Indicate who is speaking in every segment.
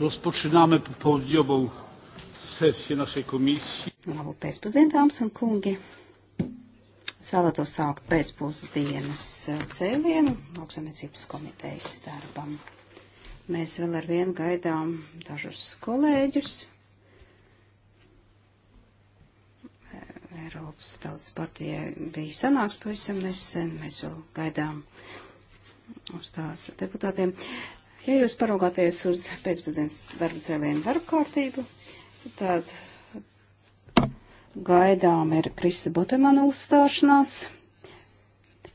Speaker 1: Rozpoczynamy popołudniową sesję naszej komisji. Labu pēcpusdienu, dāmas un kungi. Es vēlētos sākt pēcpusdienas cēlienu lauksamniecības komitejas darbam. Mēs vēl ar vienu gaidām dažus kolēģus. Eiropas tautas partijai bija sanāks pavisam nesen, mēs vēl gaidām uz tās deputātiem. Uh, Ja jūs paraugāties uz pēcpusdienas darba cēlienu darba kārtību, tad gaidām ir Krista Botemana uzstāšanās,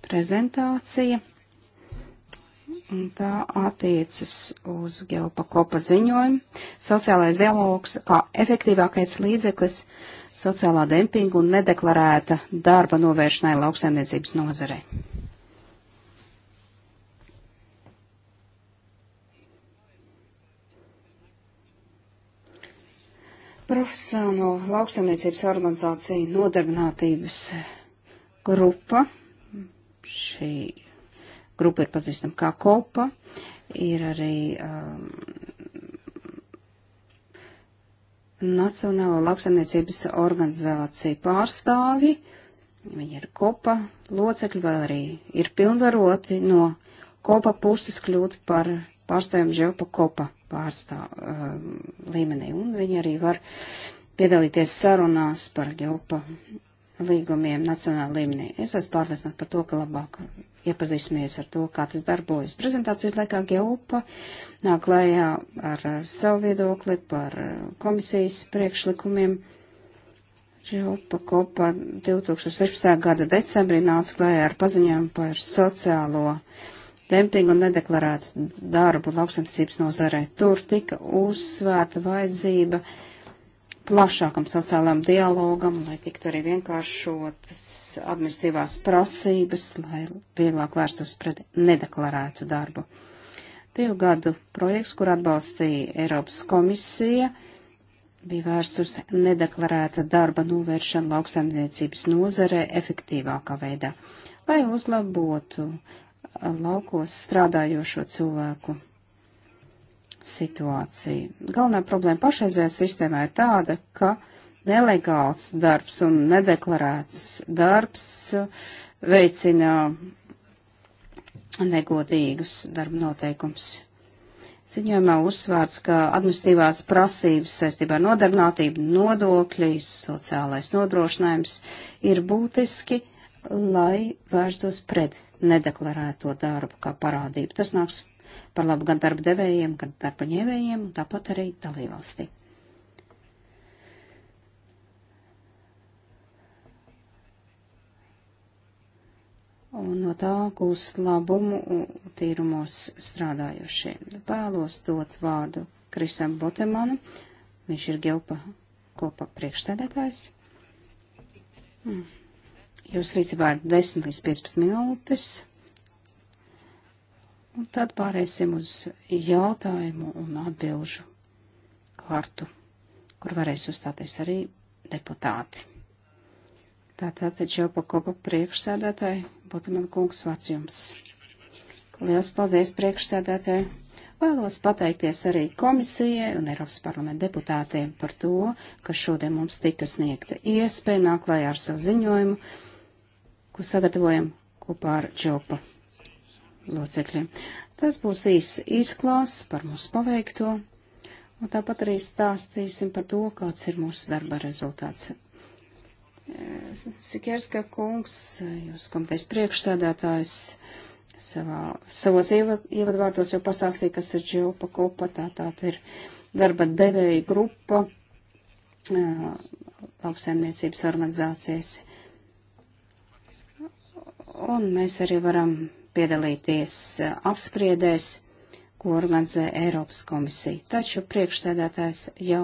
Speaker 1: prezentācija, un tā attiecas uz Geopakopa ziņojumu. Sociālais dialogs kā efektīvākais līdzeklis sociālā dempinga un nedeklarēta darba novēršanai lauksaimniecības nozarei. Profesionālo lauksaimniecības organizāciju nodarbinātības grupa. Šī grupa ir pazīstama kā kopa. Ir arī um, Nacionālo lauksaimniecības organizāciju pārstāvi. Viņi ir kopa locekļi, vēl arī ir pilnvaroti no kopa puses kļūt par pārstāvjiem žēlpa kopa pārstāv uh, līmenī, un viņi arī var piedalīties sarunās par ģelpa līgumiem nacionāla līmenī. Es esmu pārliecināts par to, ka labāk iepazīsimies ar to, kā tas darbojas. Prezentācijas laikā ģelpa nāk lējā ar savu viedokli par komisijas priekšlikumiem. Ģelpa kopā 2016. gada decembrī nāca klējā ar paziņojumu par sociālo uh, dempingu un nedeklarētu darbu lauksaimniecības nozarē. Tur tika uzsvērta vajadzība plašākam sociālām dialogam, lai tiktu arī vienkāršotas administratīvās prasības, lai vieglāk vērstos pret nedeklarētu darbu. Divu gadu projekts, kur atbalstīja Eiropas komisija, bija vērsts uz nedeklarēta darba novēršanu lauksaimniecības nozarē efektīvākā veidā, lai uzlabotu laukos strādājošo cilvēku situāciju. Galvenā problēma pašreizējā sistēmā ir tāda, ka nelegāls darbs un nedeklarēts darbs veicina negodīgus darba noteikums. Ziņojumā uzsvērts, ka administratīvās prasības saistībā ar nodarbinātību, nodokļi, sociālais nodrošinājums ir būtiski, lai vērstos pret nedeklarēto darbu kā parādību. Tas nāks par labu gan darba devējiem, gan darba ņēvējiem, un tāpat arī dalībvalstī. un no tā gūst labumu tīrumos strādājošie. Vēlos dot vārdu Krisam Botemanam, viņš ir Gilpa kopa priekšstādētājs. Mm. Jūs rīcībā ir 10 līdz 15 minūtes. Un tad pārēsim uz jautājumu un atbilžu kārtu, kur varēs uzstāties arī deputāti. Tātad Džopa Kopa priekšsēdētāji, Botamana kungs vārds jums. Liels paldies priekšsēdētāji. Vēlos pateikties arī komisijai un Eiropas parlamenta deputātiem par to, ka šodien mums tika sniegta iespēja nāklājā ar savu ziņojumu ko sagatavojam kopā ar Čopa locekļiem. Tas būs īsts izklāsts par mūsu paveikto, un tāpat arī stāstīsim par to, kāds ir mūsu darba rezultāts. Sikerska kungs, jūs komitejas priekšsēdētājs, savā, savos ievadvārdos jau pastāstīja, kas ir Čopa kopa, tā tā ir darba devēja grupa lauksaimniecības organizācijas un mēs arī varam piedalīties eh, apspriedēs, ko organizē Eiropas komisija. Taču priekšsēdētājs jau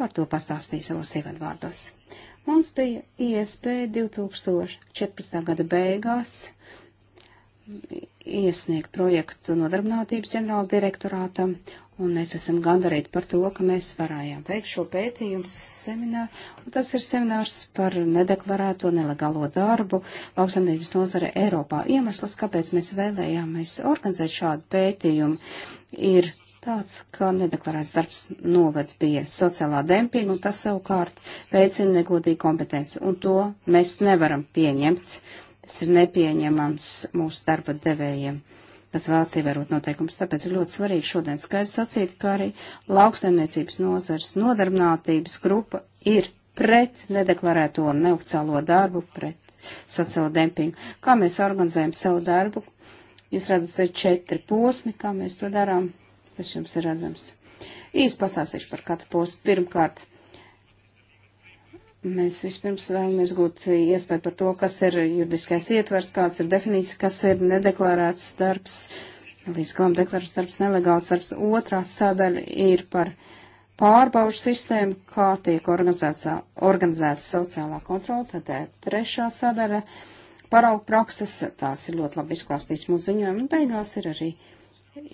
Speaker 1: par to pastāstīja savos ievadvārdos. Mums bija iespēja 2014. gada beigās iesniegt projektu nodarbinātības ģenerāla direktorātam un mēs esam gandarīti par to, ka mēs varējām veikt šo pētījumu semināru, un tas ir seminārs par nedeklarēto nelegālo darbu lauksaimniecības nozare Eiropā. Iemesls, kāpēc mēs vēlējāmies organizēt šādu pētījumu, ir tāds, ka nedeklarēts darbs noved pie sociālā dempinga, un tas savukārt veicina negodīgu kompetenci, un to mēs nevaram pieņemt. Tas ir nepieņemams mūsu darba devējiem kas vēlas ievērot noteikumus. Tāpēc ir ļoti svarīgi šodien skaidrs sacīt, ka arī lauksaimniecības nozars nodarbinātības grupa ir pret nedeklarēto un neoficiālo darbu, pret sociālo dempingu. Kā mēs organizējam savu darbu? Jūs redzat, te četri posmi, kā mēs to darām, kas jums ir redzams. Īsti pasāstīšu par katru posmu. Pirmkārt, Mēs vispirms vēlamies gūt iespēju par to, kas ir juridiskais ietvers, kāds ir definīcija, kas ir nedeklarēts darbs, līdz galam deklarēts darbs, nelegāls darbs. Otrā sadaļa ir par pārbaužu sistēmu, kā tiek organizēta, organizēta sociālā kontrola. Tad eh, trešā sadaļa paraugu prakses, tās ir ļoti labi izklāstīts mūsu ziņojumi, un beigās ir arī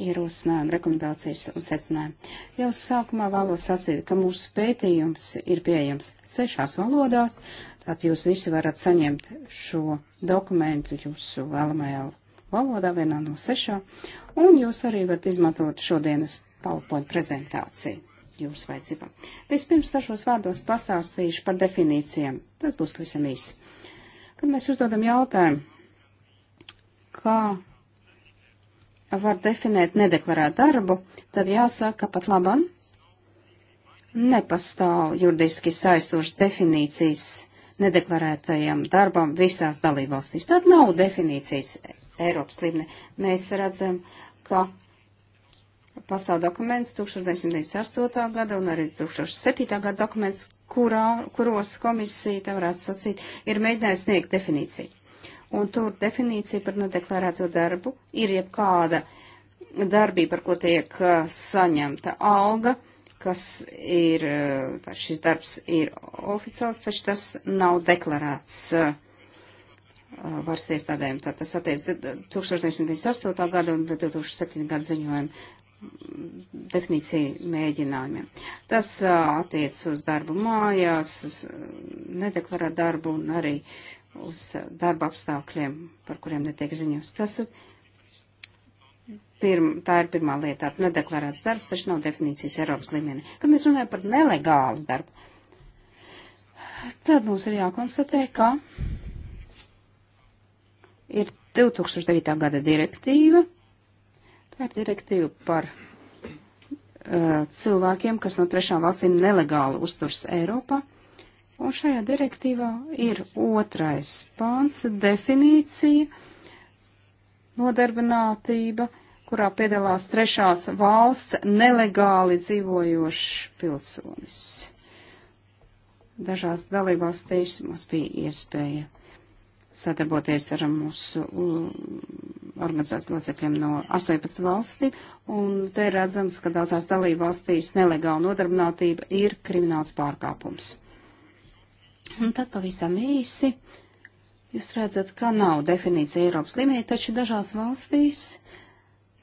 Speaker 1: ierosinājumu, rekomendācijas un secinājumu. Jau sākumā vēlos sacīt, ka mūsu pētījums ir pieejams sešās valodās, tātad jūs visi varat saņemt šo dokumentu jūsu vēlamajā valodā, vienā no sešā, un jūs arī varat izmantot šodienas PowerPoint prezentāciju jūsu vajadzībām. Vispirms dažos vārdos pastāstīšu par definīcijām. Tas būs pavisam īsi. Kad mēs uzdodam jautājumu, kā var definēt nedeklarēt darbu, tad jāsaka, ka pat laban nepastāv juridiski saistošas definīcijas nedeklarētajam darbam visās dalībvalstīs. Tad nav definīcijas Eiropas līmenī. Mēs redzam, ka pastāv dokuments 1998. gada un arī 2007. gada dokuments, kurā, kuros komisija, tā varētu sacīt, ir mēģinājusi sniegt definīciju un tur definīcija par nedeklarēto darbu ir jebkāda darbība, par ko tiek uh, saņemta alga, kas ir, uh, šis darbs ir oficiāls, taču tas nav deklarēts uh, varas iestādēm. Tā tas attiec 1998. gada un 2007. gada ziņojumu mm, definīciju mēģinājumiem. Tas attiec uz darbu mājās, uz nedeklarētu darbu un arī uh, uz darba apstākļiem, par kuriem netiek ziņos. Tas ir pirm, tā ir pirmā lieta, tāda nedeklarēts darbs, taču nav definīcijas Eiropas līmenī. Kad mēs runājam par nelegālu darbu, tad mums ir jākonstatē, ka ir 2009. gada direktīva, tā ir direktīva par uh, cilvēkiem, kas no trešām valstīm nelegāli uzturs Eiropā. Un šajā direktīvā ir otrais pāns - definīcija, nodarbinātība, kurā piedalās trešās valsts nelegāli dzīvojošs pilsonis. Dažās dalībās teiks mums bija iespēja sadarboties ar mūsu mm, organizācijas locekļiem no 18 valstīm, un te redzams, ka daudzās dalībvalstīs nelegāla nodarbinātība ir krimināls pārkāpums. Un tad pavisam īsi. Jūs redzat, ka nav definīcija Eiropas līmenī, taču dažās valstīs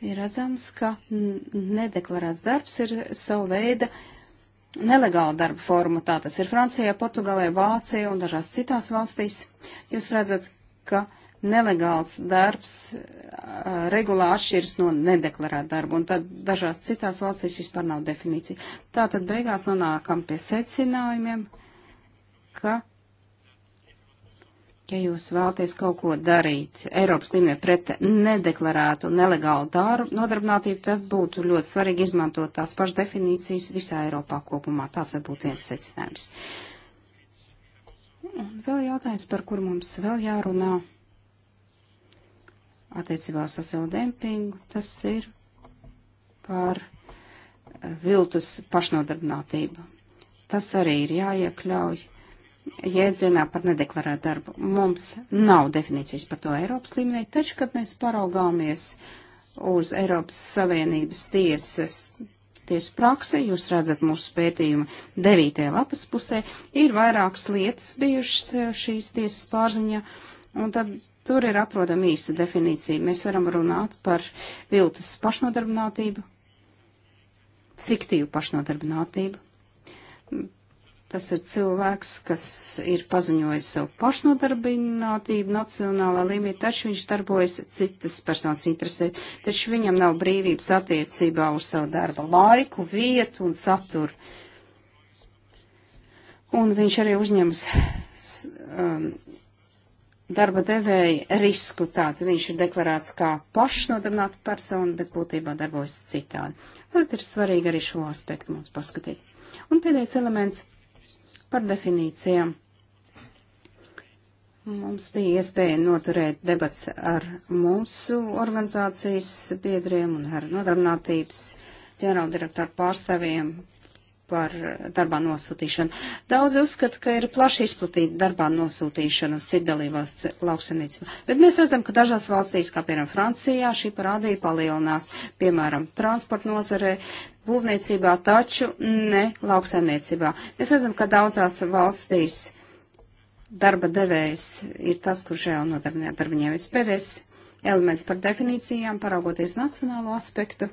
Speaker 1: ir redzams, ka nedeklarēts darbs ir savu veidu nelegāla darba forma. Tā tas ir Francijā, Portugālē, Vācijā un dažās citās valstīs. Jūs redzat, ka nelegāls darbs uh, regulā atšķiras no nedeklarēta darba, un tad dažās citās valstīs vispār nav definīcija. Tā tad beigās nonākam pie secinājumiem, ka, ja jūs vēlaties kaut ko darīt Eiropas līmenī pret nedeklarētu nelegālu darbu nodarbinātību, tad būtu ļoti svarīgi izmantot tās pašas definīcijas visā Eiropā kopumā. Tas būtu viens secinājums. Un vēl jautājums, par kur mums vēl jārunā attiecībā uz sociālo dempingu, tas ir par eh, viltus pašnodarbinātību. Tas arī ir jāiekļauj jēdzienā par nedeklarētu darbu. Mums nav definīcijas par to Eiropas līmenī, taču, kad mēs paraugāmies uz Eiropas Savienības tiesas tiesu praksē, jūs redzat mūsu pētījuma devītajā lapas pusē, ir vairākas lietas bijušas eh, šīs tiesas pārziņā, un tad tur ir atrodama īsta definīcija. Mēs varam runāt par viltus pašnodarbinātību, fiktīvu pašnodarbinātību Tas ir cilvēks, kas ir paziņojis savu pašnodarbinātību nacionālā līmenī, taču viņš darbojas citas personas interesē, taču viņam nav brīvības attiecībā uz savu darba laiku, vietu un saturu. Un viņš arī uzņemas um, darba devēja risku, tātad viņš ir deklarēts kā pašnodarbināta persona, bet būtībā darbojas citādi. Tad ir svarīgi arī šo aspektu mums paskatīt. Un pēdējais elements par definīcijām. Mums bija iespēja noturēt debats ar mūsu organizācijas biedriem un ar nodarbinātības ģenerāldirektoru pārstāvjiem par eh, darbā nosūtīšanu. Daudz uzskata, ka ir plaši izplatīta darbā nosūtīšana uz citu dalībvalsts lauksanīcību. Bet mēs redzam, ka dažās valstīs, kā piemēram Francijā, šī parādība palielinās, piemēram, transporta nozarē, būvniecībā, taču ne lauksaimniecībā. Mēs redzam, ka daudzās valstīs darba devējs ir tas, kurš jau nodarbinē darbiņiem. Vispēdējais elements par definīcijām, paraugoties nacionālo aspektu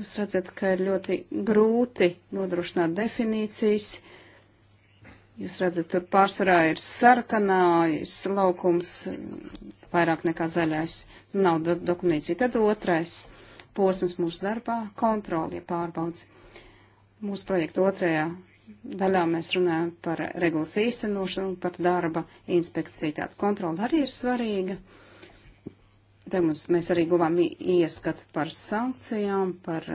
Speaker 1: Jūs redzat, ka ir ļoti grūti nodrošināt definīcijas. Jūs redzat, tur pārsvarā ir sarkanājs laukums, vairāk nekā zaļais. Nav do dokumentācija. Tad otrais posms mūsu darbā - kontroli, ja pārbaudas. Mūsu projekta otrajā daļā mēs runājam par regulas īstenošanu, par darba inspekciju. Tāda kontrola arī ir svarīga. Te mums, mēs arī guvām ieskatu par sankcijām, par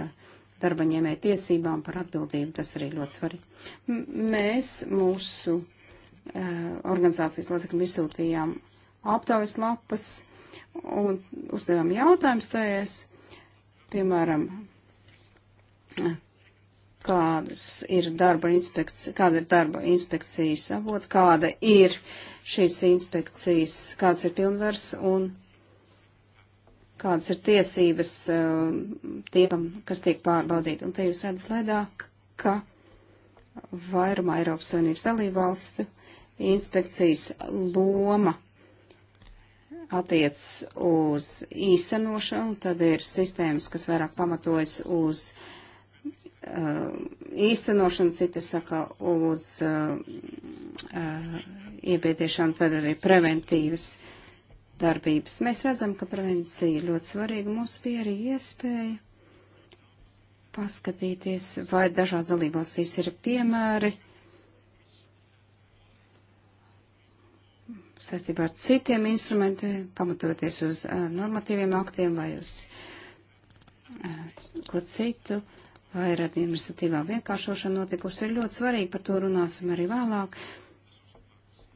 Speaker 1: darba ņēmēja tiesībām, par atbildību. Tas arī ļoti svarīgi. M mēs mūsu uh, organizācijas locekļiem izsūtījām aptaujas lapas un uzdevām jautājumus tajās, piemēram, kādas ir darba inspekcijas, kāda ir darba inspekcijas avot, kāda ir šīs inspekcijas, kāds ir pilnvers un kādas ir tiesības um, tiem, kas tiek pārbaudīti. Un te jūs redzat slēdā, ka vairumā Eiropas Savienības dalībvalstu inspekcijas loma attiec uz īstenošanu, tad ir sistēmas, kas vairāk pamatojas uz uh, īstenošanu, citas saka uz uh, uh, iebiedēšanu, tad arī preventīvas uh, darbības. Mēs redzam, ka prevencija ir ļoti svarīga. Mums bija arī iespēja paskatīties, vai dažās dalībvalstīs ir piemēri saistībā ar citiem instrumentiem, pamatoties uz uh, normatīviem aktiem vai uz uh, ko citu, vai ir administratīvā vienkāršošana notikusi, ir ļoti svarīgi, par to runāsim arī vēlāk.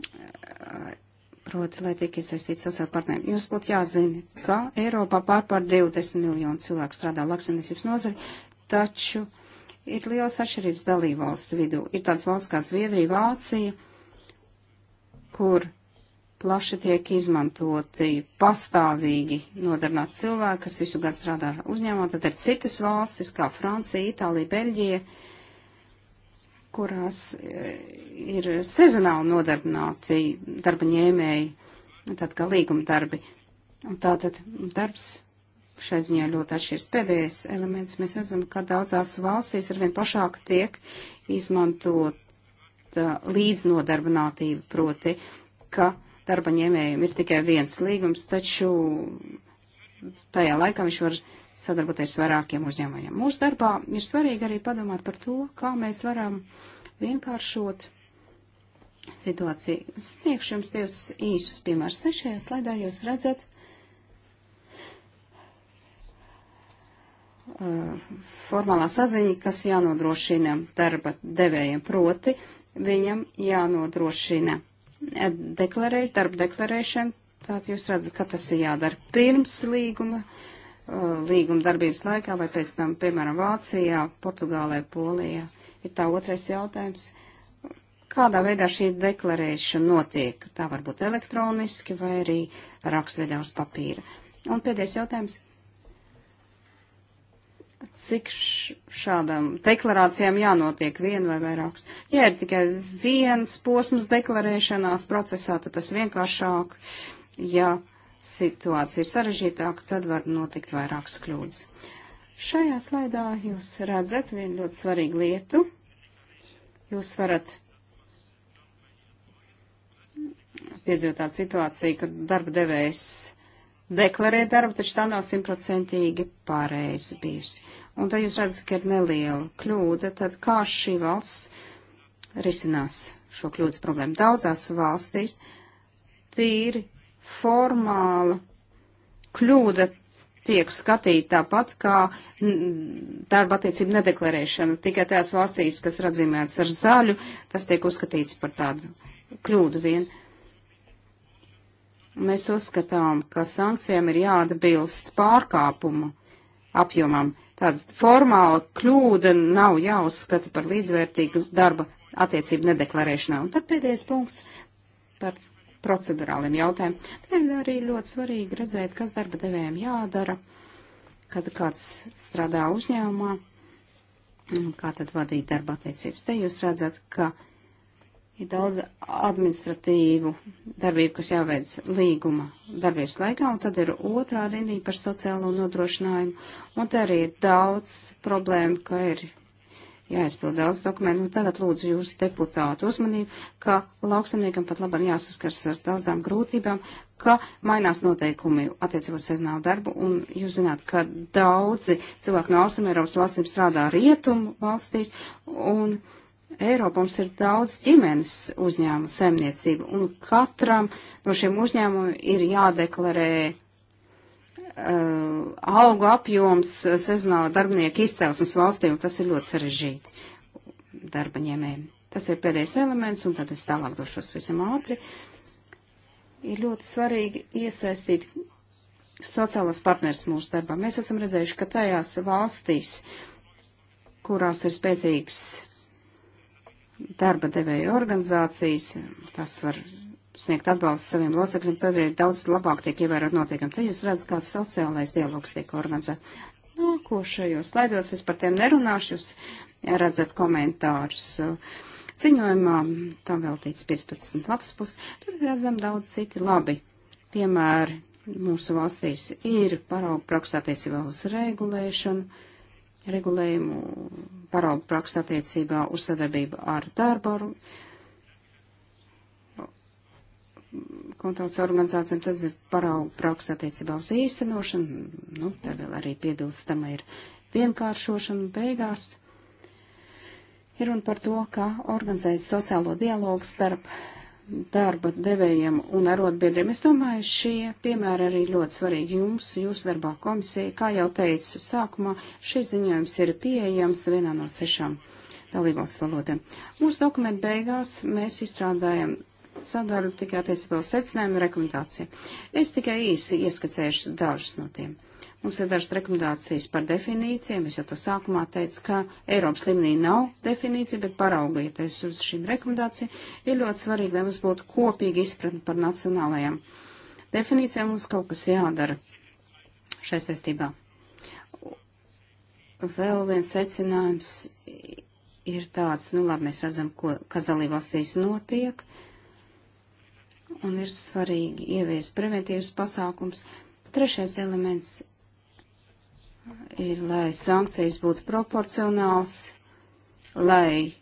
Speaker 1: Uh, proti, lai tiek iesaistīti sociāli partneri. Jums būtu jāzina, ka Eiropā pār par 20 miljonu cilvēku strādā lauksaimniecības nozari, taču ir liels atšķirības dalību valstu vidū. Ir tāds valsts kā Zviedrija, Vācija, kur plaši tiek izmantoti pastāvīgi nodarbināt cilvēki, kas visu gadu strādā uzņēmumā, tad ir citas valstis kā Francija, Itālija, Beļģija, kurās e, ir sezonāli nodarbināti darba ņēmēji, tad kā līguma darbi. Un tātad darbs šai ziņā ļoti atšķirs. Pēdējais elements mēs redzam, ka daudzās valstīs arvien plašāk tiek izmantot e, līdznodarbinātība, proti, ka darba ņēmējiem ir tikai viens līgums, taču tajā laikā viņš var sadarboties vairākiem uzņēmumiem. Mūsu darbā ir svarīgi arī padomāt par to, kā mēs varam vienkāršot situāciju. Sniegšu jums divus īsus piemērus. Nešajā slaidā jūs redzat uh, formālā saziņa, kas jānodrošina darba devējiem. Proti, viņam jānodrošina deklarēt, darba deklarēšana. Tātad jūs redzat, ka tas ir jādara pirms līguma līguma darbības laikā vai pēc tam, piemēram, Vācijā, Portugālē, Polijā. Ir tā otrais jautājums. Kādā veidā šī deklarēšana notiek? Tā var būt elektroniski vai arī rakstveidā uz papīra. Un pēdējais jautājums. Cik šādām deklarācijām jānotiek viena vai vairākas? Ja ir tikai viens posms deklarēšanās procesā, tad tas vienkāršāk. Ja situācija ir sarežģītāka, tad var notikt vairākas kļūdas. Šajā slaidā jūs redzat vienu ļoti svarīgu lietu. Jūs varat piedzīvot tādu situāciju, ka darba devējs deklarē darbu, taču tā nav simtprocentīgi pareizi bijusi. Un tad jūs redzat, ka ir neliela kļūda, tad kā šī valsts risinās šo kļūdas problēmu? Daudzās valstīs tīri formāla kļūda tiek skatīta tāpat kā darba attiecību nedeklarēšana. Tikai tās valstīs, kas radzīmēts ar zaļu, tas tiek uzskatīts par tādu kļūdu vien. Mēs uzskatām, ka sankcijām ir jāatbilst pārkāpumu apjomam. Tāda formāla kļūda nav jāuzskata par līdzvērtīgu darba attiecību nedeklarēšanā. Un tad pēdējais punkts par procedurāliem jautājumiem. Te ir arī ļoti svarīgi redzēt, kas darba devējiem jādara, kad kāds strādā uzņēmumā, kā tad vadīt darba attiecības. Te jūs redzat, ka ir daudz administratīvu darbību, kas jāveic līguma darbības laikā, un tad ir otrā rindiņa par sociālo nodrošinājumu, un te arī ir daudz problēmu, ka ir jāizpild daudz dokumentu. Un tagad lūdzu jūsu deputātu uzmanību, ka lauksamniekam pat labam jāsaskars ar daudzām grūtībām, ka mainās noteikumi attiecībā uz sezonālu darbu. Un jūs zināt, ka daudzi cilvēki no Austrumēropas valstīm strādā rietumu valstīs. Un Eiropā mums ir daudz ģimenes uzņēmumu saimniecību, un katram no šiem uzņēmumiem ir jādeklarē Eh, algu apjoms eh, sezonāla darbinieka izceltnes valstīm, tas ir ļoti sarežģīti darba ņēmējiem. Tas ir pēdējais elements, un tad es tālāk došos visam ātri. Ir ļoti svarīgi iesaistīt sociālās partners mūsu darbā. Mēs esam redzējuši, ka tajās valstīs, kurās ir spēcīgs darba devēja organizācijas, tas var sniegt atbalstu saviem locekļiem, tad arī daudz labāk tiek ievērot notiekam. Te jūs redzat, kāds sociālais dialogs tiek organizēts. Nākošajos nu, slaidos es par tiem nerunāšu, jūs redzat komentārus. Ciņojumā uh, tam veltīts 15 labs pus, tur redzam daudz citi labi. Piemēri mūsu valstīs ir paraugu praksa attiecībā uz regulēšanu, regulējumu paraugu praksa attiecībā uz sadarbību ar darbu kontrols organizācijām, tas ir paraugu praksa attiecībā uz īstenošanu, nu, tā vēl arī piebilstama ir vienkāršošana beigās. Ir runa par to, kā organizēt sociālo dialogu starp darba devējiem un arotbiedriem. Es domāju, šie piemēri arī ļoti svarīgi jums, jūsu darbā komisija. Kā jau teicu sākumā, šis ziņojums ir pieejams vienā no sešām dalībvalsts valodām. Mūsu dokumentu beigās mēs izstrādājam sadaļu tikai attiecībā uz secinājumu un rekomendāciju. Es tikai īsi ieskacēšu dažus no tiem. Mums ir dažas rekomendācijas par definīcijām. Es jau to sākumā teicu, ka Eiropas līmenī nav definīcija, bet paraugieties uz šīm rekomendācijām. Ir ļoti svarīgi, lai mums būtu kopīgi izpratni par nacionālajām definīcijām. Mums kaut kas jādara šai saistībā. Vēl viens secinājums ir tāds, nu labi, mēs redzam, ko, kas dalībvalstīs notiek un ir svarīgi ieviest preventīvas pasākums. Trešais elements ir, lai sankcijas būtu proporcionāls, lai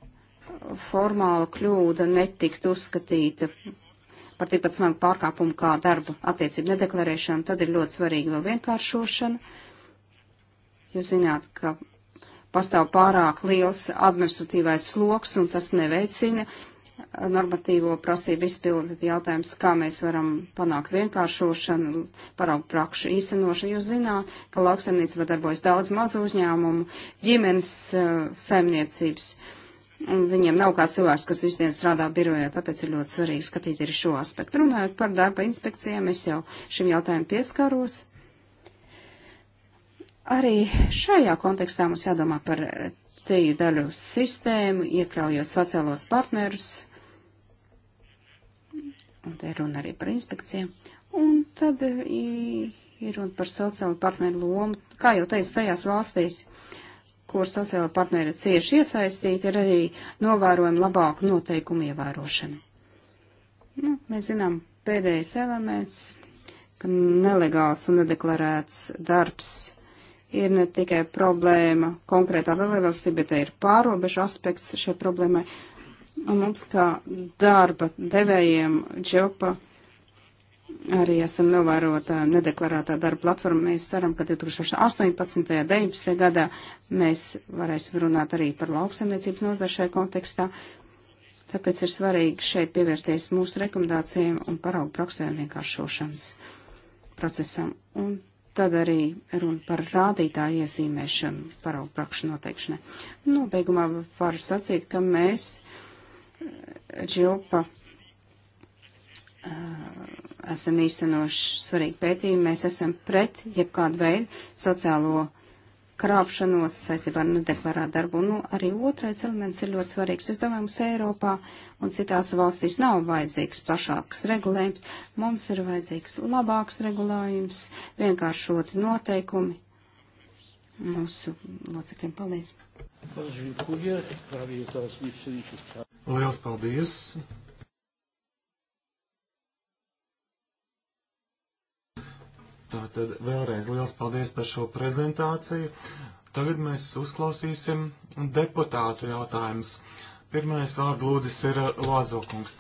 Speaker 1: formāla kļūda netiktu uzskatīta par tikpat smagu pārkāpumu kā darba attiecību nedeklarēšana, tad ir ļoti svarīgi vēl vienkāršošana. Jūs zināt, ka pastāv pārāk liels administratīvais sloks un tas neveicina normatīvo prasību izpildu jautājums, kā mēs varam panākt vienkāršošanu, paraugu prakšu īstenošanu. Jūs zināt, ka lauksaimniecībā darbojas daudz mazu uzņēmumu, ģimenes uh, saimniecības. Un viņiem nav kā cilvēks, kas visu dienu strādā birojā, tāpēc ir ļoti svarīgi skatīt arī šo aspektu. Runājot par darba inspekcijām, es jau šim jautājumam pieskaros. Arī šajā kontekstā mums jādomā par eh, teju daļu sistēmu, iekļaujot sociālos partnerus, un te runa arī par inspekcijām, un tad ir runa par sociālo partneru lomu. Kā jau teicu, tajās valstīs, kur sociāla partneri cieši iesaistīti, ir arī novērojama labāku noteikumu ievērošana. Nu, mēs zinām, pēdējais elements, ka nelegāls un nedeklarēts darbs ir ne tikai problēma konkrētā dalībvalstī, bet ir pārobežu aspekts šai problēmai. Un mums kā darba devējiem džopa arī esam novērota nedeklarētā darba platforma. Mēs ceram, ka 2018. 19. gadā mēs varēsim runāt arī par lauksaimniecības nozari šajā kontekstā. Tāpēc ir svarīgi šeit pievērsties mūsu rekomendācijām un paraugu praksēm vienkāršošanas procesam. Un tad arī runa par rādītāju iezīmēšanu paraugu prakšu noteikšanai. Nobeigumā varu sacīt, ka mēs. Uh, Džilpa esam īstenoši svarīgi pētījumi. Mēs esam pret jebkādu veidu sociālo krāpšanos saistībā ar nedeklarētu darbu. Nu, arī otrais elements ir ļoti svarīgs. Es domāju, mums Eiropā un citās valstīs nav vajadzīgs plašāks regulējums. Mums ir vajadzīgs labāks regulējums, vienkāršoti noteikumi. Mūsu locekļiem palīdz. Liels
Speaker 2: paldies! Tātad vēlreiz liels paldies par šo prezentāciju. Tagad mēs uzklausīsim deputātu jautājumus. Pirmais vārdu lūdzis ir eh, Lozokungs.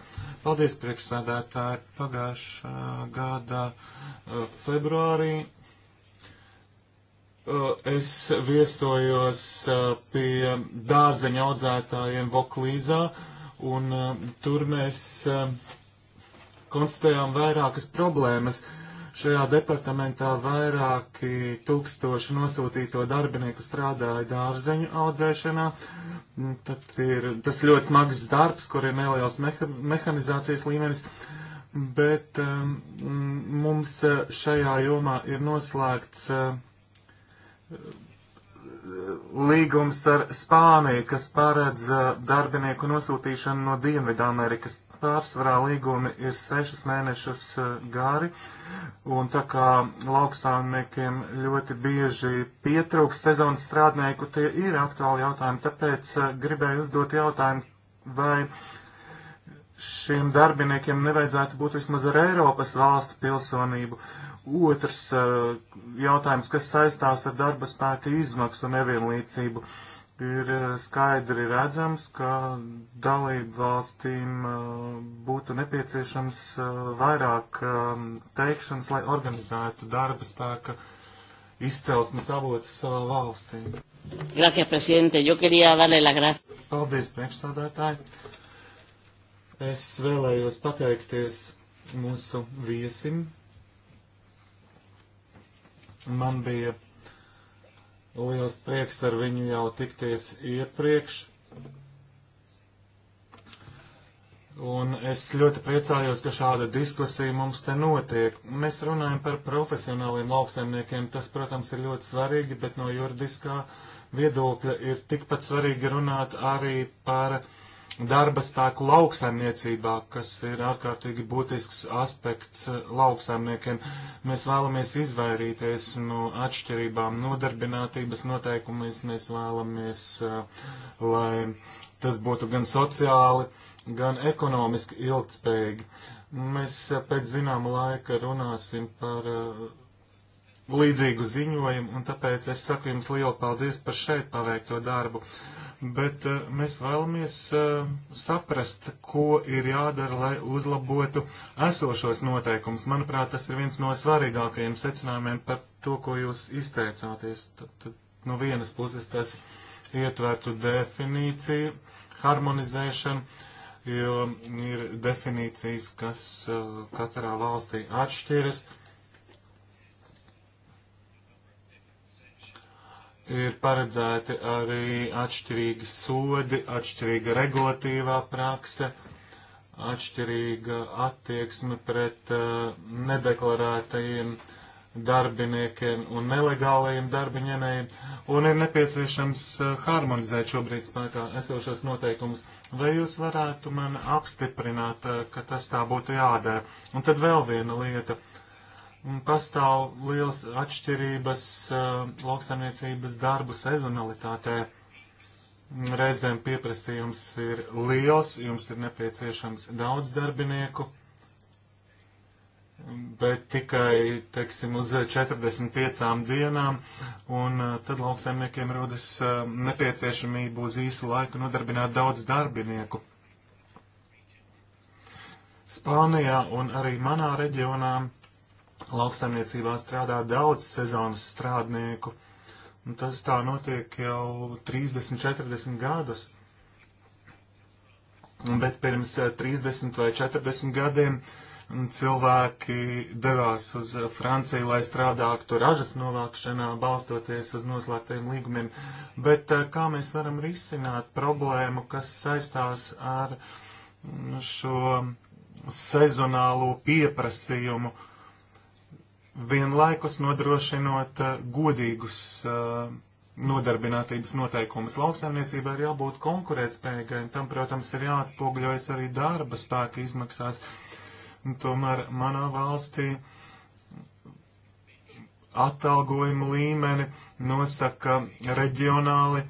Speaker 2: Paldies priekšsēdētāji. Pagājušā gada eh, februārī eh, es viesojos pie dārzeņa audzētājiem Voklīzā un uh, tur mēs uh, konstatējām vairākas problēmas. Šajā departamentā vairāki tūkstoši nosūtīto darbinieku strādāja dārzeņu audzēšanā. Mm, tad ir tas ļoti smags darbs, kur ir neliels meha mehanizācijas līmenis, bet um, mm, mums uh, šajā jomā ir noslēgts uh, līgums ar Spāniju, kas paredz uh, darbinieku nosūtīšanu no Dienvidamerikas. Pārsvarā līgumi ir sešus mēnešus uh, gari, un tā kā lauksāmniekiem ļoti bieži pietrūks sezonas strādnieku, tie ir aktuāli jautājumi. Tāpēc uh, gribēju uzdot jautājumu, vai šiem darbiniekiem nevajadzētu būt vismaz ar Eiropas valstu pilsonību Otrs eh, jautājums, kas saistās ar darba spēka izmaksu nevienlīdzību, ir eh, skaidri redzams, ka dalību valstīm eh, būtu nepieciešams vairāk teikšanas, lai organizētu darba spēka izcelsmes avotus savā valstī.
Speaker 1: Gracias, presidente. Yo quería darle la gracia.
Speaker 2: Paldies, priekšsādātāji. Es vēlējos pateikties mūsu viesim Man bija liels prieks ar viņu jau tikties iepriekš. Un es ļoti priecājos, ka šāda diskusija mums te notiek. Mēs runājam par profesionāliem lauksaimniekiem. Tas, protams, ir ļoti svarīgi, bet no juridiskā viedokļa ir tikpat svarīgi runāt arī par darba spēku lauksaimniecībā, kas ir ārkārtīgi būtisks aspekts eh, lauksaimniekiem. Mēs vēlamies izvairīties no atšķirībām nodarbinātības noteikumēs. Mēs vēlamies, eh, lai tas būtu gan sociāli, gan ekonomiski ilgtspējīgi. Mēs eh, pēc zināma laika runāsim par līdzīgu ziņojumu, un tāpēc es saku jums lielu paldies par šeit paveikto darbu. Uh, bet eh, mēs vēlamies uh, saprast, ko ir jādara, lai uzlabotu esošos noteikumus. Manuprāt, tas ir viens no svarīgākajiem secinājumiem par to, ko jūs izteicāties. Tad, tad no vienas puses tas ietvertu definīciju, harmonizēšanu, jo ir definīcijas, kas uh, katrā valstī atšķiras. Uh, ir paredzēti arī atšķirīgi sodi, atšķirīga regulatīvā prakse, atšķirīga attieksme pret uh, nedeklarētajiem darbiniekiem un nelegālajiem darbiņēmējiem, un ir nepieciešams uh, harmonizēt šobrīd spēkā esošos noteikumus. Vai jūs varētu man apstiprināt, uh, ka tas tā būtu jādara? Un tad vēl viena lieta. Uh, un pastāv liels atšķirības uh, lauksaimniecības darbu sezonalitātē. Reizēm pieprasījums ir liels, jums ir nepieciešams daudz darbinieku, bet tikai, teiksim, uz 45 dienām, un uh, tad lauksaimniekiem rodas uh, nepieciešamība uz īsu laiku nodarbināt daudz darbinieku. Spānijā un arī manā reģionā lauksaimniecībā strādā daudz sezonas strādnieku. Un tas tā notiek jau 30, 40 gadus. Bet pirms 30 eh, vai 40 gadiem mm, cilvēki devās uz eh, Franciju, lai strādātu ražas novākšanā, balstoties uz noslēgtiem līgumiem. Bet eh, kā mēs varam risināt problēmu, kas saistās ar mm, šo sezonālo pieprasījumu? vienlaikus nodrošinot eh, godīgus eh, nodarbinātības noteikumus. Lauksaimniecībai ir jābūt konkurētspējīgai, un tam, protams, ir jāatspogļojas arī darba spēka izmaksās. Tomēr manā valstī atalgojumu līmeni nosaka reģionāli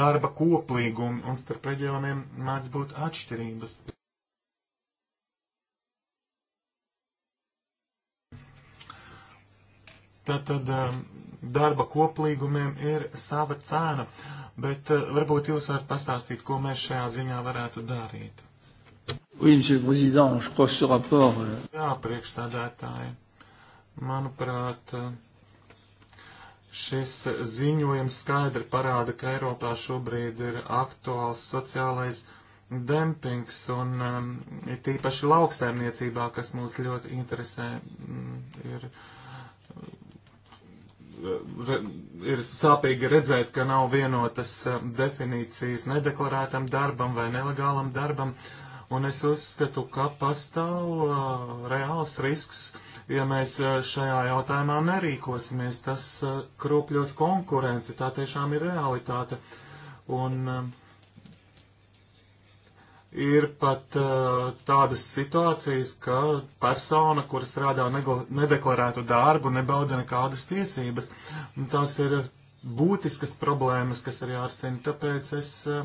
Speaker 2: darba koplīgumi, un starp reģioniem mēdz būt atšķirības. Tātad um, darba koplīgumiem ir sava cēna, bet uh, varbūt jūs varat pastāstīt, ko mēs šajā ziņā varētu darīt.
Speaker 1: Oui, monsieur le président, je crois que ce rapport. Euh,
Speaker 2: Jā, priekšstādātāji. Manuprāt, uh, šis ziņojums skaidri parāda, ka Eiropā šobrīd ir aktuāls sociālais dempings un um, tīpaši lauksaimniecībā, kas mūs ļoti interesē, mm, ir. Um, ir sāpīgi redzēt, ka nav vienotas eh, definīcijas nedeklarētam darbam vai nelegālam darbam, un es uzskatu, ka pastāv eh, reāls risks, ja mēs eh, šajā jautājumā nerīkosimies. Tas kropļos konkurence, tā tiešām ir realitāte. Un, Ir pat uh, tādas situācijas, ka persona, kuras strādā nedeklarētu darbu, nebauda nekādas tiesības. Un tās ir būtiskas problēmas, kas ir jārisina. Tāpēc es uh,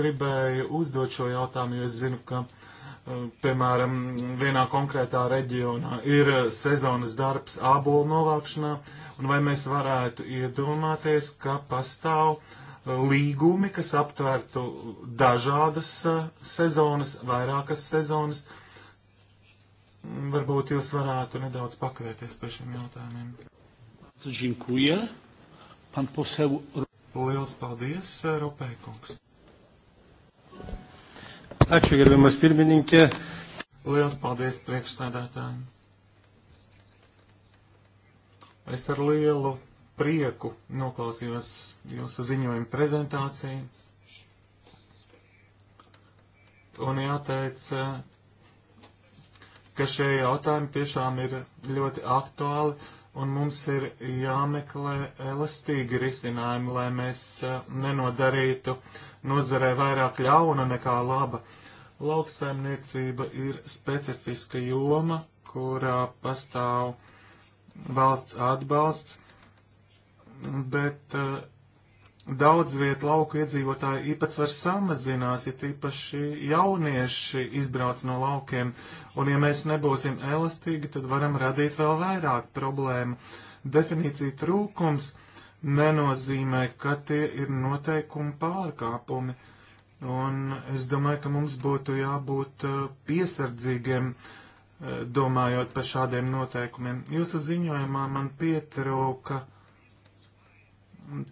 Speaker 2: gribēju uzdot šo jautājumu, jo es zinu, ka, uh, piemēram, vienā konkrētā reģionā ir sezonas darbs ābolu novāpšanā, un vai mēs varētu iedomāties, ka pastāv uh, līgumi, kas aptvērtu dažādas eh, sezonas, vairākas sezonas. Varbūt jūs varētu nedaudz pakavēties par šiem jautājumiem. Džinkuja, pan posev. Liels paldies, eh, Ropēkungs.
Speaker 1: Ačiū, gerbiamas pirmininkė.
Speaker 2: Liels paldies priekšsēdētājiem. Es ar lielu prieku noklausījos jūsu ziņojumu prezentāciju. Un jāteic, ka šie jautājumi tiešām ir ļoti aktuāli, un mums ir jāmeklē elastīgi risinājumi, lai mēs eh, nenodarītu nozarē vairāk ļauna nekā laba. Lauksaimniecība ir specifiska joma, kurā pastāv valsts atbalsts bet uh, daudz viet lauku iedzīvotāju īpatsvars samazinās, ja tīpaši jaunieši izbrauc no laukiem, un ja mēs nebūsim elastīgi, tad varam radīt vēl vairāk problēmu. Definīcija trūkums nenozīmē, ka tie ir noteikumi pārkāpumi, un es domāju, ka mums būtu jābūt uh, piesardzīgiem, uh, domājot par šādiem noteikumiem. Jūsu ziņojumā man pietrūka. Uh,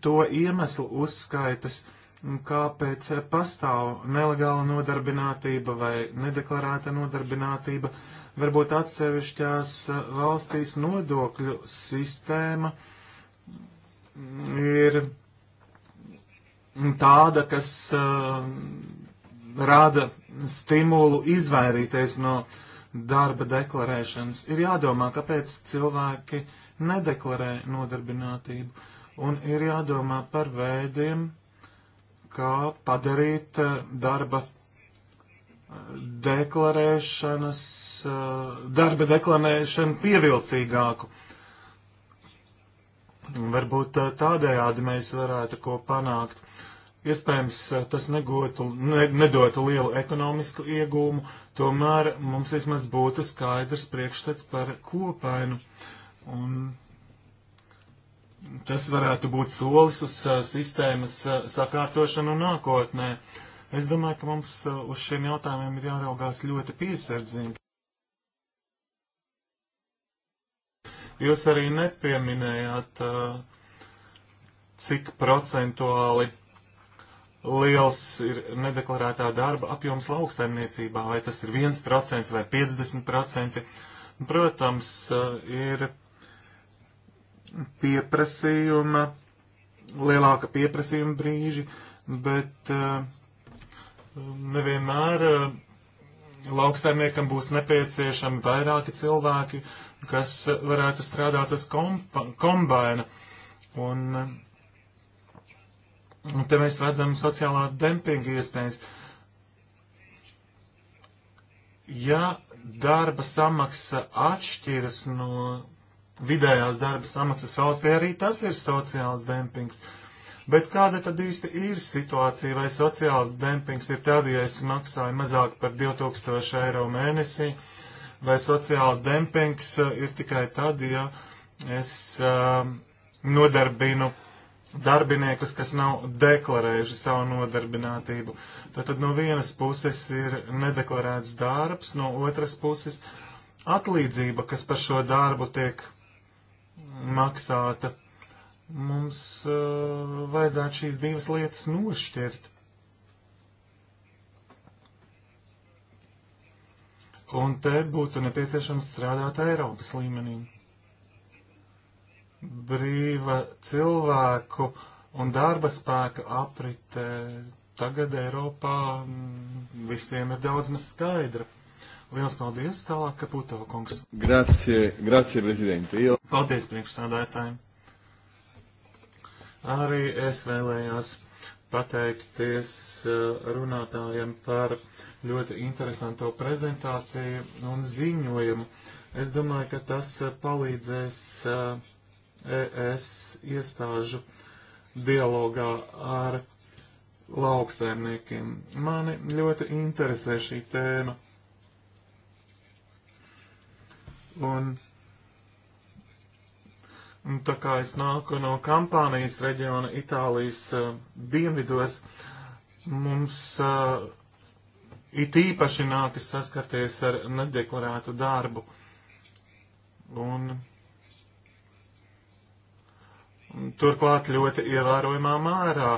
Speaker 2: to iemeslu uzskaitas, kāpēc pastāv nelegāla nodarbinātība vai nedeklarēta nodarbinātība. Varbūt atsevišķās valstīs nodokļu sistēma ir tāda, kas uh, rada stimulu izvairīties no darba deklarēšanas. Ir jādomā, kāpēc cilvēki nedeklarē nodarbinātību un ir jādomā par veidiem, kā padarīt eh, darba eh, deklarēšanas, eh, darba deklarēšanu pievilcīgāku. Varbūt tādējādi mēs varētu ko panākt. Iespējams, tas negotu, ne, nedotu lielu ekonomisku iegūmu, tomēr mums vismaz būtu skaidrs priekšstats par kopainu. Un tas varētu būt solis uz uh, sistēmas uh, sakārtošanu nākotnē. Es domāju, ka mums uh, uz šiem jautājumiem ir jāraugās ļoti piesardzīgi. Jūs arī nepieminējāt, cik procentuāli liels ir nedeklarētā darba apjoms lauksaimniecībā, vai tas ir 1% vai 50%. Protams, ir pieprasījuma, lielāka pieprasījuma brīži, bet eh, nevienmēr eh, lauksaimniekam būs nepieciešami vairāki cilvēki, kas varētu strādāt uz kombaina. Un, un te mēs redzam sociālā dempinga iespējas. Ja darba samaksa atšķiras no vidējās darba samaksas valstī, arī tas ir sociāls dempings. Bet kāda tad īsti ir situācija, vai sociāls dempings ir tad, ja es maksāju mazāk par 2000 eiro mēnesī, vai sociāls dempings uh, ir tikai tad, ja es uh, nodarbinu darbiniekus, kas nav deklarējuši savu nodarbinātību. Tātad no vienas puses ir nedeklarēts darbs, no otras puses atlīdzība, kas par šo darbu tiek maksāta. Mums uh, vajadzētu šīs divas lietas nošķirt. Un te būtu nepieciešams strādāt Eiropas līmenī. Brīva cilvēku un darba spēka aprite tagad Eiropā mm, visiem ir daudz maz skaidra. Liels paldies, tālāk Kaputo kungs.
Speaker 3: Grazie, grazie, prezidente. Jo... Paldies
Speaker 2: priekšsādātājiem. Arī es vēlējos pateikties eh, runātājiem par ļoti interesanto prezentāciju un ziņojumu. Es domāju, ka tas eh, palīdzēs ES eh, e iestāžu dialogā ar lauksaimniekiem. Mani ļoti interesē šī tēma. Un, un tā kā es nāku no kampānijas reģiona Itālijas uh, dienvidos, mums uh, it īpaši nākas saskarties ar nedeklarētu darbu. Un, turklāt ļoti ievērojumā mērā.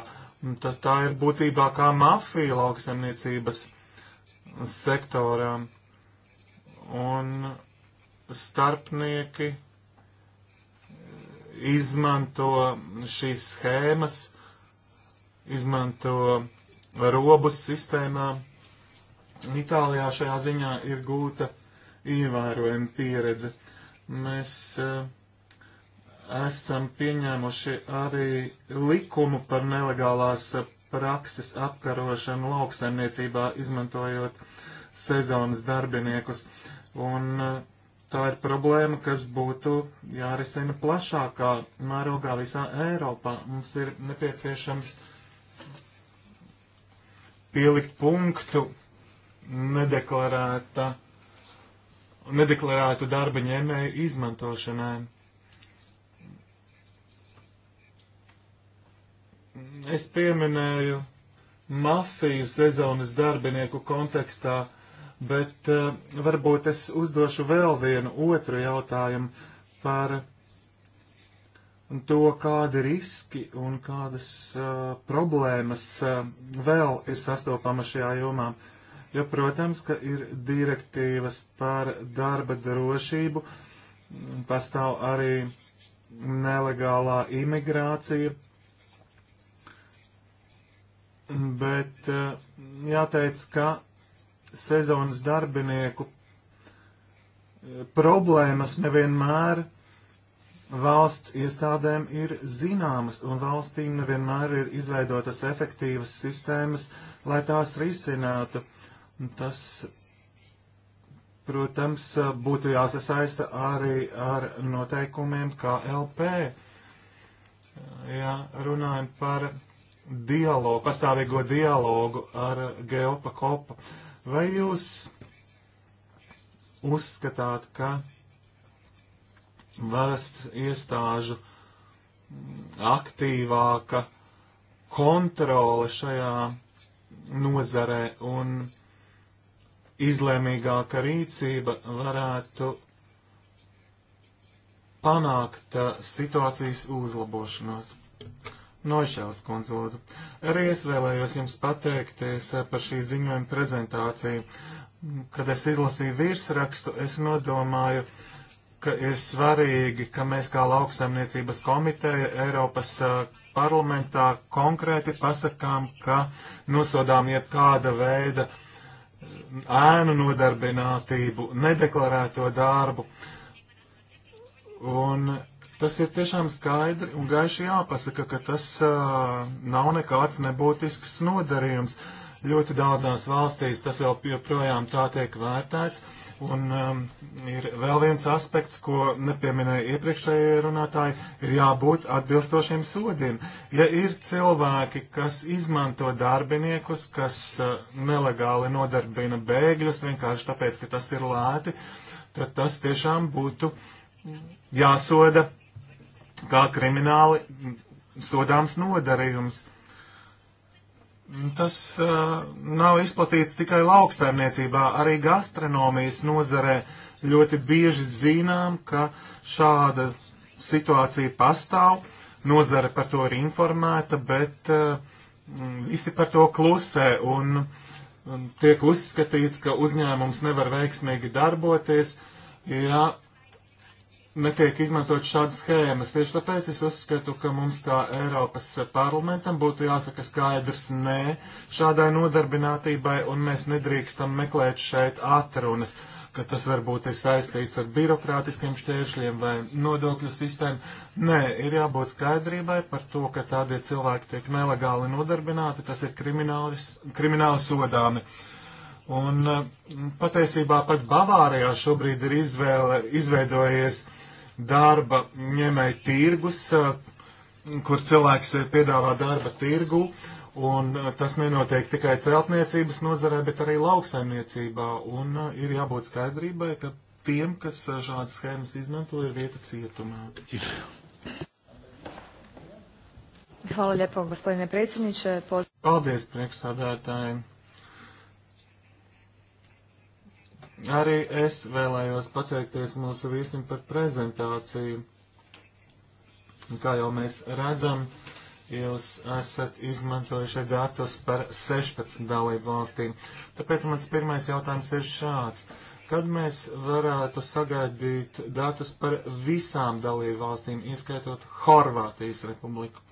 Speaker 2: Tas tā ir būtībā kā mafija lauksaimniecības sektorā. Un starpnieki eh, izmanto šīs schēmas, izmanto robus sistēmā. Itālijā šajā ziņā ir gūta ievērojama pieredze. Mēs uh, esam pieņēmuši arī likumu par nelegālās eh, prakses apkarošanu lauksaimniecībā, izmantojot sezonas darbiniekus. Un uh, Tā ir problēma, kas būtu jārisina plašākā mērogā visā Eiropā. Mums ir nepieciešams pielikt punktu nedeklarēta, nedeklarētu darba ņēmēju izmantošanai. Es pieminēju mafiju sezonas darbinieku kontekstā Bet uh, varbūt es uzdošu vēl vienu otru jautājumu par to, kādi riski un kādas uh, problēmas uh, vēl ir sastopamas šajā jomā. Jo, protams, ka ir direktīvas par darba drošību, pastāv arī nelegālā imigrācija, bet uh, jāteic, ka sezonas darbinieku eh, problēmas nevienmēr valsts iestādēm ir zināmas, un valstīm nevienmēr ir izveidotas efektīvas sistēmas, lai tās risinātu. Tas, protams, būtu jāsasaista arī ar noteikumiem KLP. Ja runājam par dialogu, pastāvīgo dialogu ar Geopa Kopu. Uh, Vai jūs uzskatāt, ka varas iestāžu aktīvāka kontrole šajā nozarē un izlēmīgāka rīcība varētu panākt uh, situācijas uzlabošanos. Noišēls kundze, lūdzu. Arī es vēlējos jums pateikties eh, par šī ziņojuma prezentāciju. Kad es izlasīju virsrakstu, es nodomāju, ka ir svarīgi, ka mēs kā lauksaimniecības komiteja Eiropas eh, parlamentā konkrēti pasakām, ka nosodām jebkāda veida eh, ēnu nodarbinātību, nedeklarēto darbu. Un Tas ir tiešām skaidri un gaiši jāpasaka, ka tas uh, nav nekāds nebūtisks nodarījums. Ļoti daudzās valstīs tas vēl joprojām tā tiek vērtēts. Un um, ir vēl viens aspekts, ko nepieminēja iepriekšējie runātāji, ir jābūt atbilstošiem sodiem. Ja ir cilvēki, kas izmanto darbiniekus, kas uh, nelegāli nodarbina bēgļus vienkārši tāpēc, ka tas ir lēti, tad tas tiešām būtu jāsoda kā krimināli sodāms nodarījums. Tas uh, nav izplatīts tikai lauksaimniecībā, arī gastronomijas nozarē ļoti bieži zinām, ka šāda situācija pastāv, nozare par to ir informēta, bet uh, visi par to klusē un tiek uzskatīts, ka uzņēmums nevar veiksmīgi darboties, ja netiek izmantot šādas schēmas. Tieši tāpēc es uzskatu, ka mums kā Eiropas parlamentam būtu jāsaka skaidrs nē šādai nodarbinātībai, un mēs nedrīkstam meklēt šeit atrunas, ka tas varbūt ir saistīts ar birokrātiskiem šķēršļiem vai nodokļu sistēmu. Nē, ir jābūt skaidrībai par to, ka tādie cilvēki tiek nelegāli nodarbināti, tas ir krimināli sodāmi. Un eh, patiesībā pat Bavārijā šobrīd ir izvēle, izveidojies uh, darba ņēmēja tirgus, eh, kur cilvēks piedāvā darba tirgu, un eh, tas nenotiek tikai celtniecības nozarē, bet arī lauksaimniecībā, un eh, ir jābūt skaidrībai, ka tiem, kas šādas schēmas izmanto, ir vieta cietumā.
Speaker 1: Hvala lijepo, gospodine predsjedniče.
Speaker 2: Paldies, priekšsādātājiem. Arī es vēlējos pateikties mūsu viesim par prezentāciju. Kā jau mēs redzam, jūs esat izmantojuši datus par 16 dalību valstīm. Tāpēc mans pirmais jautājums ir šāds. Kad mēs varētu sagaidīt datus par visām dalību valstīm, ieskaitot Horvātijas republiku?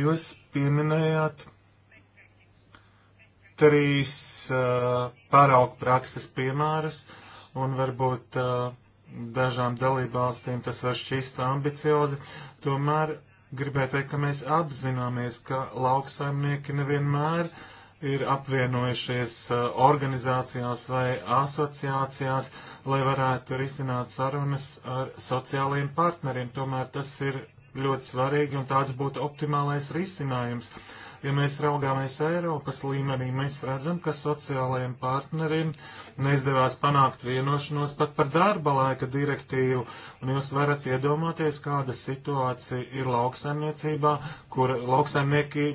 Speaker 2: Jūs pieminējāt trīs uh, pārauga prakses piemērus un varbūt uh, dažām dalībvalstīm tas var šķist ambiciozi, tomēr gribēju teikt, ka mēs apzināmies, ka lauksaimnieki nevienmēr ir apvienojušies uh, organizācijās vai asociācijās, lai varētu risināt sarunas ar sociālajiem partneriem. Tomēr tas ir ļoti svarīgi un tāds būtu optimālais risinājums. Uh, Ja mēs raugāmies Eiropas līmenī, mēs redzam, ka sociālajiem partneriem neizdevās panākt vienošanos pat par darba laika direktīvu, un jūs varat iedomāties, kāda situācija ir lauksaimniecībā, kur lauksaimnieki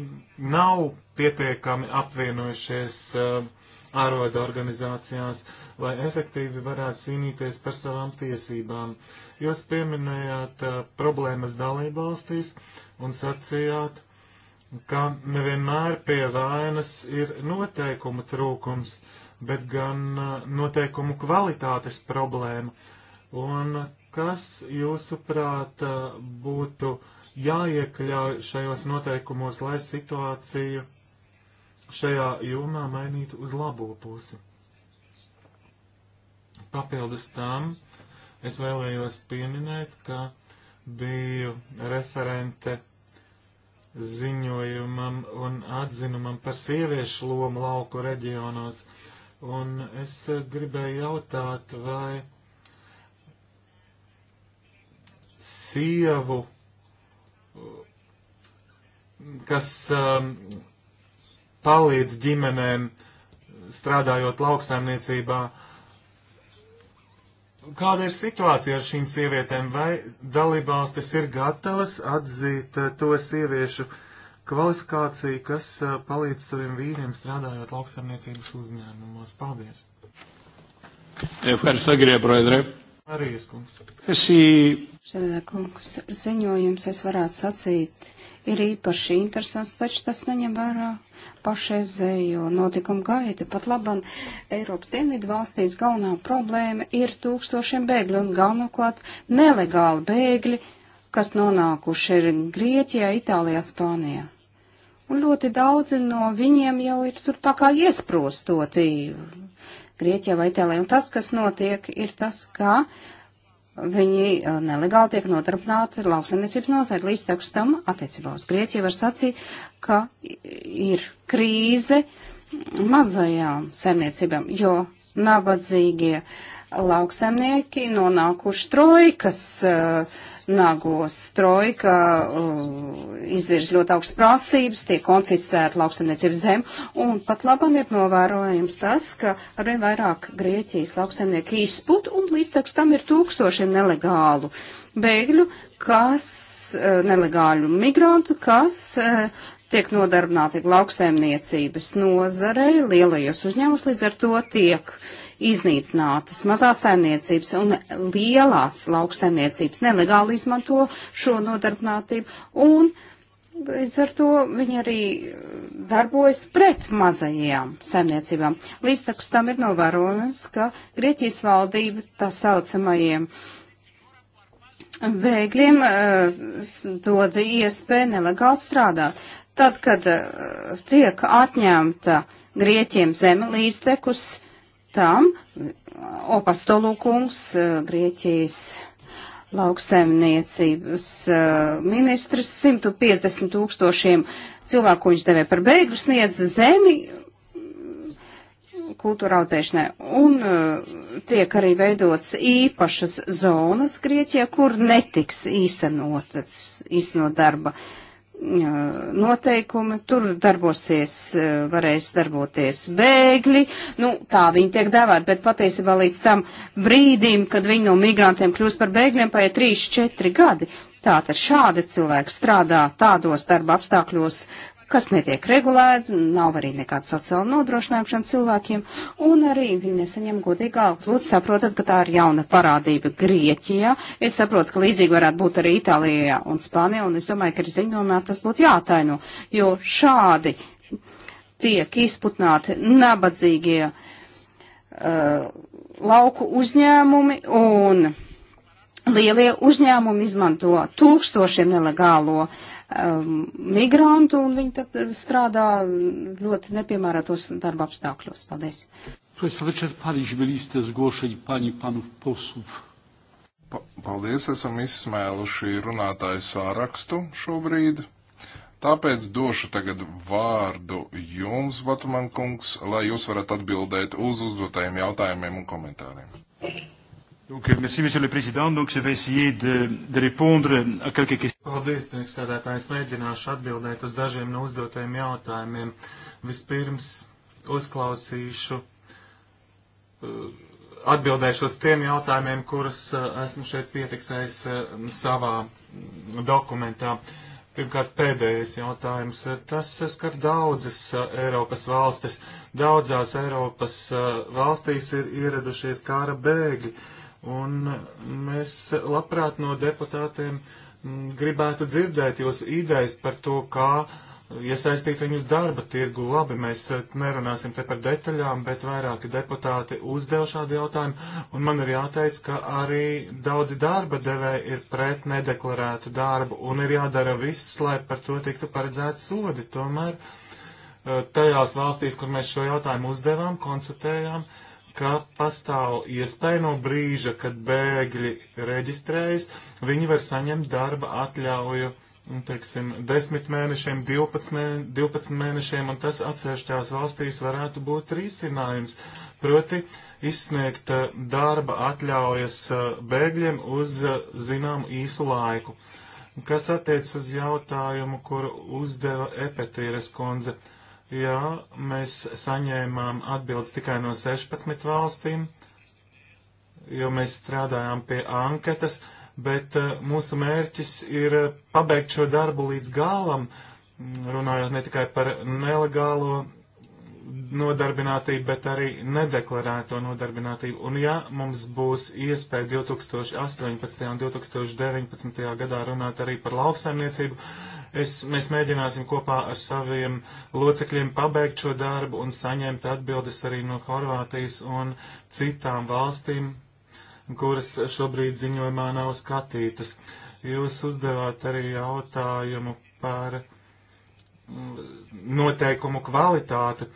Speaker 2: nav pietiekami apvienojušies uh, eh, ārodu organizācijās, lai efektīvi varētu cīnīties par savām tiesībām. Jūs pieminējāt uh, problēmas dalībvalstīs un sacījāt, ka nevienmēr pie vainas ir noteikumu trūkums, bet gan noteikumu kvalitātes problēma. Un kas, jūsuprāt, būtu jāiekļauj šajos noteikumos, lai situāciju šajā jomā mainītu uz labo pusi? Papildus tam es vēlējos pieminēt, ka biju referente ziņojumam un atzinumam par sieviešu lomu lauku reģionos. Un es eh, gribēju jautāt, vai sievu, kas um, palīdz ģimenēm strādājot lauksaimniecībā, Kāda ir situācija ar šīm sievietēm? Vai dalībvalstis ir gatavas atzīt eh, to sieviešu kvalifikāciju, kas eh, palīdz saviem vīriem strādājot lauksaimniecības uzņēmumos? Paldies! Ευχαριστώ κύριε Πρόεδρε. Arī es kungs.
Speaker 1: Es... Šādā kungs ziņojums es varētu sacīt ir īpaši interesants, taču tas neņem vērā pašreizējo notikumu gaitu. Pat laban Eiropas dienvidu valstīs galvenā problēma ir tūkstošiem bēgļu un galvenokārt nelegāli bēgļi, kas nonākuši ir Grieķijā, Itālijā, Spānijā. Un ļoti daudzi no viņiem jau ir tur tā kā iesprostoti Grieķijā vai Itālijā. Un tas, kas notiek, ir tas, ka Viņi nelegāli tiek nodarbināti lauksaimniecības nozari. Līdz tekstam attiecībā uz Grieķiju var sacīt, ka ir krīze mazajām saimniecībām, jo nabadzīgie uh, lauksemnieki nonākuši trojkas uh, nagos. Trojka uh, izvirz ļoti augstas prasības, tiek konfiscēta lauksemniecības zem, un pat labam ir novērojams tas, ka arvien vairāk Grieķijas lauksemnieki izput, un līdz tam ir tūkstošiem nelegālu bēgļu, kas, uh, eh, nelegāļu migrantu, kas uh, tiek nodarbināti lauksaimniecības nozarei, lielajos uzņēmumos, līdz ar to tiek uh, iznīcinātas mazās saimniecības un lielās lauksaimniecības nelegāli izmanto šo nodarbinātību un Līdz ar to viņi arī darbojas pret mazajām saimniecībām. Līdz takus tam ir novērojams, ka Grieķijas valdība tā saucamajiem bēgļiem uh, dod iespēju nelegāli strādāt. Tad, kad uh, tiek atņemta Grieķiem zeme līdztekus, tam Opastolūkungs, eh, Grieķijas lauksaimniecības eh, ministrs, 150 tūkstošiem cilvēku, ko viņš devē par bēgļu, sniedz zemi kultūra audzēšanai. Un eh, tiek arī veidots īpašas zonas Grieķijā, kur netiks īstenotas, īstenot darba uh, noteikumi, tur darbosies, varēs darboties bēgļi, nu tā viņi tiek dēvēti, bet patiesībā līdz tam brīdim, kad viņi no migrantiem kļūst par bēgļiem, paiet 3-4 gadi. Tātad šādi cilvēki strādā tādos darba apstākļos, kas netiek regulēta, nav arī nekāda sociāla nodrošinājuma cilvēkiem, un arī viņi nesaņem godīgu algu. Lūdzu, saprotat, ka tā ir jauna parādība Grieķijā. Es saprotu, ka līdzīgi varētu būt arī Itālijā un Spānijā, un es domāju, ka ziņojumā tas būtu jātaino, jo šādi tiek izputnāti nabadzīgie uh, lauku uzņēmumi un lielie uzņēmumi izmanto tūkstošiem nelegālo uh, um, migrantu, un viņi tad strādā ļoti nepiemērotos darba apstākļos. Paldies!
Speaker 3: Paldies, esam izsmēluši runātāju sārakstu šobrīd. Tāpēc došu tagad vārdu jums, Vatmankungs, lai jūs varat atbildēt uz uzdotajiem jautājumiem un komentāriem.
Speaker 2: Donc, euh, merci, Monsieur le Président. Donc, je vais essayer de, de répondre à quelques questions. Paldies, priekšsēdētājs. Mēģināšu atbildēt uz dažiem no uzdotajiem jautājumiem. Vispirms uzklausīšu, uh, atbildēšu uz tiem jautājumiem, kurus uh, esmu šeit piefiksējis uh, savā dokumentā. Pirmkārt, pēdējais jautājums. Tas skar daudzas Eiropas valstis. Daudzās Eiropas valstīs ir ieradušies kāra bēgļi Un mēs labprāt no deputātiem mm, gribētu dzirdēt jūsu idejas par to, kā iesaistīt viņus darba tirgu. Labi, mēs eh, nerunāsim te par detaļām, bet vairāki deputāti uzdev šādu jautājumu. Un man ir jāteic, ka arī daudzi darba devēji ir pret nedeklarētu darbu un ir jādara viss, lai par to tiktu paredzēti sodi. Tomēr eh, tajās valstīs, kur mēs šo jautājumu uzdevām, konstatējām, uh, ka pastāv iespēja no brīža, kad bēgļi reģistrējas, viņi var saņemt darba atļauju, nu, teiksim, 10 mēnešiem, 12, mē, 12 mēnešiem, un tas atsevišķās valstīs varētu būt risinājums. Proti, izsniegt eh, darba atļaujas eh, bēgļiem uz eh, zināmu īsu laiku. Kas attiec uz jautājumu, kuru uzdeva Epetīres kundze? Uh, Jā, mēs saņēmām atbildes tikai no 16 valstīm, jo mēs strādājām pie anketas, bet eh, mūsu mērķis ir eh, pabeigt šo darbu līdz galam, runājot ne tikai par nelegālo nodarbinātību, bet arī nedeklarēto nodarbinātību. Un ja mums būs iespēja 2018. un 2019. gadā runāt arī par lauksaimniecību, Es, mēs mēģināsim kopā ar saviem locekļiem pabeigt šo darbu un saņemt atbildes arī no Horvātijas un citām valstīm, kuras šobrīd ziņojumā nav skatītas. Jūs uzdevāt arī jautājumu par mm, noteikumu kvalitāti.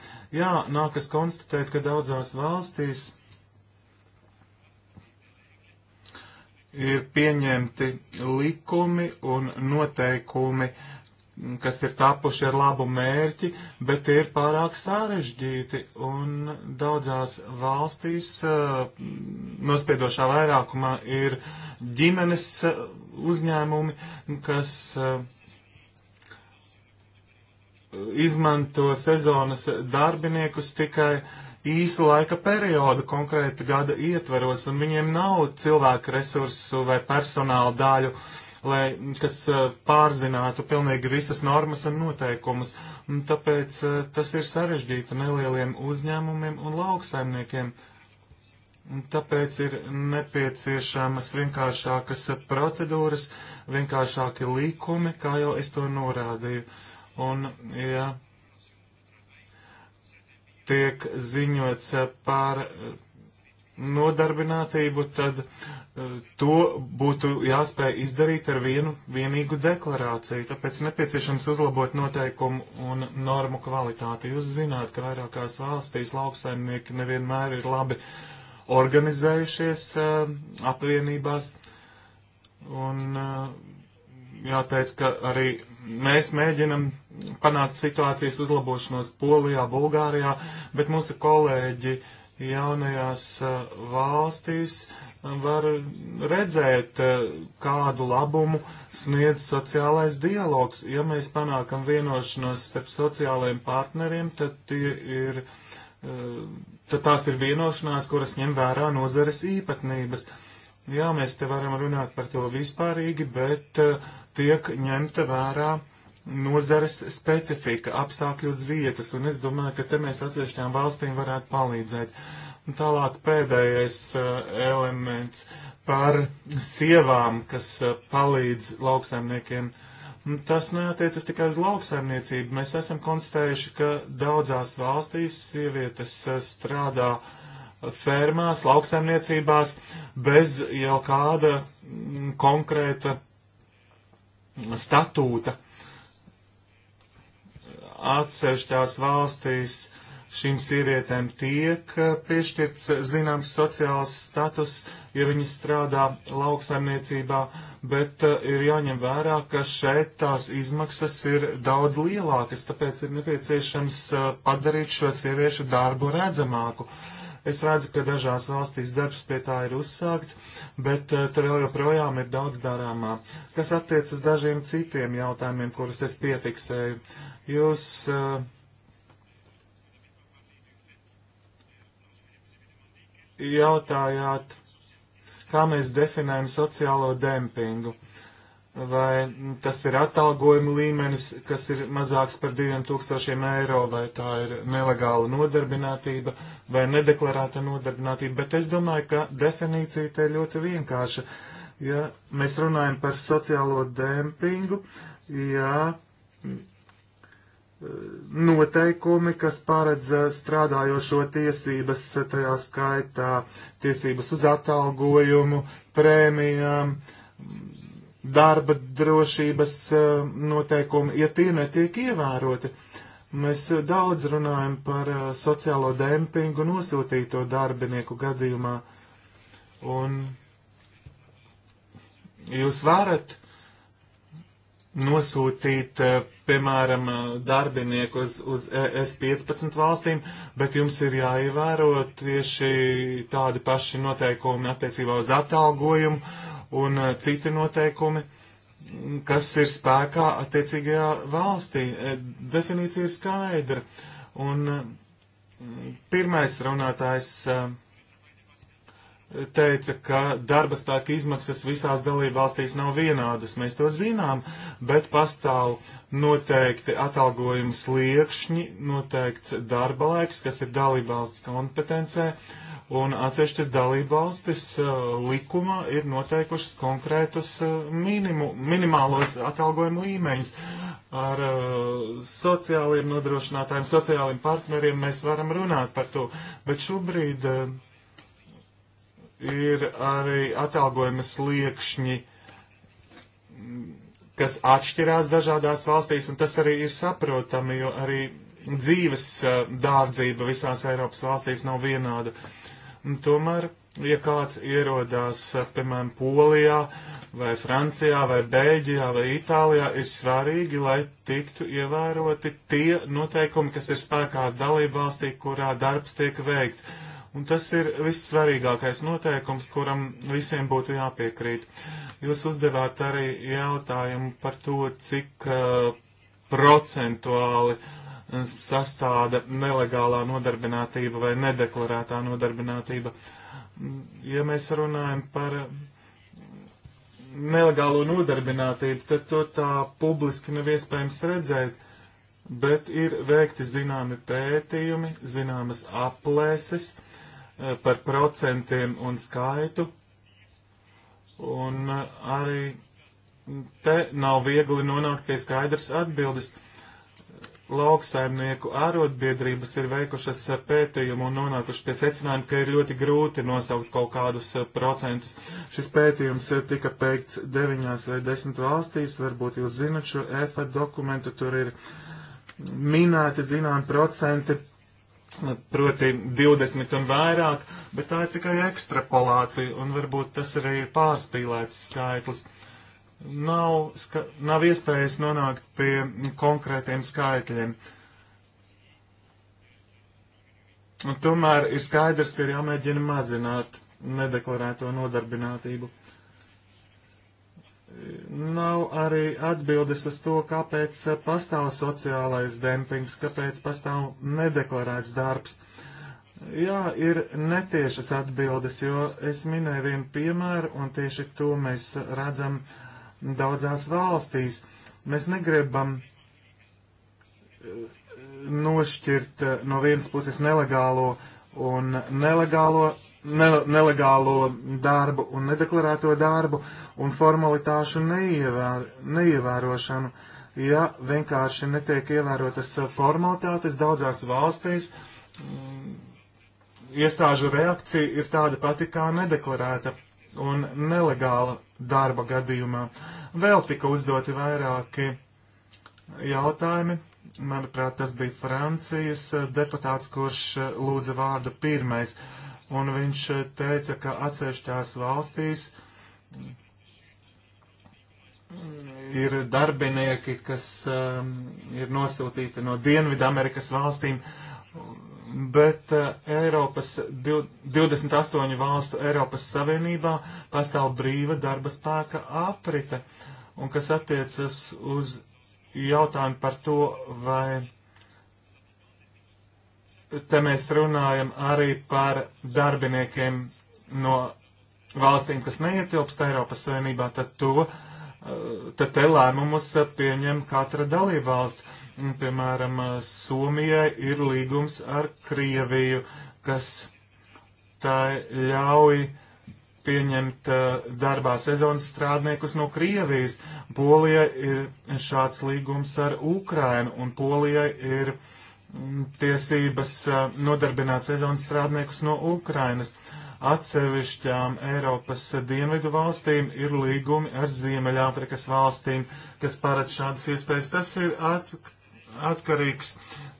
Speaker 2: Jā, nākas konstatēt, ka daudzās valstīs ir pieņemti likumi un noteikumi, kas ir tapuši ar labu mērķi, bet ir pārāk sarežģīti. Un daudzās valstīs eh, nospiedošā vairākumā ir ģimenes eh, uzņēmumi, kas eh, izmanto sezonas darbiniekus tikai uh, īsu laika periodu konkrēti gada ietveros, un viņiem nav cilvēku resursu vai personāla daļu, lai, kas eh, pārzinātu pilnīgi visas normas un noteikumus. Un tāpēc eh, tas ir sarežģīti nelieliem uzņēmumiem un lauksaimniekiem. Tāpēc ir nepieciešamas vienkāršākas eh, procedūras, vienkāršāki līkumi, kā jau es to norādīju. Un, ja tiek ziņots par eh, nodarbinātību, tad eh, to būtu jāspēj izdarīt ar vienu vienīgu deklarāciju. Tāpēc nepieciešams uzlabot noteikumu un normu kvalitāti. Jūs zināt, ka vairākās valstīs lauksaimnieki nevienmēr ir labi organizējušies eh, apvienībās. Un uh, jāteic, ka arī mēs mēģinam panākt situācijas uzlabošanos Polijā, Bulgārijā, bet mūsu kolēģi jaunajās uh, valstīs uh, var redzēt, uh, kādu labumu sniedz sociālais dialogs. Ja mēs panākam vienošanos starp sociālajiem partneriem, tad tie ir. Tad tās ir vienošanās, kuras ņem vērā nozares īpatnības. Uh, Jā, mēs te varam runāt par to vispārīgi, bet eh, tiek ņemta vērā nozares specifika, apstākļos vietas, un es domāju, ka te mēs atsevišķām valstīm varētu palīdzēt. Un tālāk pēdējais uh, elements par sievām, kas uh, palīdz lauksaimniekiem. Un tas neatiecas tikai uz lauksaimniecību. Mēs esam konstatējuši, ka daudzās valstīs sievietes uh, strādā uh, fermās, lauksaimniecībās bez jau kāda mm, konkrēta statūta. Atsevišķās valstīs šīm sievietēm tiek piešķirts zināms sociāls status, ja viņas strādā lauksaimniecībā, bet eh, ir jāņem vērā, ka šeit tās izmaksas ir daudz lielākas, tāpēc ir nepieciešams eh, padarīt šo sieviešu darbu redzamāku. Uh, Es redzu, ka dažās valstīs darbs pie tā ir uzsākts, bet eh, te vēl joprojām ir daudz darāmā. Kas attiec uz dažiem citiem jautājumiem, kurus es piefiksēju, jūs. Eh, jautājāt, kā mēs definējam sociālo dempingu vai tas ir atalgojuma līmenis, kas ir mazāks par 2000 eiro, vai tā ir nelegāla nodarbinātība vai nedeklarēta nodarbinātība. Bet es domāju, ka definīcija te ļoti vienkārša. Ja mēs runājam par sociālo dempingu, ja mm, noteikumi, kas paredz eh, strādājošo tiesības, tajā skaitā tiesības uz atalgojumu, prēmijām, um, darba drošības eh, noteikumi, ja tie netiek ievēroti. Mēs eh, daudz runājam par eh, sociālo dempingu nosūtīto darbinieku gadījumā, un jūs varat nosūtīt, piemēram, darbinieku uz, uz ES 15 valstīm, bet jums ir jāievēro tieši tādi paši noteikumi attiecībā uz atalgojumu, un eh, citi noteikumi, kas ir spēkā attiecīgajā valstī. Eh, definīcija ir skaidra. Un eh, pirmais runātājs teica, ka darba spēka izmaksas visās dalībvalstīs nav vienādas. Mēs to zinām, bet pastāv noteikti atalgojuma sliekšņi, noteikts darba laiks, kas ir dalībvalsts kompetencē. Uh, un atsevišķas dalībvalstis uh, likumā ir noteikušas konkrētus uh, minimu, minimālos atalgojumu līmeņus. Ar uh, sociāliem nodrošinātājiem, sociāliem partneriem mēs varam runāt par to, bet šobrīd ir arī atalgojuma sliekšņi, mm, kas atšķirās dažādās valstīs, un tas arī ir saprotami, jo arī dzīves dārdzība visās Eiropas valstīs nav vienāda. Uh, Tomēr, ja kāds ierodās, eh, piemēram, Polijā vai Francijā vai Beļģijā vai Itālijā, ir svarīgi, lai tiktu ievēroti tie noteikumi, kas ir spēkā dalību valstī, kurā darbs tiek veikts. Un tas ir vissvarīgākais noteikums, kuram visiem būtu jāpiekrīt. Jūs uzdevāt arī jautājumu par to, cik uh, procentuāli uh, sastāda nelegālā nodarbinātība vai nedeklarētā nodarbinātība. Ja mēs runājam par nelegālo nodarbinātību, tad to tā publiski nav iespējams redzēt, bet ir veikti zināmi pētījumi, zināmas aplēses eh, par procentiem un skaitu, un eh, arī te nav viegli nonākt pie skaidras atbildes lauksaimnieku ārotbiedrības ir veikušas eh, pētījumu un nonākuši pie secinājuma, ka ir ļoti grūti nosaukt kaut kādus eh, procentus. Šis pētījums eh, tika peikts deviņās vai desmit valstīs, varbūt jūs zinat šo EFA dokumentu, tur ir minēti zinām procenti, proti 20 un vairāk, bet tā ir tikai ekstrapolācija un varbūt tas arī ir pārspīlēts skaitlis nav, ska, nav iespējas nonākt pie konkrētiem skaitļiem. Un tomēr ir skaidrs, ka ir jāmēģina mazināt nedeklarēto nodarbinātību. Nav arī atbildes uz to, kāpēc pastāv sociālais dempings, kāpēc pastāv nedeklarēts darbs. Jā, ir netiešas atbildes, jo es minēju vienu piemēru, un tieši to mēs redzam uh, daudzās valstīs. Mēs negribam eh, nošķirt eh, no vienas puses nelegālo un nelegālo, ne, nelegālo darbu un nedeklarēto darbu un formalitāšu neievēr, neievērošanu. Ja vienkārši netiek ievērotas eh, formalitātes daudzās valstīs, mm, iestāžu reakcija ir tāda pati kā nedeklarēta un nelegāla darba gadījumā. Vēl tika uzdoti vairāki jautājumi. Manuprāt, tas bija Francijas deputāts, kurš lūdza vārdu pirmais. Un viņš teica, ka atsevišķās valstīs ir darbinieki, kas um, ir nosūtīti no Dienvidu Amerikas valstīm bet eh, Eiropas 28 valstu Eiropas Savienībā pastāv brīva darba spēka aprite, un kas attiecas uz jautājumu par to, vai te mēs runājam arī par darbiniekiem no valstīm, kas neietilpst Eiropas Savienībā, tad to, eh, tad te lēmumus pieņem katra dalībvalsts Nu, piemēram, Somijai ir līgums ar Krieviju, kas tā ļauj pieņemt uh, darbā sezonas strādniekus no Krievijas. Polija ir šāds līgums ar Ukrainu, un Polija ir mm, tiesības uh, nodarbināt sezonas strādniekus no Ukrainas. Atsevišķām Eiropas dienvidu valstīm ir līgumi ar Ziemeļāfrikas valstīm, kas paredz šādas iespējas. Tas ir atkarīgs atkarīgs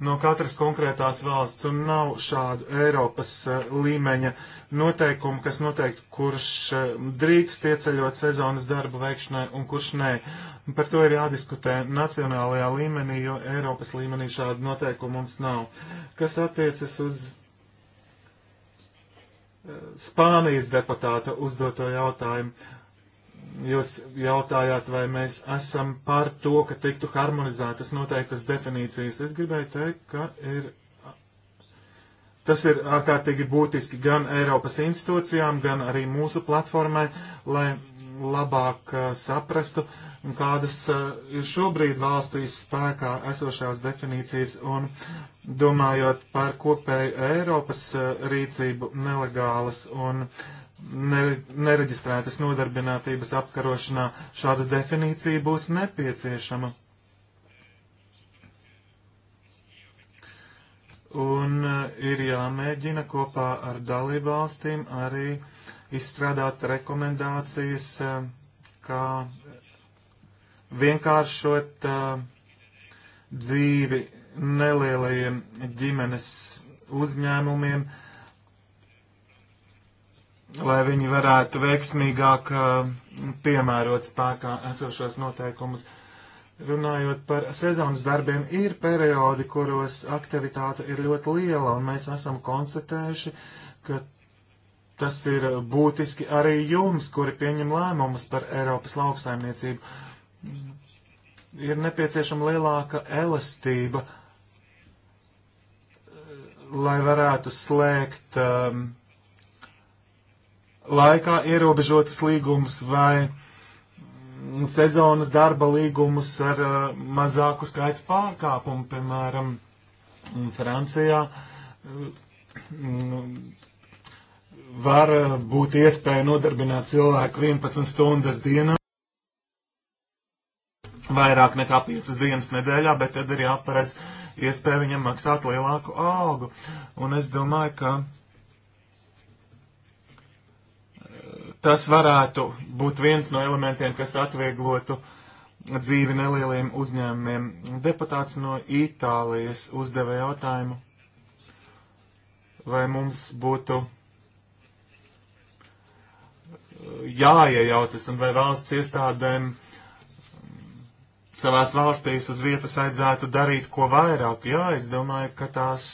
Speaker 2: no katras konkrētās valsts un nav šādu Eiropas uh, līmeņa noteikumu, kas noteikti, kurš uh, drīkst ieceļot sezonas darbu veikšanai un kurš nē. Par to ir jādiskutē nacionālajā līmenī, jo Eiropas līmenī šādu noteikumu mums nav. Kas attiecas uz eh, Spānijas deputāta uzdoto jautājumu? Jūs jautājāt, vai mēs esam par to, ka tiktu harmonizētas noteiktas definīcijas. Es gribēju teikt, ka ir, tas ir ārkārtīgi būtiski gan Eiropas institūcijām, gan arī mūsu platformai, lai labāk uh, saprastu, kādas uh, ir šobrīd valstīs spēkā esošās definīcijas un domājot par kopēju Eiropas uh, rīcību nelegālas un uh, nereģistrētas nodarbinātības apkarošanā šāda definīcija būs nepieciešama. Un eh, ir jāmēģina kopā ar dalībvalstīm arī izstrādāt rekomendācijas, eh, kā vienkāršot eh, dzīvi nelielajiem ģimenes uzņēmumiem, uh, lai viņi varētu veiksmīgāk uh, piemērot spēkā esošos noteikumus. Runājot par sezonas darbiem, ir periodi, kuros aktivitāte ir ļoti liela, un mēs esam konstatējuši, ka tas ir būtiski arī jums, kuri pieņem lēmumus par Eiropas lauksaimniecību. Ir nepieciešama lielāka elastība, eh, lai varētu slēgt um, laikā ierobežotas līgumus vai sezonas darba līgumus ar uh, mazāku skaitu pārkāpumu, piemēram, Francijā. Uh, var uh, būt iespēja nodarbināt cilvēku 11 stundas dienā, vairāk nekā 5 dienas nedēļā, bet tad ir jāparedz iespēja viņam maksāt lielāku algu. Un es domāju, ka tas varētu būt viens no elementiem, kas atvieglotu dzīvi nelieliem uzņēmumiem. Deputāts no Itālijas uzdeva jautājumu, vai mums būtu jāiejaucas un vai valsts iestādēm savās valstīs uz vietas vajadzētu darīt ko vairāk. Jā, es domāju, ka tās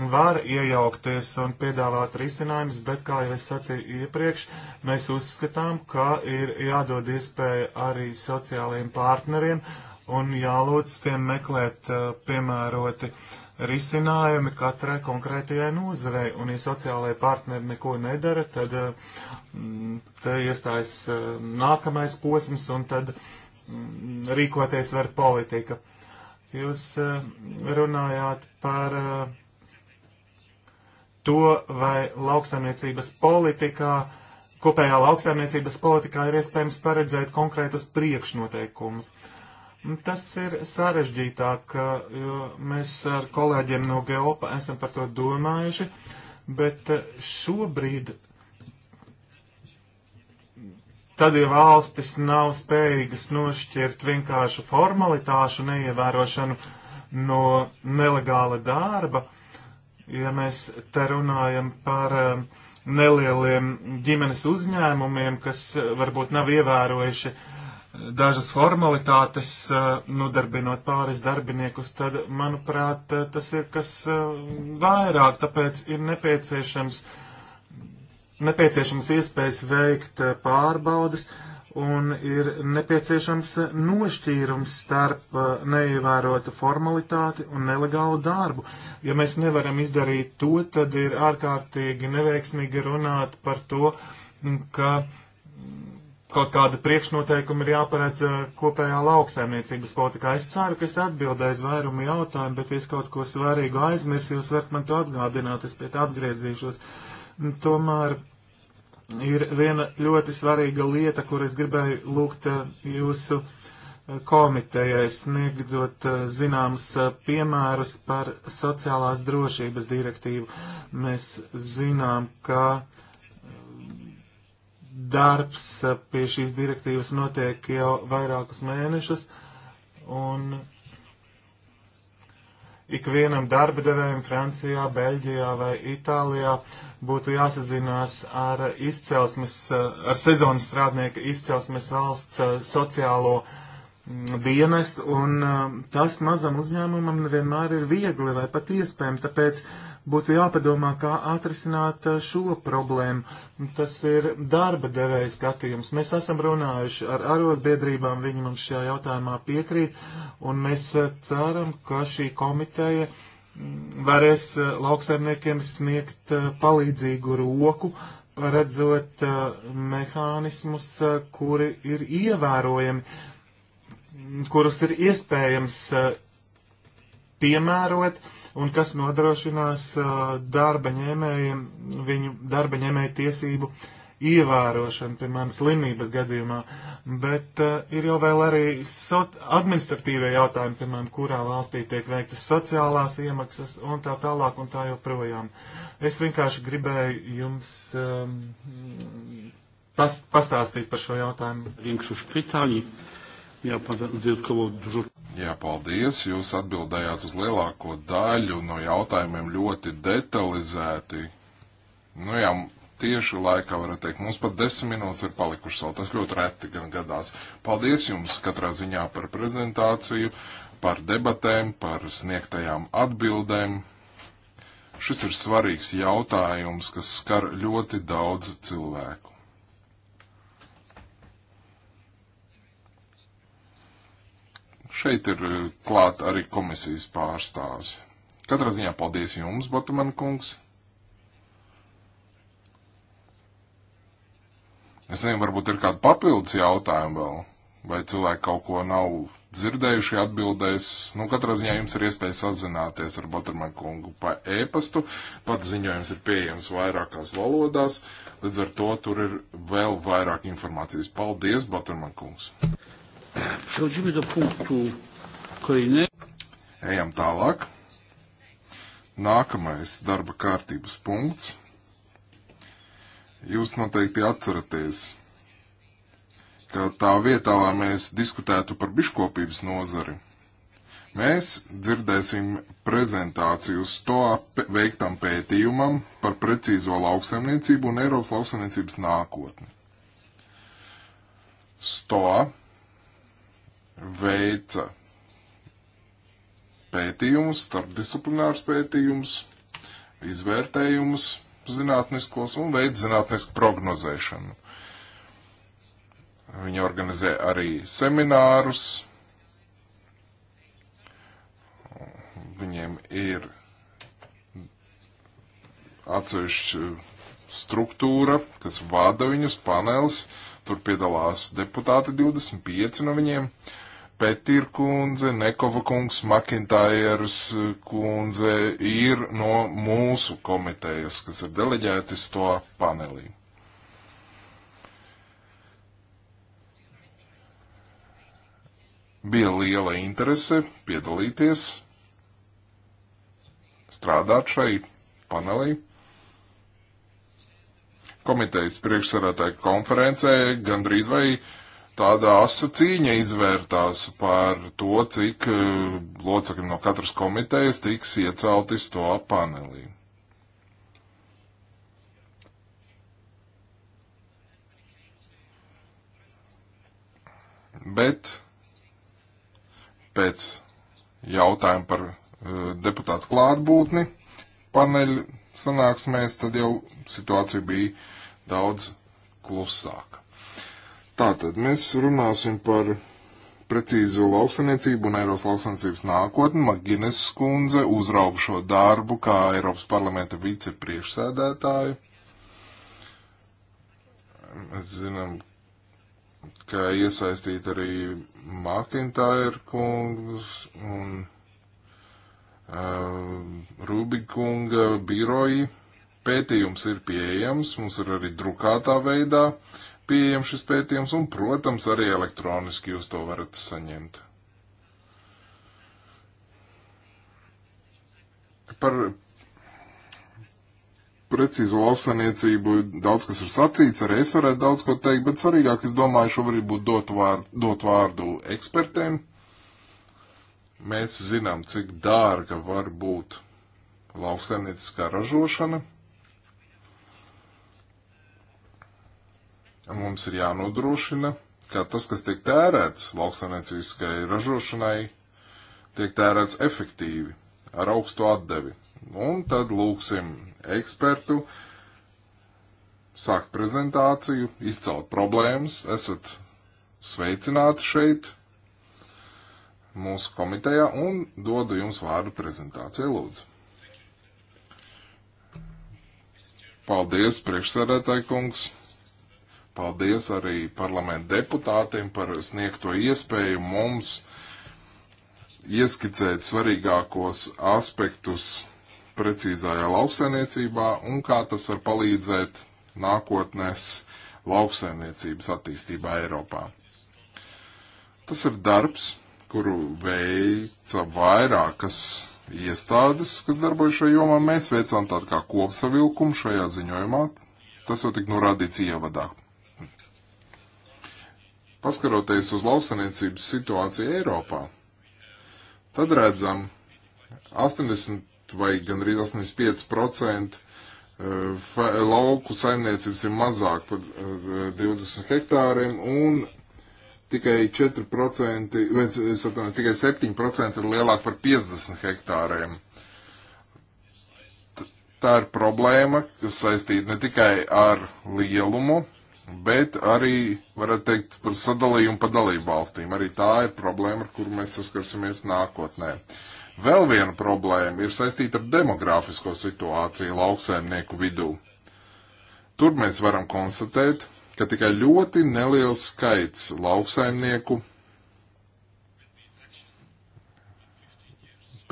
Speaker 2: var iejaukties un piedāvāt risinājumus, bet, kā jau es sacīju iepriekš, mēs uzskatām, ka ir jādod iespēja arī sociālajiem partneriem un jālūdz tiem meklēt uh, piemēroti risinājumi katrai konkrētajai nozarei. Un, ja sociālajie partneri neko nedara, tad uh, te iestājas uh, nākamais posms un tad um, rīkoties var politika. Jūs runājāt par uh, to, vai lauksaimniecības politikā, kopējā lauksaimniecības politikā ir iespējams paredzēt konkrētus priekšnoteikumus. Tas ir sarežģītāk, jo mēs ar kolēģiem no Geopa esam par to domājuši, bet eh, šobrīd tad, ja valstis nav spējīgas nošķirt vienkāršu formalitāšu neievērošanu no nelegāla darba, uh, ja mēs te runājam par um, nelieliem ģimenes uzņēmumiem, kas uh, varbūt nav ievērojuši uh, dažas formalitātes, uh, nodarbinot pāris darbiniekus, tad, manuprāt, tas ir kas vairāk, tāpēc ir nepieciešams, nepieciešams iespējas veikt pārbaudas. Uh, un ir nepieciešams nošķīrums starp uh, neievērotu formalitāti un nelegālu darbu. Ja mēs nevaram izdarīt to, tad ir ārkārtīgi neveiksmīgi runāt par to, mm, ka kaut kāda priekšnoteikuma ir jāparedz uh, kopējā lauksaimniecības politikā. Es ceru, ka es atbildēju vairumu jautājumu, bet ja es kaut ko svarīgu aizmirsu, jūs varat man to atgādināt, es pie tā atgriezīšos. Tomēr ir viena ļoti svarīga lieta, kur es gribēju lūgt eh, jūsu eh, komitejai sniegdzot eh, zināmas piemērus par sociālās drošības direktīvu. Mēs zinām, ka darbs pie šīs direktīvas notiek jau vairākus mēnešus, un ikvienam darba devējam Francijā, Beļģijā vai Itālijā uh, būtu jāsazinās ar izcelsmes, eh, ar sezonas strādnieku izcelsmes valsts eh, sociālo mm, dienestu, un eh, tas mazam uzņēmumam nevienmēr ir viegli vai pat iespējami, tāpēc būtu jāpadomā, kā atrisināt šo problēmu. Tas ir darba devēja skatījums. Mēs esam runājuši ar arotbiedrībām, viņi mums šajā jautājumā piekrīt, un mēs ceram, ka šī komiteja uh, varēs eh, lauksaimniekiem sniegt eh, palīdzīgu roku, redzot eh, mehānismus, kuri ir ievērojami, kurus ir iespējams piemērot un kas nodrošinās darba ņēmējiem viņu darba ņēmēju tiesību uh, ievērošanu, piemēram, slimības gadījumā, bet uh, ir jau vēl arī so administratīvie jautājumi, piemēram, kurā valstī tiek veiktas sociālās iemaksas un tā tālāk un tā joprojām. Es vienkārši gribēju jums um, pas pastāstīt par šo jautājumu.
Speaker 3: Jā, Jā, paldies. Jūs atbildējāt uz lielāko daļu no jautājumiem ļoti detalizēti. Nu jā, tieši laikā, varētu teikt. Mums pat desmit minūtes ir palikušas vēl. Tas ļoti reti gan gadās. Paldies jums katrā ziņā par prezentāciju, par debatēm, par sniegtajām atbildēm. Šis ir svarīgs jautājums, kas skar ļoti daudz cilvēku. Šeit ir eh, klāt arī komisijas pārstāvs. Katrā ziņā paldies jums, Bataman kungs. Es nezinu, varbūt ir kādi papildus jautājumi vēl, vai cilvēki kaut ko nav dzirdējuši, atbildēs. Nu, katrā ziņā jums ir iespēja sazināties ar Botarmanu kungu pa ēpastu. Pats ziņojums ir pieejams vairākās valodās, līdz ar to tur ir vēl vairāk informācijas. Paldies, Botarmanu kungs! Ejam tālāk. Nākamais darba kārtības punkts. Jūs noteikti atceraties, ka tā vietā, lai mēs diskutētu par biškopības nozari, mēs dzirdēsim prezentāciju uz to veiktam pētījumam par precīzo lauksaimniecību un Eiropas lauksaimniecības nākotni. Stoa veica pētījumus, starpdisciplinārs pētījumus, izvērtējumus zinātniskos un veids zinātnisku prognozēšanu. Viņi organizē arī seminārus. Viņiem ir atsevišķa struktūra, kas vada viņus panelis. Tur piedalās deputāti 25 no viņiem. Uh, Petir kundze, Nekova kungs, Makintājers eh, kundze ir no mūsu komitejas, kas ir deleģētis to panelī. Bija liela interese piedalīties, strādāt šai panelī komitejas priekšsarātāja konferencē gandrīz vai tāda asa cīņa izvērtās par to, cik eh, locekļi no katras komitejas tiks iecelti to panelī. Bet pēc jautājuma par eh, deputātu klātbūtni paneļu sanāksmēs, tad jau situācija bija daudz klusāka. Tātad mēs runāsim par precīzu lauksaniecību un Eiropas lauksaniecības nākotni. Magines skundze uzrauga šo darbu kā Eiropas parlamenta vicepriekšsēdētāju. Mēs zinām, ka iesaistīta arī Makintāra kungs un uh, Rubikunga biroji. Pētījums ir pieejams, mums ir arī drukātā veidā. Uh, pieejams šis pētījums, un, protams, arī elektroniski jūs to varat saņemt. Par precīzo lauksaniecību daudz kas ir sacīts, arī es varētu daudz ko teikt, bet svarīgāk, es domāju, šobrīd būtu dot vārdu, dot vārdu ekspertiem. Mēs zinām, cik dārga var būt lauksaimnieciskā ražošana Mums ir jānodrošina, ka tas, kas tiek tērēts lauksaimnieciskai ražošanai, tiek tērēts efektīvi, ar augstu atdevi. Un tad lūksim ekspertu sākt prezentāciju, izcelt problēmas. Esat sveicināti šeit, mūsu komitejā, un dodu jums vārdu prezentācijai, lūdzu. Paldies, priekšsēdētāji kungs! Paldies arī parlamentu deputātiem par sniegto iespēju mums ieskicēt svarīgākos aspektus precīzajā lauksainiecībā un kā tas var palīdzēt nākotnes lauksainiecības attīstībā Eiropā. Tas ir darbs, kuru veica vairākas iestādes, kas darbojas šajā jomā. Mēs veicām tādu kā kopsavilkumu šajā ziņojumā. Tas jau tik norādīts ievadā. Paskaroties uz lauksaimniecības situāciju Eiropā, tad redzam 80 vai gandrīz 85% eh, lauku saimniecības ir mazāk par 20 eh, hektāriem un tikai 4%, vai, sapram, tikai 7% ir lielāk par 50 hektāriem. T tā ir problēma, kas saistīta ne tikai ar lielumu, bet arī, varētu teikt, par sadalījumu pa dalību valstīm. Arī tā ir problēma, ar kuru mēs saskarsimies nākotnē. Vēl viena problēma ir saistīta ar demografisko situāciju lauksaimnieku vidū. Tur mēs varam konstatēt, ka tikai ļoti neliels skaits lauksaimnieku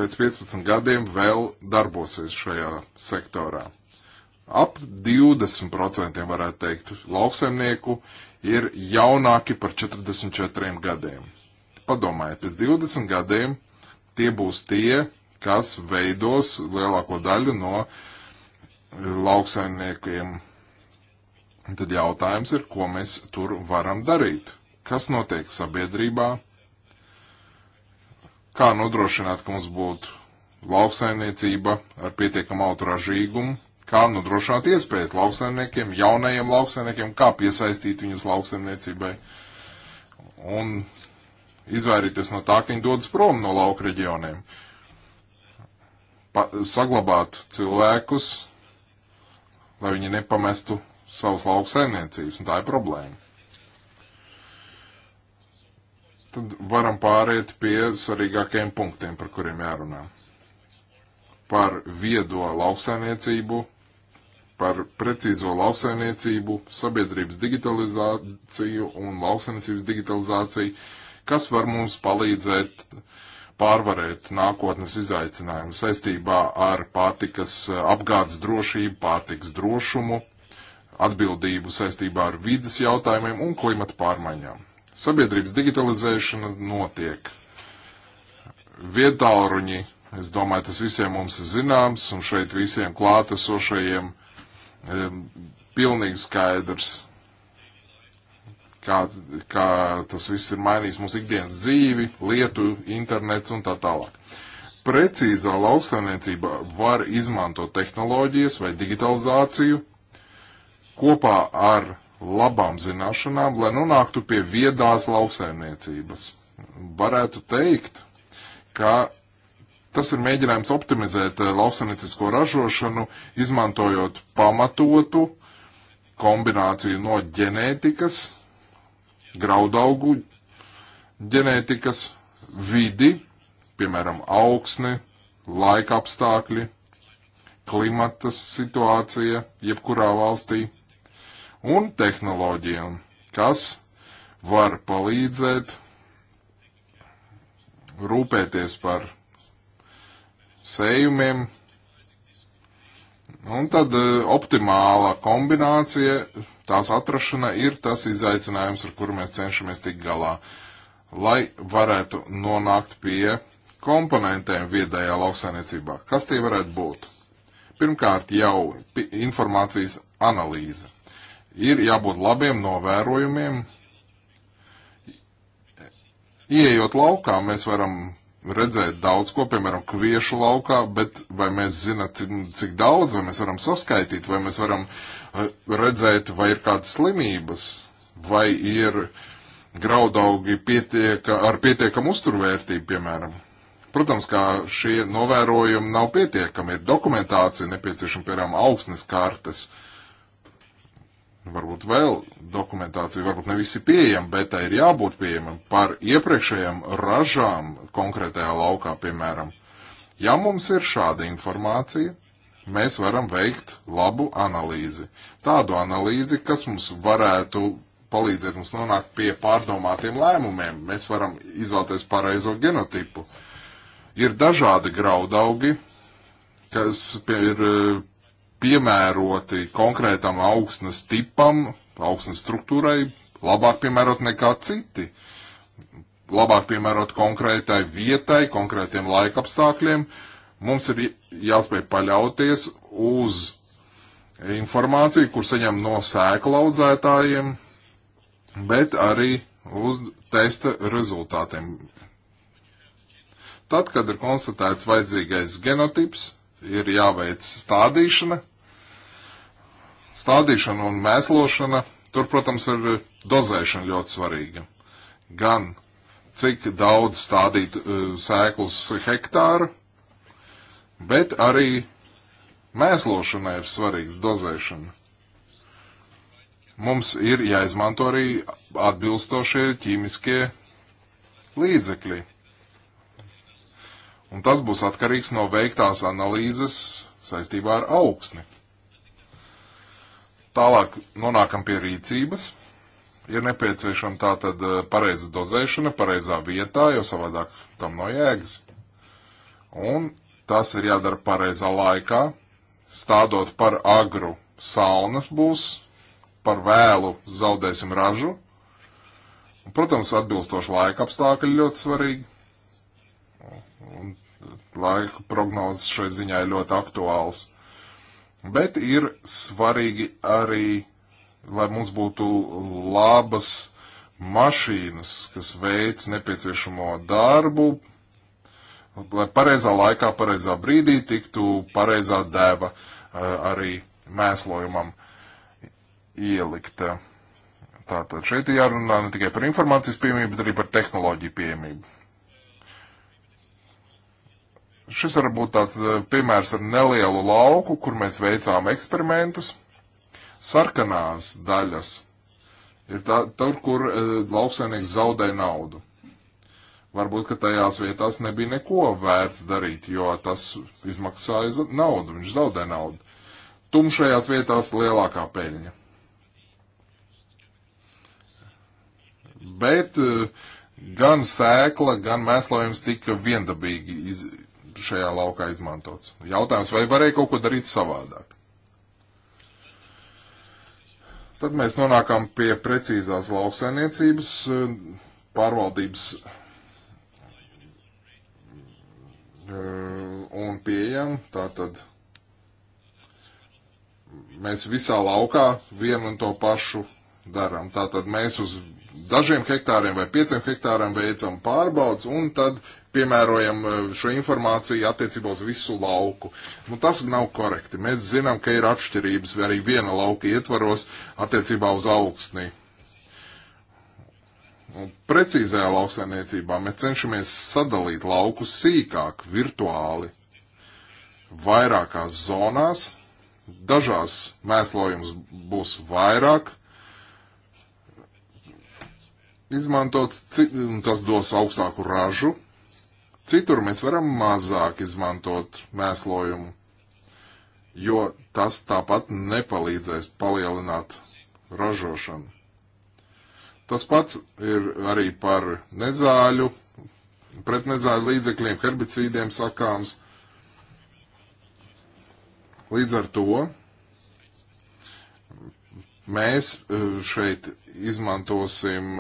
Speaker 3: pēc 15 gadiem vēl darbosies šajā sektorā ap 20% varētu teikt lauksaimnieku ir jaunāki par 44 gadiem. Padomājiet, pēc 20 gadiem tie būs tie, kas veidos lielāko daļu no lauksaimniekiem. Tad jautājums ir, ko mēs tur varam darīt? Kas notiek sabiedrībā? Kā nodrošināt, ka mums būtu lauksaimniecība ar pietiekamu autoražīgumu, kā nodrošināt iespējas lauksaimniekiem, jaunajiem lauksaimniekiem, kā piesaistīt viņus lauksaimniecībai un izvairīties no tā, ka viņi dodas prom no lauka reģioniem. Pa, saglabāt cilvēkus, lai viņi nepamestu savas lauksaimniecības, un tā ir problēma. Tad varam pāriet pie svarīgākajiem punktiem, par kuriem jārunā par viedo lauksaimniecību par precīzo lauksainiecību, sabiedrības digitalizāciju un lauksainiecības digitalizāciju, kas var mums palīdzēt pārvarēt nākotnes izaicinājumu saistībā ar pārtikas apgādes drošību, pārtikas drošumu, atbildību saistībā ar vidas jautājumiem un klimata pārmaiņām. Sabiedrības digitalizēšana notiek. Vietāluruņi, es domāju, tas visiem mums ir zināms, un šeit visiem klātesošajiem pilnīgi skaidrs, kā, kā tas viss ir mainījis mūsu ikdienas dzīvi, lietu, internets un tā tālāk. Precīzā lauksaimniecība var izmantot tehnoloģijas vai digitalizāciju kopā ar labām zināšanām, lai nonāktu pie viedās lauksaimniecības. Varētu teikt, ka Tas ir mēģinājums optimizēt eh, lauksanicisko ražošanu, izmantojot pamatotu kombināciju no ģenētikas, graudaugu ģenētikas, vidi, piemēram, augsni, laika apstākļi, klimata situācija jebkurā valstī un tehnoloģijām, kas var palīdzēt rūpēties par sējumiem. Un tad e, optimāla kombinācija, tās atrašana ir tas izaicinājums, ar kuru mēs cenšamies tikt galā, lai varētu nonākt pie komponentiem viedajā lauksainiecībā. Kas tie varētu būt? Pirmkārt, jau informācijas analīze. Ir jābūt labiem novērojumiem. Iejot laukā, mēs varam redzēt daudz ko, piemēram, kviešu laukā, bet vai mēs zinām, cik daudz, vai mēs varam saskaitīt, vai mēs varam eh, redzēt, vai ir kādas slimības, vai ir graudaugi pietieka, ar pietiekamu uzturvērtību, piemēram. Protams, kā šie novērojumi nav pietiekami, ir dokumentācija nepieciešama, piemēram, augsnes kartes. Uh, varbūt vēl dokumentācija, varbūt ne visi pieejama, bet tā ir jābūt pieejama par iepriekšējām ražām konkrētajā laukā, piemēram. Ja mums ir šāda informācija, mēs varam veikt labu analīzi. Tādu analīzi, kas mums varētu palīdzēt mums nonākt pie pārdomātiem lēmumiem. Mēs varam izvēlēties pareizo genotipu. Ir dažādi graudaugi, kas ir piemēroti konkrētam augsnes tipam, augsnes struktūrai, labāk piemērot nekā citi. Labāk piemērot konkrētai vietai, konkrētiem laikapstākļiem. Mums ir jāspēj paļauties uz informāciju, kur saņem no sēklaudzētājiem, bet arī uz testa rezultātiem. Tad, kad ir konstatēts vajadzīgais genotips, ir jāveic stādīšana, Stādīšana un mēslošana, tur, protams, ir dozēšana ļoti svarīga. Gan cik daudz stādīt uh, e, sēklus hektāru, bet arī mēslošanai ir svarīgs dozēšana. Mums ir jāizmanto arī atbilstošie ķīmiskie līdzekļi. Un tas būs atkarīgs no veiktās analīzes saistībā ar augsni. Tālāk nonākam pie rīcības. Ir nepieciešama tā tad eh, pareiza dozēšana, pareizā vietā, jo savādāk tam nav jēgas. Un tas ir jādara pareizā laikā, stādot par agru saunas būs, par vēlu zaudēsim ražu. Un, protams, atbilstoši laika apstākļi ļoti svarīgi. Un laika prognozes šai ziņā ir ļoti aktuāls. Bet ir svarīgi arī, lai mums būtu labas mašīnas, kas veic nepieciešamo darbu, lai pareizā laikā, pareizā brīdī tiktu pareizā dēva eh, arī mēslojumam ielikta. Tātad šeit ir jārunā ne tikai par informācijas pieejamību, bet arī par tehnoloģiju pieejamību. Šis var būt tāds eh, piemērs ar nelielu lauku, kur mēs veicām eksperimentus. Sarkanās daļas ir tā, tur, kur eh, lauksainieks zaudē naudu. Varbūt, ka tajās vietās nebija neko vērts darīt, jo tas izmaksāja naudu, viņš zaudē naudu. Tumšajās vietās lielākā peļņa. Bet eh, gan sēkla, gan mēslojums tika viendabīgi iz, šajā laukā izmantots. Jautājums, vai varēja kaut ko darīt savādāk? Tad mēs nonākam pie precīzās lauksainiecības eh, pārvaldības eh, un pieejam. Tātad mēs visā laukā vienu un to pašu darām. Tātad mēs uz dažiem hektāriem vai pieciem hektāriem veicam pārbaudas un tad piemērojam eh, šo informāciju attiecībā uz visu lauku. Nu, tas nav korekti. Mēs zinām, ka ir atšķirības arī viena lauka ietvaros attiecībā uz augstni. Un precīzajā lauksainiecībā mēs cenšamies sadalīt lauku sīkāk, virtuāli, vairākās zonās. Dažās mēslojums būs vairāk, izmantots, tas dos augstāku ražu, Citur mēs varam mazāk izmantot mēslojumu, jo tas tāpat nepalīdzēs palielināt ražošanu. Tas pats ir arī par nezāļu, pretnezāļu līdzekļiem, herbicīdiem sakāms. Līdz ar to mēs e, šeit izmantosim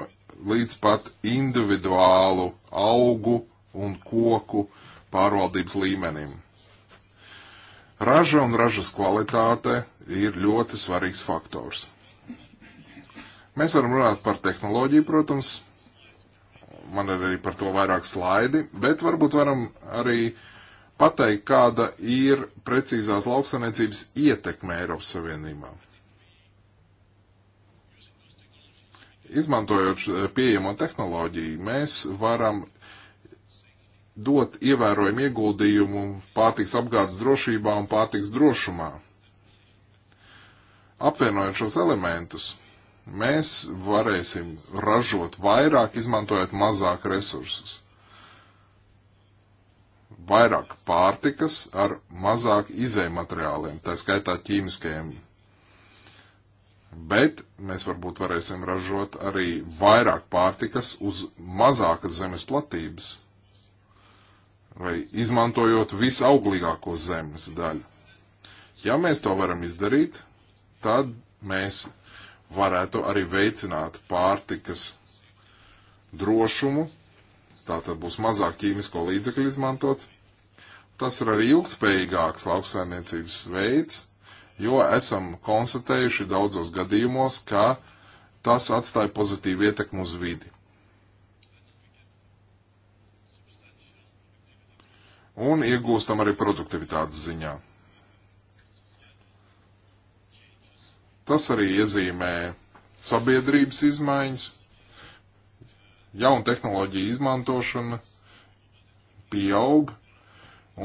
Speaker 3: līdz pat individuālu augu un koku pārvaldības līmenim. Raža un ražas kvalitāte ir ļoti svarīgs faktors. Mēs varam runāt par tehnoloģiju, protams, man ir arī par to vairāk slaidi, bet varbūt varam arī pateikt, kāda ir precīzās lauksaimniecības ietekme Eiropas Savienībā. Izmantojot eh, pieejamo tehnoloģiju, mēs varam uh, dot ievērojumu ieguldījumu pārtiks apgādes drošībā un pārtiks drošumā. Apvienojot šos elementus, mēs varēsim ražot vairāk, izmantojot mazāk resursus. Vairāk pārtikas ar mazāk izējumateriāliem, tā skaitā ķīmiskajiem bet mēs varbūt varēsim ražot arī vairāk pārtikas uz mazākas zemes platības vai izmantojot visauglīgāko zemes daļu. Ja mēs to varam izdarīt, tad mēs varētu arī veicināt pārtikas drošumu, tātad būs mazāk ķīmisko līdzekļu izmantots. Tas ir arī ilgspējīgāks lauksaimniecības veids, jo esam konstatējuši daudzos gadījumos, ka tas atstāja pozitīvu ietekmu uz vidi. un iegūstam arī produktivitātes ziņā. Tas arī iezīmē sabiedrības izmaiņas, jaunu tehnoloģiju izmantošana pieaug,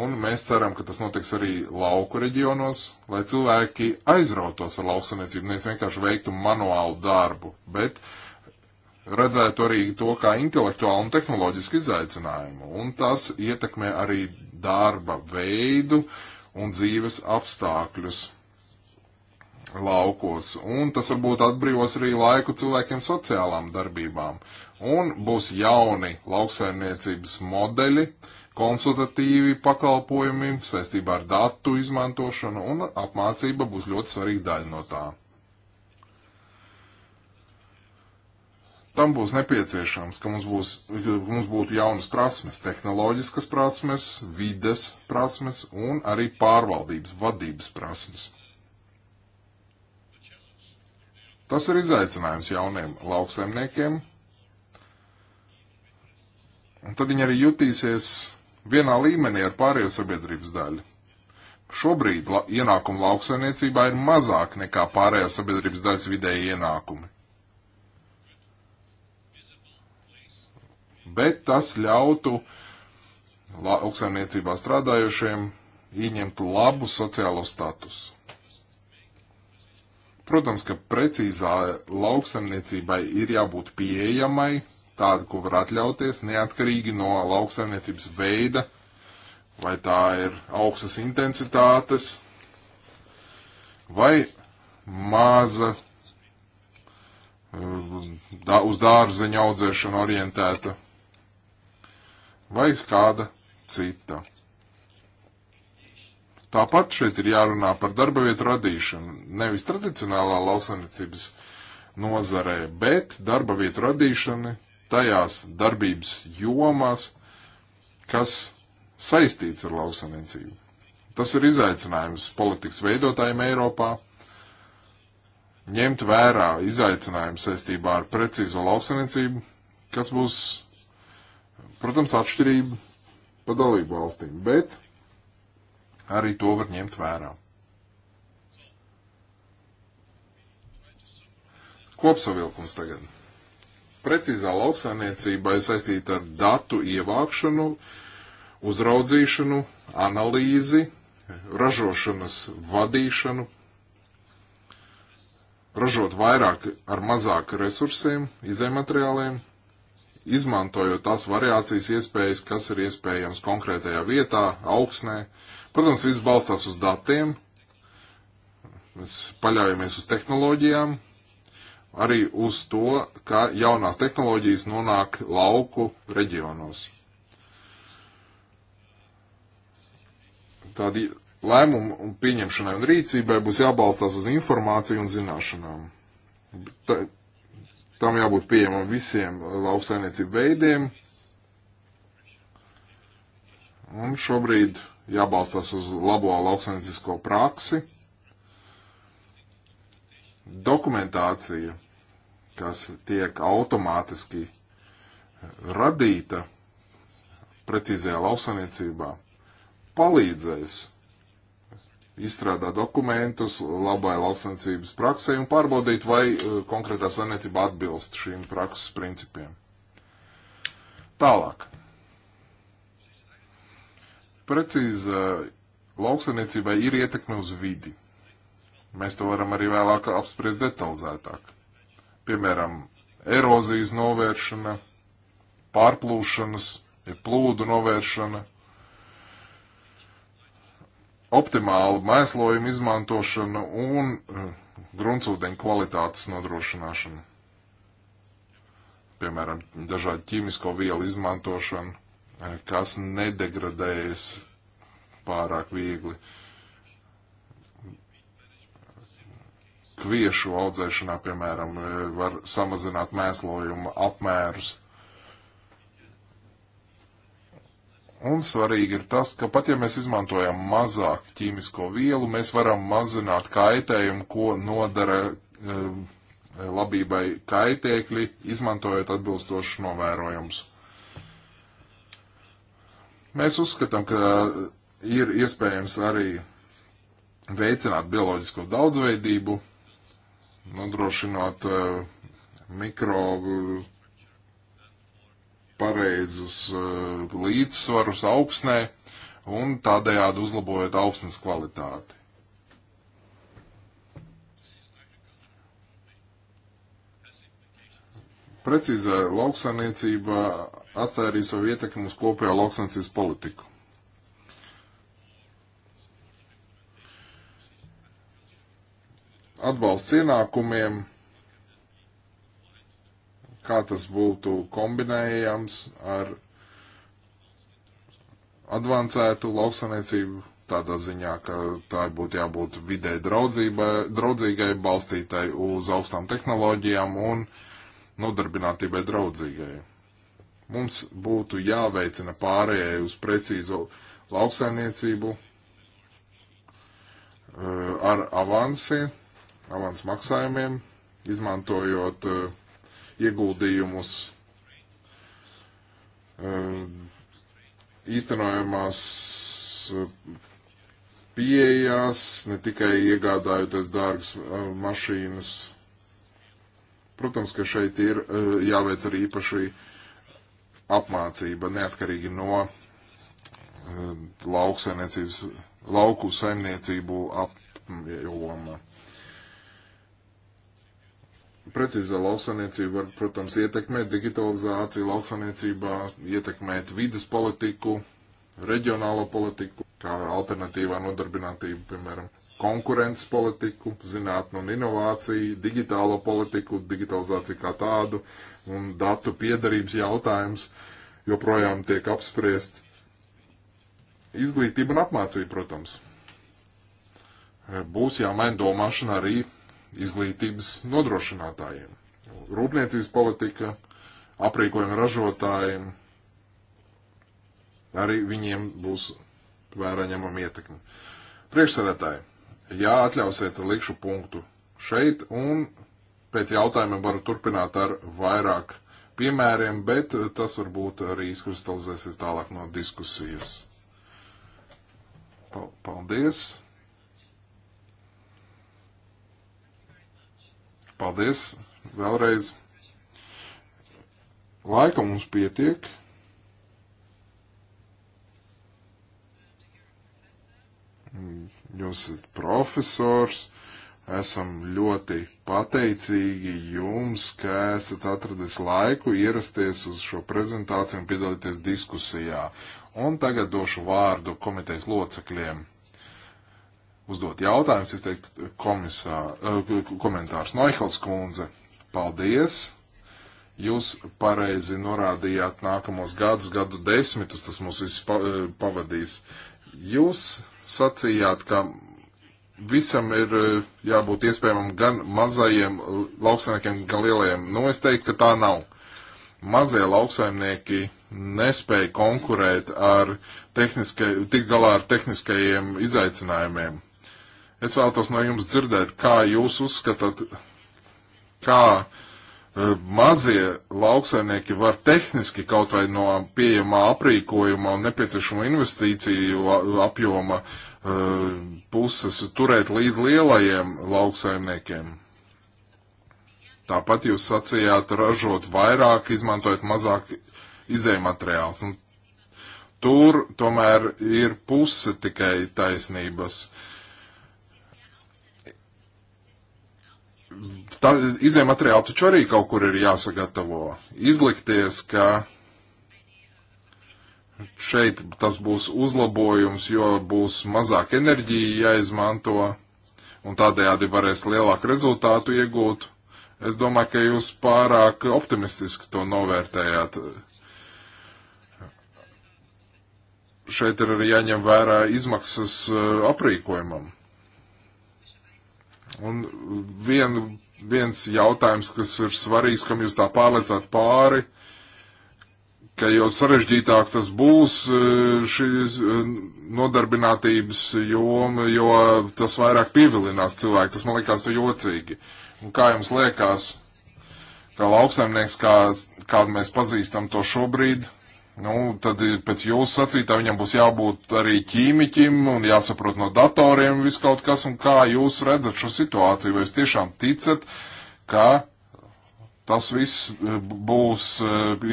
Speaker 3: un mēs ceram, ka tas notiks arī lauku reģionos, lai cilvēki aizrautos ar lauksaniecību, nevis vienkārši veiktu manuālu darbu, bet uh, redzētu arī to kā intelektuālu un tehnoloģisku izaicinājumu, un tas ietekmē arī darba veidu un dzīves apstākļus laukos, un tas varbūt atbrīvos arī laiku cilvēkiem sociālām darbībām, un būs jauni lauksaimniecības modeļi, konsultatīvi pakalpojumi saistībā ar datu izmantošanu, un apmācība būs ļoti svarīga daļa no tā. tam būs nepieciešams, ka mums, būs, mums būtu jaunas prasmes, tehnoloģiskas prasmes, vides prasmes un arī pārvaldības, vadības prasmes. Tas ir izaicinājums jauniem lauksaimniekiem. Un tad viņi arī jutīsies vienā līmenī ar pārējo sabiedrības daļu. Šobrīd la ienākumu lauksaimniecībā ir mazāk nekā pārējās sabiedrības daļas vidēji ienākumi. bet tas ļautu lauksaimniecībā strādājošiem ieņemt labu sociālo statusu. Protams, ka precīzā lauksaimniecībai ir jābūt pieejamai, tādu, ko var atļauties, neatkarīgi no lauksaimniecības veida, vai tā ir augstas intensitātes, vai maza eh, uz dārzeņa audzēšanu orientēta vai kāda cita. Tāpat šeit ir jārunā par darba vietu radīšanu, nevis tradicionālā lauksaimniecības nozarē, bet darba vietu radīšanu tajās darbības jomās, kas saistīts ar lauksaimniecību. Tas ir izaicinājums politikas veidotājiem Eiropā ņemt vērā izaicinājumu saistībā ar precīzo lauksaimniecību, kas būs Protams, atšķirība pa dalību valstīm, bet arī to var ņemt vērā. Kopsavilkums tagad. Precīzā lauksaimniecība ir saistīta ar datu ievākšanu, uzraudzīšanu, analīzi, ražošanas vadīšanu, ražot vairāk ar mazāk resursiem, izējumateriāliem, izmantojot tās variācijas iespējas, kas ir iespējams konkrētajā vietā, augsnē. Protams, viss balstās uz datiem, mēs paļaujamies uz tehnoloģijām, arī uz to, ka jaunās tehnoloģijas nonāk lauku reģionos. Tādi lēmumu pieņemšanai un rīcībai būs jābalstās uz informāciju un zināšanām. Ta Tam jābūt pieejamam visiem lauksainiecību veidiem. Un šobrīd jābalstās uz labo lauksainiecisko praksi. Dokumentācija, kas tiek automātiski radīta precīzajā lauksainiecībā, palīdzēs izstrādāt dokumentus labai lauksaimniecības praksē un pārbaudīt, vai e, konkrētā saimniecība atbilst šīm prakses principiem. Tālāk. Precīzi e, lauksaimniecībai ir ietekme uz vidi. Mēs to varam arī vēlāk apspriest detalizētāk. Piemēram, erozijas novēršana, pārplūšanas, plūdu novēršana optimālu mēslojumu izmantošanu un eh, gruntsūdeņu kvalitātes nodrošināšanu. Piemēram, dažādu ķīmisko vielu izmantošanu, eh, kas nedegradējas pārāk viegli. Kviešu audzēšanā, piemēram, eh, var samazināt mēslojuma apmērus Un svarīgi ir tas, ka pat ja mēs izmantojam mazāk ķīmisko vielu, mēs varam mazināt kaitējumu, ko nodara e, labībai kaitēkļi, izmantojot atbilstošus novērojumus. Mēs uzskatām, ka ir iespējams arī veicināt bioloģisko daudzveidību, nodrošināt e, uh, mikrobu pareizus eh, līdzsvarus augsnē un tādējādi uzlabojot augsnes kvalitāti. Precīzā lauksaimniecība atstāja arī savu ietekmi uz kopējo lauksaimniecības politiku. Atbalsts ienākumiem kā tas būtu kombinējams ar advancētu lauksaniecību tādā ziņā, ka tā būtu jābūt vidē draudzīgai, balstītai uz augstām tehnoloģijām un nodarbinātībai draudzīgai. Mums būtu jāveicina pārējai uz precīzo lauksaimniecību eh, ar avansi, avans maksājumiem, izmantojot uh, ieguldījumus eh, īstenojamās eh, pieejās, ne tikai iegādājoties dārgas eh, mašīnas. Protams, ka šeit ir jāveic arī īpaši apmācība neatkarīgi no lauksainiecības, lauku saimniecību apjoma precīzā lauksaniecība var, protams, ietekmēt digitalizāciju lauksaniecībā, ietekmēt vidas politiku, reģionālo politiku, kā alternatīvā nodarbinātība, piemēram, konkurences politiku, zinātnu un inovāciju, digitālo politiku, digitalizāciju kā tādu un datu piedarības jautājums joprojām tiek apspriests. Izglītība un apmācība, protams. Būs jāmaina domāšana arī izglītības nodrošinātājiem. Rūpniecības politika, aprīkojuma ražotājiem, arī viņiem būs vērā ņemama ietekme. Priekšsēdētāji, ja atļausiet, likšu punktu šeit un pēc jautājumiem varu turpināt ar vairāk piemēriem, bet tas varbūt arī izkristalizēsies tālāk no diskusijas. Paldies! Paldies vēlreiz. Laika mums pietiek. Jūs esat profesors. Esam ļoti pateicīgi jums, ka esat atradis laiku ierasties uz šo prezentāciju un piedalīties diskusijā. Un tagad došu vārdu komitejas locekļiem uzdot jautājumus, izteikt komisā, eh, komentārus. Noihals kundze, paldies! Jūs pareizi norādījāt nākamos gadus, gadu desmitus, tas mūs visus eh, pavadīs. Jūs sacījāt, ka visam ir eh, jābūt iespējamam gan mazajiem lauksaimniekiem, gan lielajiem. Nu, es teiktu, ka tā nav. Mazie lauksaimnieki nespēja konkurēt ar tehniska, tik galā ar tehniskajiem izaicinājumiem. Es vēlos no jums dzirdēt, kā jūs uzskatāt, kā e, mazie lauksaimnieki var tehniski kaut vai no pieejamā aprīkojuma un nepieciešamo investīciju apjoma e, puses turēt līdz lielajiem lauksaimniekiem. Tāpat jūs sacījāt ražot vairāk, izmantojot mazāk izējumateriāls. Tur tomēr ir puse tikai taisnības. Uh, tā, izējai materiāli taču arī kaut kur ir jāsagatavo. Izlikties, ka šeit tas būs uzlabojums, jo būs mazāk enerģija jāizmanto un tādējādi varēs lielāku rezultātu iegūt. Es domāju, ka jūs pārāk optimistiski to novērtējāt. Šeit ir arī jāņem vērā izmaksas uh, aprīkojumam. Un vien, viens jautājums, kas ir svarīgs, kam jūs tā pārliecāt pāri, ka jo sarežģītāks tas būs e, šīs e, nodarbinātības joma, jo tas vairāk pievilinās cilvēku. Tas man likās jocīgi. Un kā jums liekas, kā lauksaimnieks, kā, kādu mēs pazīstam to šobrīd, Nu, tad pēc jūsu sacītā viņam būs jābūt arī ķīmiķim un jāsaprot no datoriem viss kaut kas un kā jūs redzat šo situāciju. Vai jūs tiešām ticat, ka tas viss e, būs e,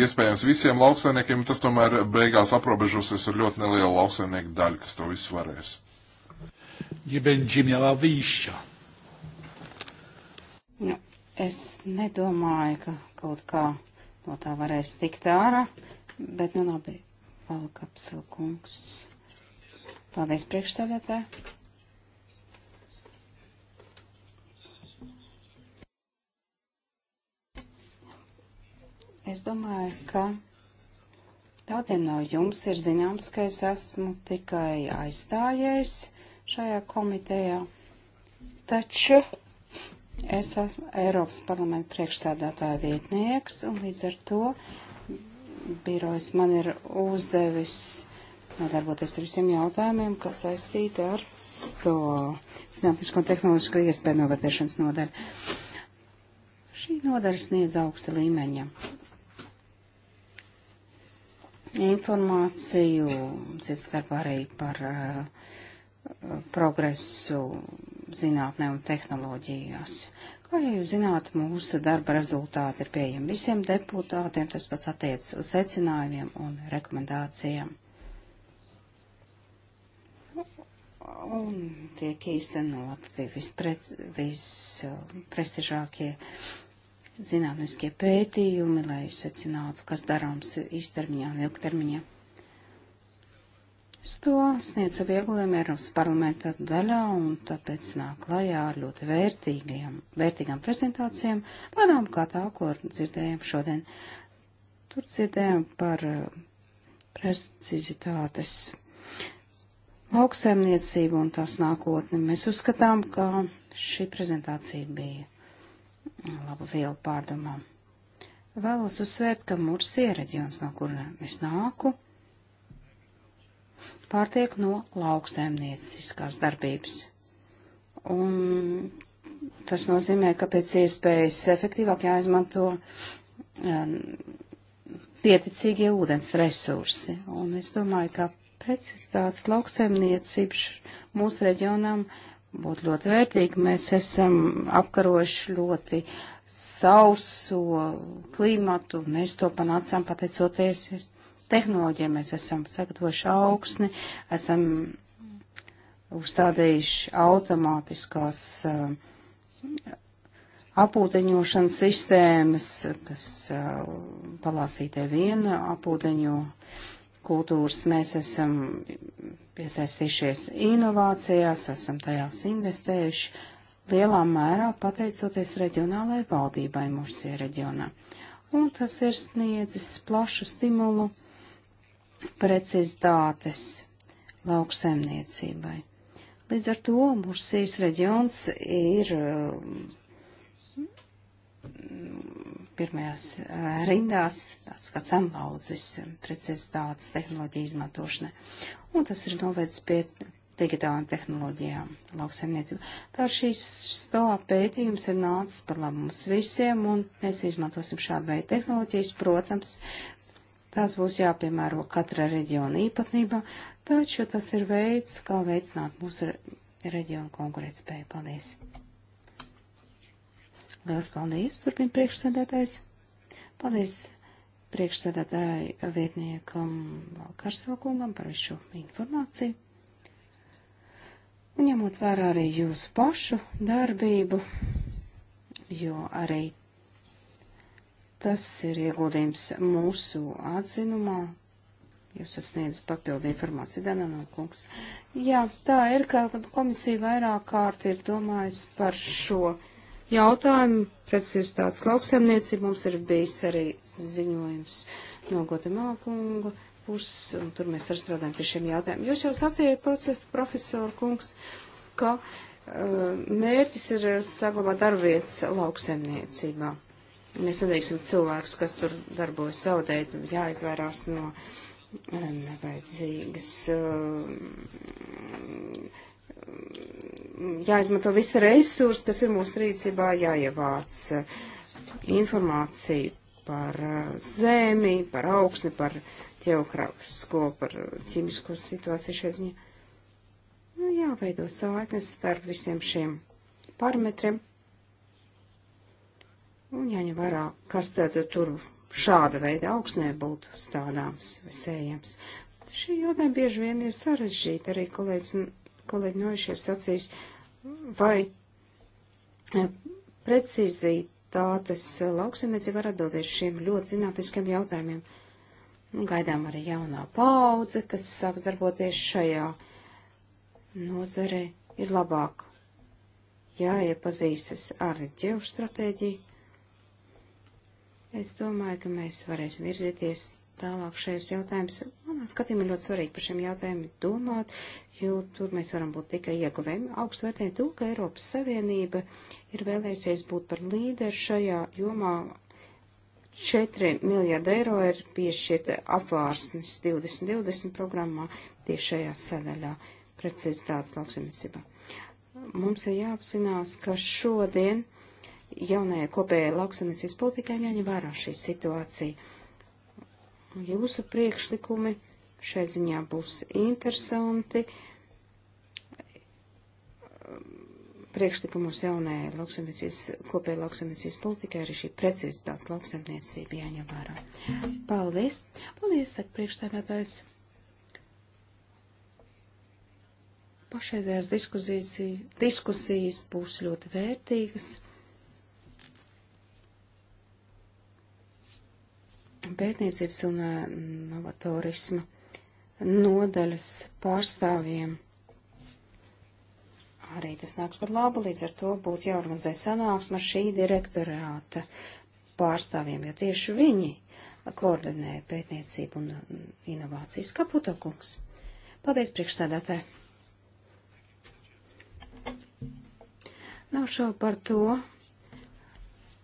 Speaker 3: iespējams visiem lauksainiekiem, tas tomēr beigās aprobežosies ar ļoti nelielu lauksainieku daļu, kas to visu varēs.
Speaker 1: Nu, es nedomāju, ka kaut kā no tā varēs tikt ārā. Bet nu labi, Valkapsel kungs. Paldies priekšsēdētē. Es domāju, ka daudziem no jums ir zināms, ka es esmu tikai aizstājies šajā komitejā. Taču es esmu Eiropas parlamenta priekšsēdētāja vietnieks, un līdz ar to birojas man ir uzdevis nodarboties ar visiem jautājumiem, kas saistīti ar to zinātnisko un tehnoloģisko iespēju novērtēšanas nodaļu. Šī nodaļa sniedz augsta līmeņa informāciju, cits starp arī par uh, progresu zinātnē un tehnoloģijās. Kā ja jūs zināt, mūsu darba rezultāti ir pieejami visiem deputātiem, tas pats attiec uz secinājumiem un rekomendācijām. Un tiek īstenoti visprestižākie uh, zinātniskie pētījumi, lai secinātu, kas darāms īstermiņā un ilgtermiņā. Es to sniedz savu ieguldījumu Eiropas parlamenta daļā un tāpēc nāk klajā ar ļoti vērtīgiem, vērtīgām prezentācijām, tādām kā tā, ko dzirdējām šodien. Tur dzirdējām par eh, precizitātes lauksaimniecību un tās nākotni. Mēs uzskatām, ka šī prezentācija bija laba viela pārdomām. Vēlos uzsvērt, ka Mursija reģions, no kur es nāku, pārtiek no lauksaimnieciskās darbības. Un tas nozīmē, ka pēc iespējas efektīvāk jāizmanto um, pieticīgie ūdens resursi. Un es domāju, ka precizitātes lauksaimniecības mūsu reģionam būtu ļoti vērtīgi. Mēs esam apkarojuši ļoti sauso klimatu, un mēs to panācām pateicoties tehnoloģijām. Mēs esam sagatavojuši augsni, esam uzstādījuši automātiskās uh, apūdeņošanas sistēmas, kas uh, eh, palāsītē viena apūdeņo kultūras. Mēs esam piesaistījušies inovācijās, esam tajās investējuši lielā mērā pateicoties reģionālajai valdībai mūsu reģionā. Un tas ir sniedzis plašu stimulu uh, precizitātes lauksaimniecībai. Līdz ar to Mursijas reģions ir mm, pirmajās eh, rindās tāds kā samlaudzis precizitātes tehnoloģija izmantošana. Un tas ir novedis pie digitālām tehnoloģijām lauksaimniecību. Tā šīs stāvā pētījums ir nācis par labu mums visiem, un mēs izmantosim šādu veidu tehnoloģijas. Protams, Tās būs jāpiemēro katra reģiona īpatnībā, taču tas ir veids, kā veicināt mūsu reģionu konkurētspēju. Paldies! Lielas paldies, turpina priekšsēdētājs. Paldies priekšsēdētāju vietniekam Karsvalkungam par visu informāciju. Un ņemot vērā arī jūsu pašu darbību, jo arī Tas ir ieguldījums mūsu atzinumā. Jūs sasniedzat papildu informāciju, Dananā kungs. Jā, tā ir, ka komisija vairāk kārt ir domājis par šo jautājumu. Precizitātes lauksaimniecība mums ir bijis arī ziņojums no Gotemā kunga puses, un tur mēs arī strādājam pie šiem jautājumiem. Jūs jau sacījāt, profesor kungs, ka uh, mērķis ir saglabāt darbvietas lauksemniecībā. Mēs nedrīkstam cilvēkus, kas tur darbojas, zaudēt, jāizvairās no eh, nevajadzīgas, eh, jāizmanto visi resursi, kas ir mūsu rīcībā, jāievāc eh, informāciju par zemi, par augsni, par ģeogrāfisko, par ķīmisko situāciju šeit ziņā. Nu, jāveido saiknes starp visiem šiem parametriem. Un jāņem vērā, kas tad tur šāda veida augsnē būtu stādāms, sējams. Šī jautājuma bieži vien ir sarežģīta, arī kolēģis, kolēģi noišies sacīs, vai eh, precizitātes lauksimniecība var atbildēt šiem ļoti zinātniskiem jautājumiem. Nu, gaidām arī jaunā paudze, kas sāks darboties šajā nozare, ir labāk jāiepazīstas ar ģeostratēģiju Es domāju, ka mēs varēsim virzīties tālāk šajos jautājumus. Manā skatījumā ļoti svarīgi par šiem jautājumiem domāt, jo tur mēs varam būt tikai ieguvēmi. Augstu vērtēju to, ka Eiropas Savienība ir vēlējusies būt par līderu šajā jomā. 4 miljārdi eiro ir piešķirta apvārsnes 2020 programmā tieši šajā sadaļā precizitātes lauksimniecībā. Mums ir jāapzinās, ka šodien jaunajai kopējai lauksanisīs politikai jāņem vērā šī situācija. Jūsu priekšlikumi šai ziņā būs interesanti. Priekšlikumus jaunajai lauksanisīs, kopējai lauksanisīs politikai arī šī precizitātes lauksamniecība jāņem vērā. Paldies! Paldies, saka priekšstādātājs! Pašreizējās diskusijas, diskusijas būs ļoti vērtīgas. pētniecības un eh, novatorisma nodaļas pārstāvjiem. Arī tas nāks par labu, līdz ar to būtu jāorganizē sanāksme ar šī direktorāta pārstāvjiem, jo tieši viņi koordinē pētniecību un mm, inovācijas kaputokungs. Paldies priekšsēdētāji! Nav šaubu par to,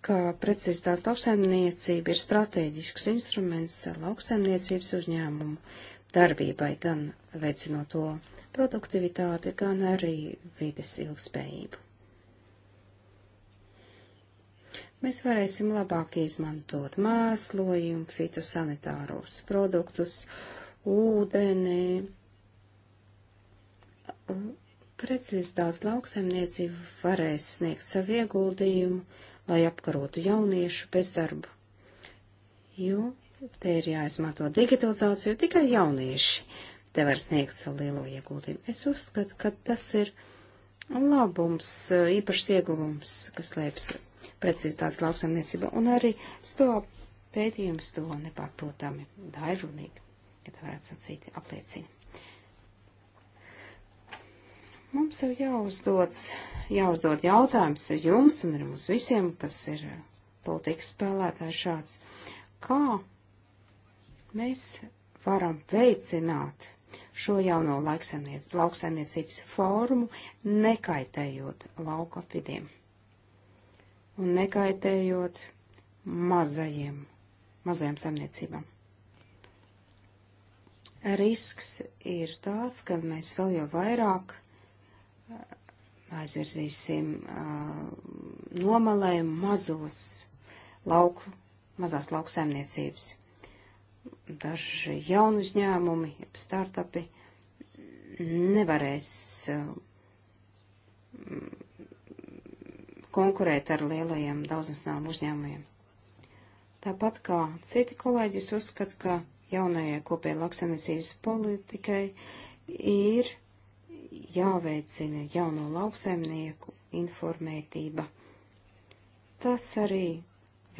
Speaker 1: ka precizitātes lauksaimniecība ir strateģisks instruments lauksaimniecības uzņēmumu darbībai, gan veicinot to produktivitāti, gan arī vides ilgspējību. Mēs varēsim labāk izmantot mēslojumu, fitosanitāros produktus, ūdeni. Precizitātes lauksaimniecība varēs sniegt savu ieguldījumu lai apkarotu jauniešu bezdarbu. Jo te ir jāizmanto digitalizācija, jo tikai jaunieši te var sniegt savu lielo ieguldījumu. Es uzskatu, ka tas ir labums, īpašs ieguvums, kas lēps precīzi tās lauksaimniecība, un arī to pētījums to nepārprotami dairunīgi, ja tā varētu sacīt, apliecina. Mums jau jāuzdodas jāuzdod jautājums jums un arī mums visiem, kas ir politikas spēlētāji šāds. Kā mēs varam veicināt šo jauno lauksaimniecības formu, nekaitējot lauka vidiem un nekaitējot mazajiem, mazajām saimniecībām. Risks ir tāds, ka mēs vēl jau vairāk aizvirzīsim nomalē mazos lauku, mazās lauksaimniecības. Daži jaunu uzņēmumi, startupi nevarēs konkurēt ar lielajiem daudznacionāliem uzņēmumiem. Tāpat kā citi kolēģis uzskata, ka jaunajai kopējai lauksaimniecības politikai ir jāveicina jauno lauksaimnieku informētība. Tas arī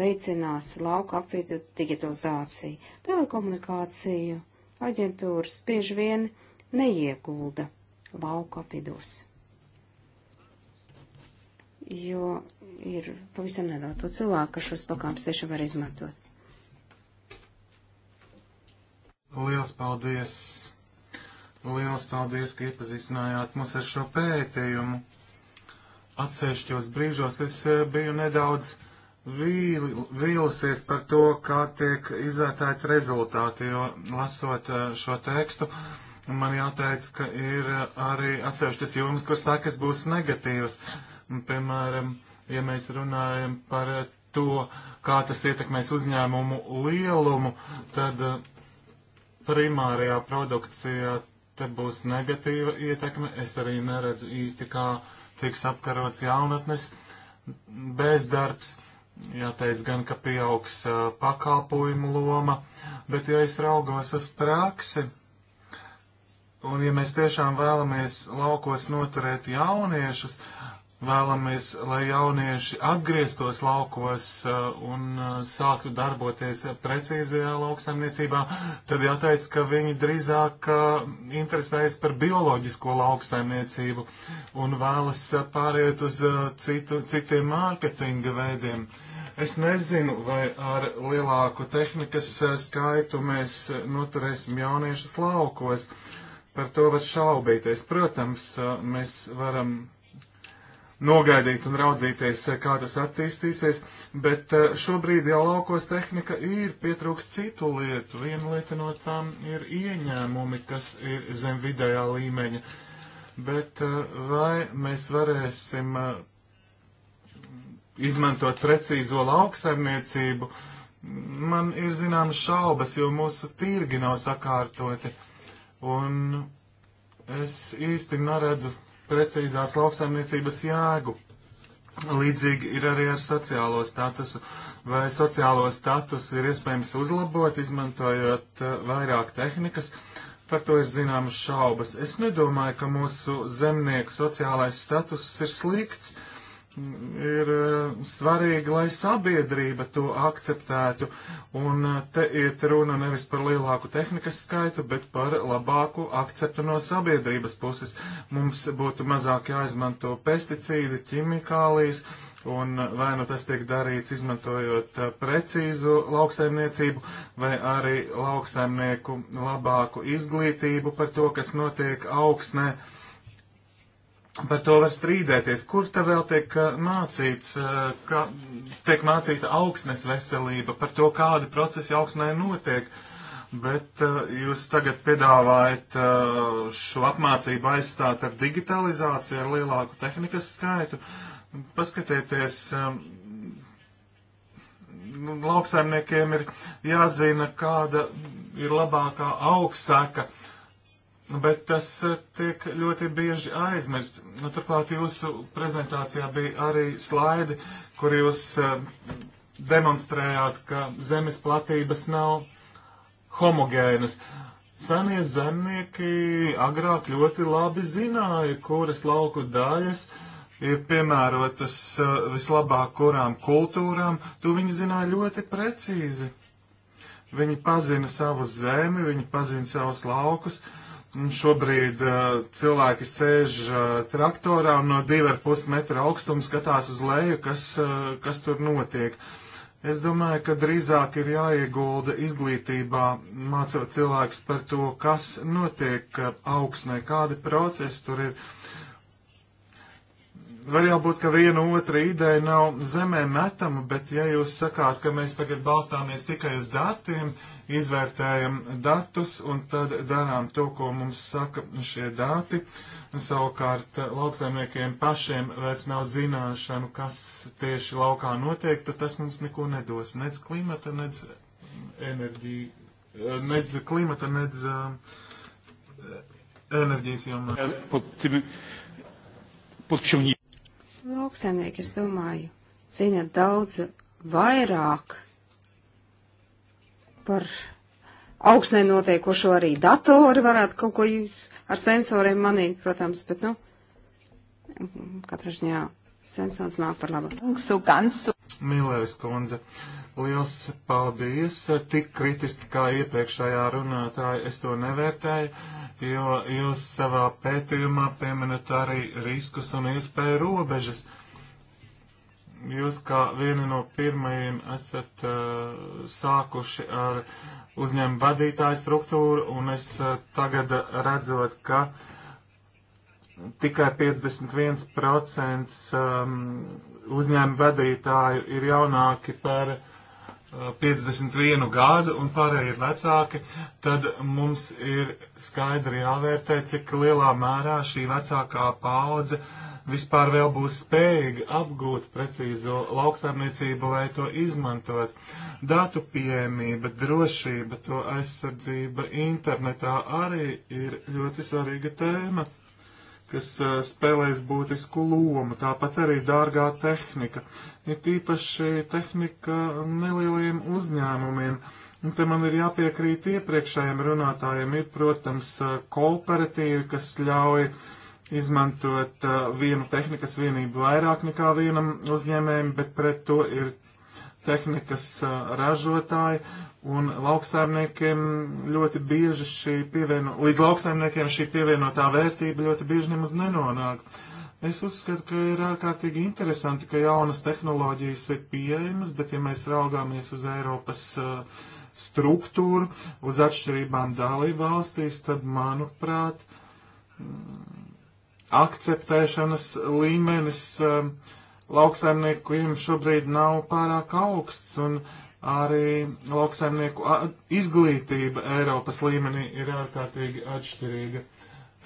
Speaker 1: veicinās lauka apvidu digitalizāciju. Telekomunikāciju aģentūras bieži vien neiegulda lauka apvidos, jo ir pavisam nedaudz to cilvēku, kas šos pakāpes tiešām var izmantot.
Speaker 2: Liels paldies! Liels paldies, ka iepazīstinājāt mūs ar šo pētījumu. Atsevišķos brīžos es e, biju nedaudz vīl, vīlusies par to, kā tiek izvērtēti rezultāti, jo lasot e, šo tekstu, man jāteic, ka ir e, arī atsevišķas jomas, kur sakas būs negatīvas. Piemēram, ja mēs runājam par to, kā tas ietekmēs uzņēmumu lielumu, tad primārajā produkcijā te būs negatīva ietekme. Es arī neredzu īsti, kā tiks apkarots jaunatnes bezdarbs. Jāteic gan, ka pieaugs uh, pakalpojumu loma, bet ja es raugos uz praksi, un ja mēs tiešām vēlamies laukos noturēt jauniešus, uh, Vēlamies, lai jaunieši atgrieztos laukos uh, un uh, sāktu darboties precīzajā lauksaimniecībā, tad jāteic, ka viņi drīzāk uh, interesējas par bioloģisko lauksaimniecību un vēlas pāriet uz citu, citiem mārketinga veidiem. Es nezinu, vai ar lielāku tehnikas skaitu mēs noturēsim jauniešus laukos. Par to var šaubīties. Protams, mēs varam nogaidīt un raudzīties, eh, kā tas attīstīsies, bet eh, šobrīd jau laukos tehnika ir, pietrūks citu lietu. Viena lieta no tām ir ieņēmumi, kas ir zem vidējā līmeņa. Bet eh, vai mēs varēsim izmantot precīzo lauksaimniecību, man ir zināmas šaubas, jo mūsu tirgi nav sakārtoti. Un es īsti neredzu precīzās lauksaimniecības jēgu. Līdzīgi ir arī ar sociālo statusu. Vai sociālo statusu ir iespējams uzlabot, izmantojot eh, vairāk tehnikas? Par to ir zināmas šaubas. Es nedomāju, ka mūsu zemnieku sociālais status ir slikts. Uh, ir e, svarīgi, lai sabiedrība to akceptētu. Un e, te iet runa nevis par lielāku tehnikas skaitu, bet par labāku akceptu no sabiedrības puses. Mums būtu mazāk jāizmanto pesticīdi, ķimikālijas. Un vai nu tas tiek darīts izmantojot e, precīzu lauksaimniecību, vai arī lauksaimnieku labāku izglītību par to, kas notiek augsnē. Ne par to var strīdēties. Kur te vēl tiek eh, mācīts, eh, kā tiek mācīta augsnes veselība, par to, kādi procesi augsnē notiek? Bet eh, jūs tagad piedāvājat šo apmācību aizstāt ar digitalizāciju, ar lielāku tehnikas skaitu. Paskatieties, nu, lauksaimniekiem ir jāzina, kāda ir labākā augsaka. Uh, bet tas eh, tiek ļoti bieži aizmirsts. Nu, turklāt jūsu prezentācijā bija arī slaidi, kur jūs eh, demonstrējāt, ka zemes platības nav homogēnas. Senie zemnieki agrāk ļoti labi zināja, kuras lauku daļas ir piemērotas eh, vislabāk kurām kultūrām, to viņi zināja ļoti precīzi. Viņi pazina savu zemi, viņi pazina savus laukus, uh, Šobrīd uh, cilvēki sēž uh, traktorā un no 2,5 metra augstuma skatās uz leju, kas, uh, kas tur notiek. Es domāju, ka drīzāk ir jāiegulda izglītībā, mācot cilvēkus par to, kas notiek uh, augsnē, kādi procesi tur ir. Var jau būt, ka viena otra ideja nav zemē metama, bet ja jūs sakāt, ka mēs tagad balstāmies tikai uz datiem, uh, izvērtējam datus un tad darām to, ko mums saka šie dati. Savukārt lauksaimniekiem pašiem vairs nav zināšanu, kas tieši laukā notiek, tad tas mums neko nedos. Nec klimata, nec eh, enerģija, eh, nec klimata, nec eh, enerģijas jomā. Pod tiem, pod šim...
Speaker 1: Lauksaimnieki, es domāju, zina daudz vairāk par augstnē notiekošo arī datori varētu kaut ko ar sensoriem manīt, protams, bet, nu, katrā ziņā sensors nāk par labu.
Speaker 2: Milleris kundze, liels paldies, tik kritiski kā iepriekšējā runātāja, es to nevērtēju, jo jūs savā pētījumā pieminat arī riskus un iespēju robežas. Uh, Jūs kā vieni no pirmajiem esat uh, sākuši ar uzņēmumu vadītāju struktūru, un es uh, tagad redzot, ka tikai 51% um, ehm, uzņēmumu vadītāju ir jaunāki par uh, eh, 51 gadu un pārējie ir vecāki, tad mums ir skaidri jāvērtē, cik lielā mērā šī vecākā paudze uh, vispār vēl būs spējīgi apgūt precīzo lauksaimniecību vai to izmantot. Datu pieejamība, drošība, to aizsardzība internetā arī ir ļoti svarīga tēma kas uh, spēlēs būtisku lomu, tāpat arī dārgā tehnika, ir tīpaši tehnika nelieliem uzņēmumiem. Un te man ir jāpiekrīt iepriekšējiem runātājiem, ir, protams, kooperatīvi, kas ļauj uh, izmantot uh, vienu tehnikas vienību vairāk nekā vienam uzņēmējam, bet pret to ir tehnikas uh, ražotāji, un lauksaimniekiem ļoti bieži šī pievieno, līdz lauksaimniekiem šī pievienotā vērtība ļoti bieži nemaz nenonāk. Es uzskatu, ka ir ārkārtīgi interesanti, ka jaunas tehnoloģijas ir pieejamas, bet ja mēs raugāmies uz Eiropas uh, struktūru, uz atšķirībām dalību valstīs, tad, manuprāt, mm, akceptēšanas līmenis um, lauksaimniekiem šobrīd nav pārāk augsts, un arī lauksaimnieku izglītība Eiropas līmenī ir ārkārtīgi atšķirīga.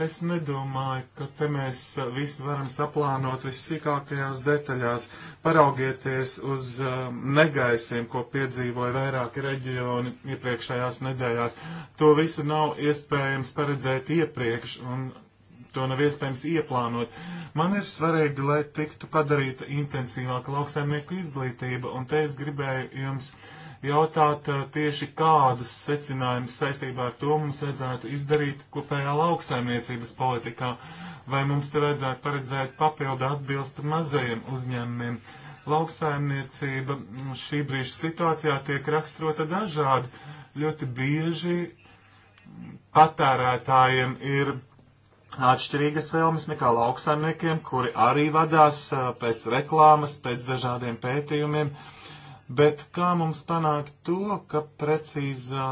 Speaker 2: Es nedomāju, ka te mēs visu varam saplānot vissīkākajās detaļās. Paraugieties uz um, negaisiem, ko piedzīvoja vairāki reģioni iepriekšējās nedēļās. To visu nav iespējams paredzēt iepriekš, un to nav iespējams ieplānot. Man ir svarīgi, lai tiktu padarīta intensīvāka lauksaimnieku izglītība, un te es gribēju jums jautāt eh, tieši kādus secinājumus saistībā ar to mums vajadzētu izdarīt kopējā lauksaimniecības politikā, vai mums te vajadzētu paredzēt papildu atbilstu mazajiem uzņēmumiem. Lauksaimniecība mm, šī brīža situācijā tiek raksturota dažādi. Ļoti bieži patērētājiem ir atšķirīgas vēlmes nekā lauksaimniekiem, kuri arī vadās pēc reklāmas, pēc dažādiem pētījumiem. Bet kā mums panākt to, ka precīzā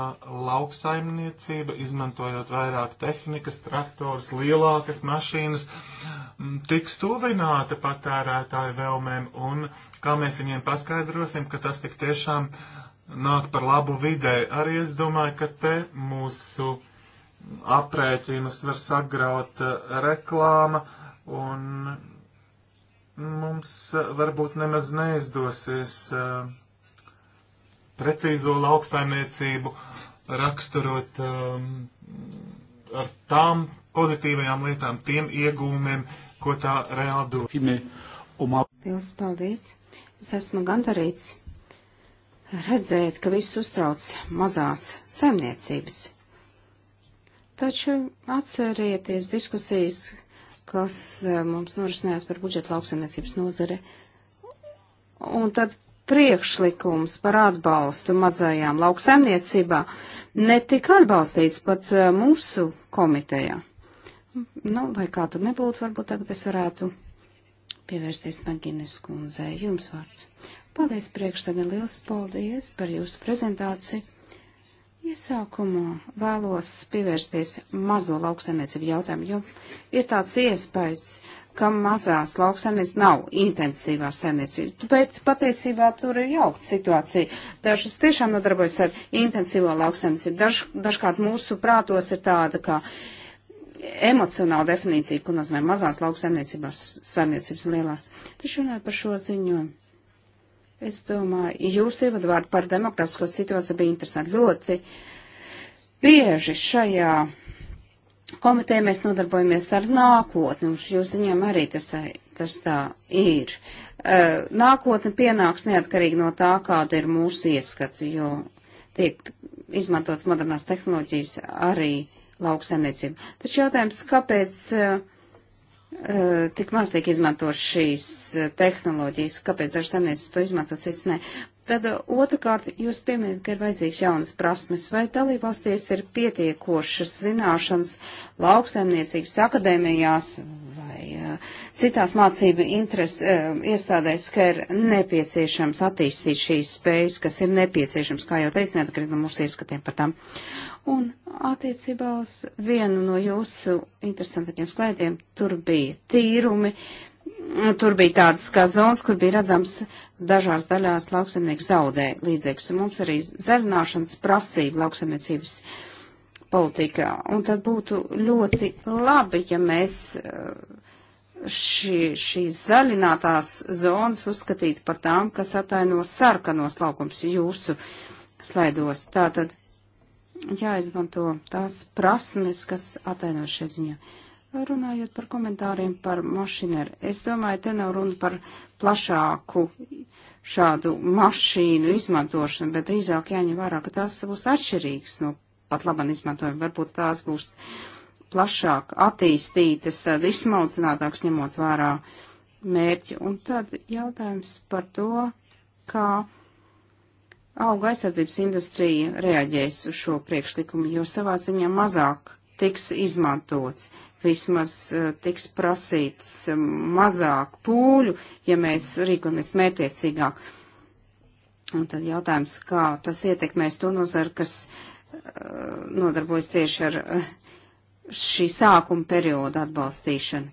Speaker 2: lauksaimniecība, izmantojot vairāk tehnikas, traktors, lielākas mašīnas, tiks tuvināta patērētāju vēlmēm un kā mēs viņiem paskaidrosim, ka tas tik tiešām nāk par labu vidē. Arī es domāju, ka te mūsu aprēķinus var sagraut eh, reklāma, un mums eh, varbūt nemaz neizdosies eh, precīzo lauksaimniecību raksturot ar tām pozitīvajām lietām, tiem iegūmiem, ko tā reāli dod. Um,
Speaker 1: Pils, paldies! Es esmu gandarīts redzēt, ka viss uztrauc mazās saimniecības Taču atcerieties diskusijas, kas eh, mums norisinājās par budžeta lauksaimniecības nozare. Un tad priekšlikums par atbalstu mazajām lauksaimniecībā netika atbalstīts pat eh, mūsu komitejā. Nu, lai kā tur nebūtu, varbūt tagad es varētu pievērsties Magines kundzei. Jums vārds. Paldies priekšsēdē, liels paldies par jūsu prezentāciju. Iesākumā vēlos pievērsties mazo lauksaimniecību jautājumu, jo ir tāds iespējas, ka mazās lauksaimniecības nav intensīvā saimniecība, bet patiesībā tur ir jaukta situācija. Dažas tiešām nodarbojas ar intensīvo lauksaimniecību. Daž, dažkārt mūsu prātos ir tāda, ka emocionāla definīcija, ko nozīmē mazās lauksaimniecības, saimniecības lielās. Taču runāju par šo ziņojumu. Es domāju, jūsu ievadvārdi par demokrātisko situāciju bija interesanti. Ļoti bieži šajā komitē mēs nodarbojamies ar nākotni, un jūs ziņām arī tas tā, tas tā ir. Eh, nākotne pienāks neatkarīgi no tā, kāda ir mūsu ieskata, jo tiek izmantots modernās tehnoloģijas arī lauksaimniecību. Taču jautājums, kāpēc uh, Eh, tik maz tiek izmantot šīs eh, tehnoloģijas, kāpēc dažas saimniecības to izmanto, cits ne. Tad eh, otrkārt, jūs pieminat, ka ir vajadzīgs jaunas prasmes, vai dalībvalstīs ir pietiekošas zināšanas lauksaimniecības akadēmijās vai uh, citās mācību interes, uh, iestādēs, ka ir nepieciešams attīstīt šīs spējas, kas ir nepieciešams, kā jau teicu, neatkarīgi no mūsu ieskatiem par tām. Uh, Un attiecībā uz vienu no jūsu interesantākiem slaidiem tur bija tīrumi, tur bija tādas kā zonas, kur bija redzams dažās daļās lauksemnieks zaudē līdzekļus. Un mums arī zaļināšanas prasība lauksemniecības politikā. Un tad būtu ļoti labi, ja mēs uh, šī, šīs zaļinātās zonas uzskatītu par tām, kas ataino sarkanos laukums jūsu slaidos. Tātad jāizmanto tās prasmes, kas ataino šie ziņā. Runājot par komentāriem par mašīneru, es domāju, te nav runa par plašāku šādu mašīnu izmantošanu, bet drīzāk jāņem vērā, ka tās būs atšķirīgas no pat laban izmantojuma. Varbūt tās būs plašāk attīstītas, tad izsmalcinātāks ņemot vērā mērķi. Un tad jautājums par to, kā. Ka auga aizsardzības industrija reaģēs uz šo priekšlikumu, jo savā ziņā mazāk tiks izmantots, vismaz eh, tiks prasīts eh, mazāk pūļu, ja mēs rīkojamies mētiecīgāk. Un tad jautājums, kā tas ietekmēs to nozaru, kas eh, nodarbojas tieši ar šī sākuma perioda atbalstīšanu.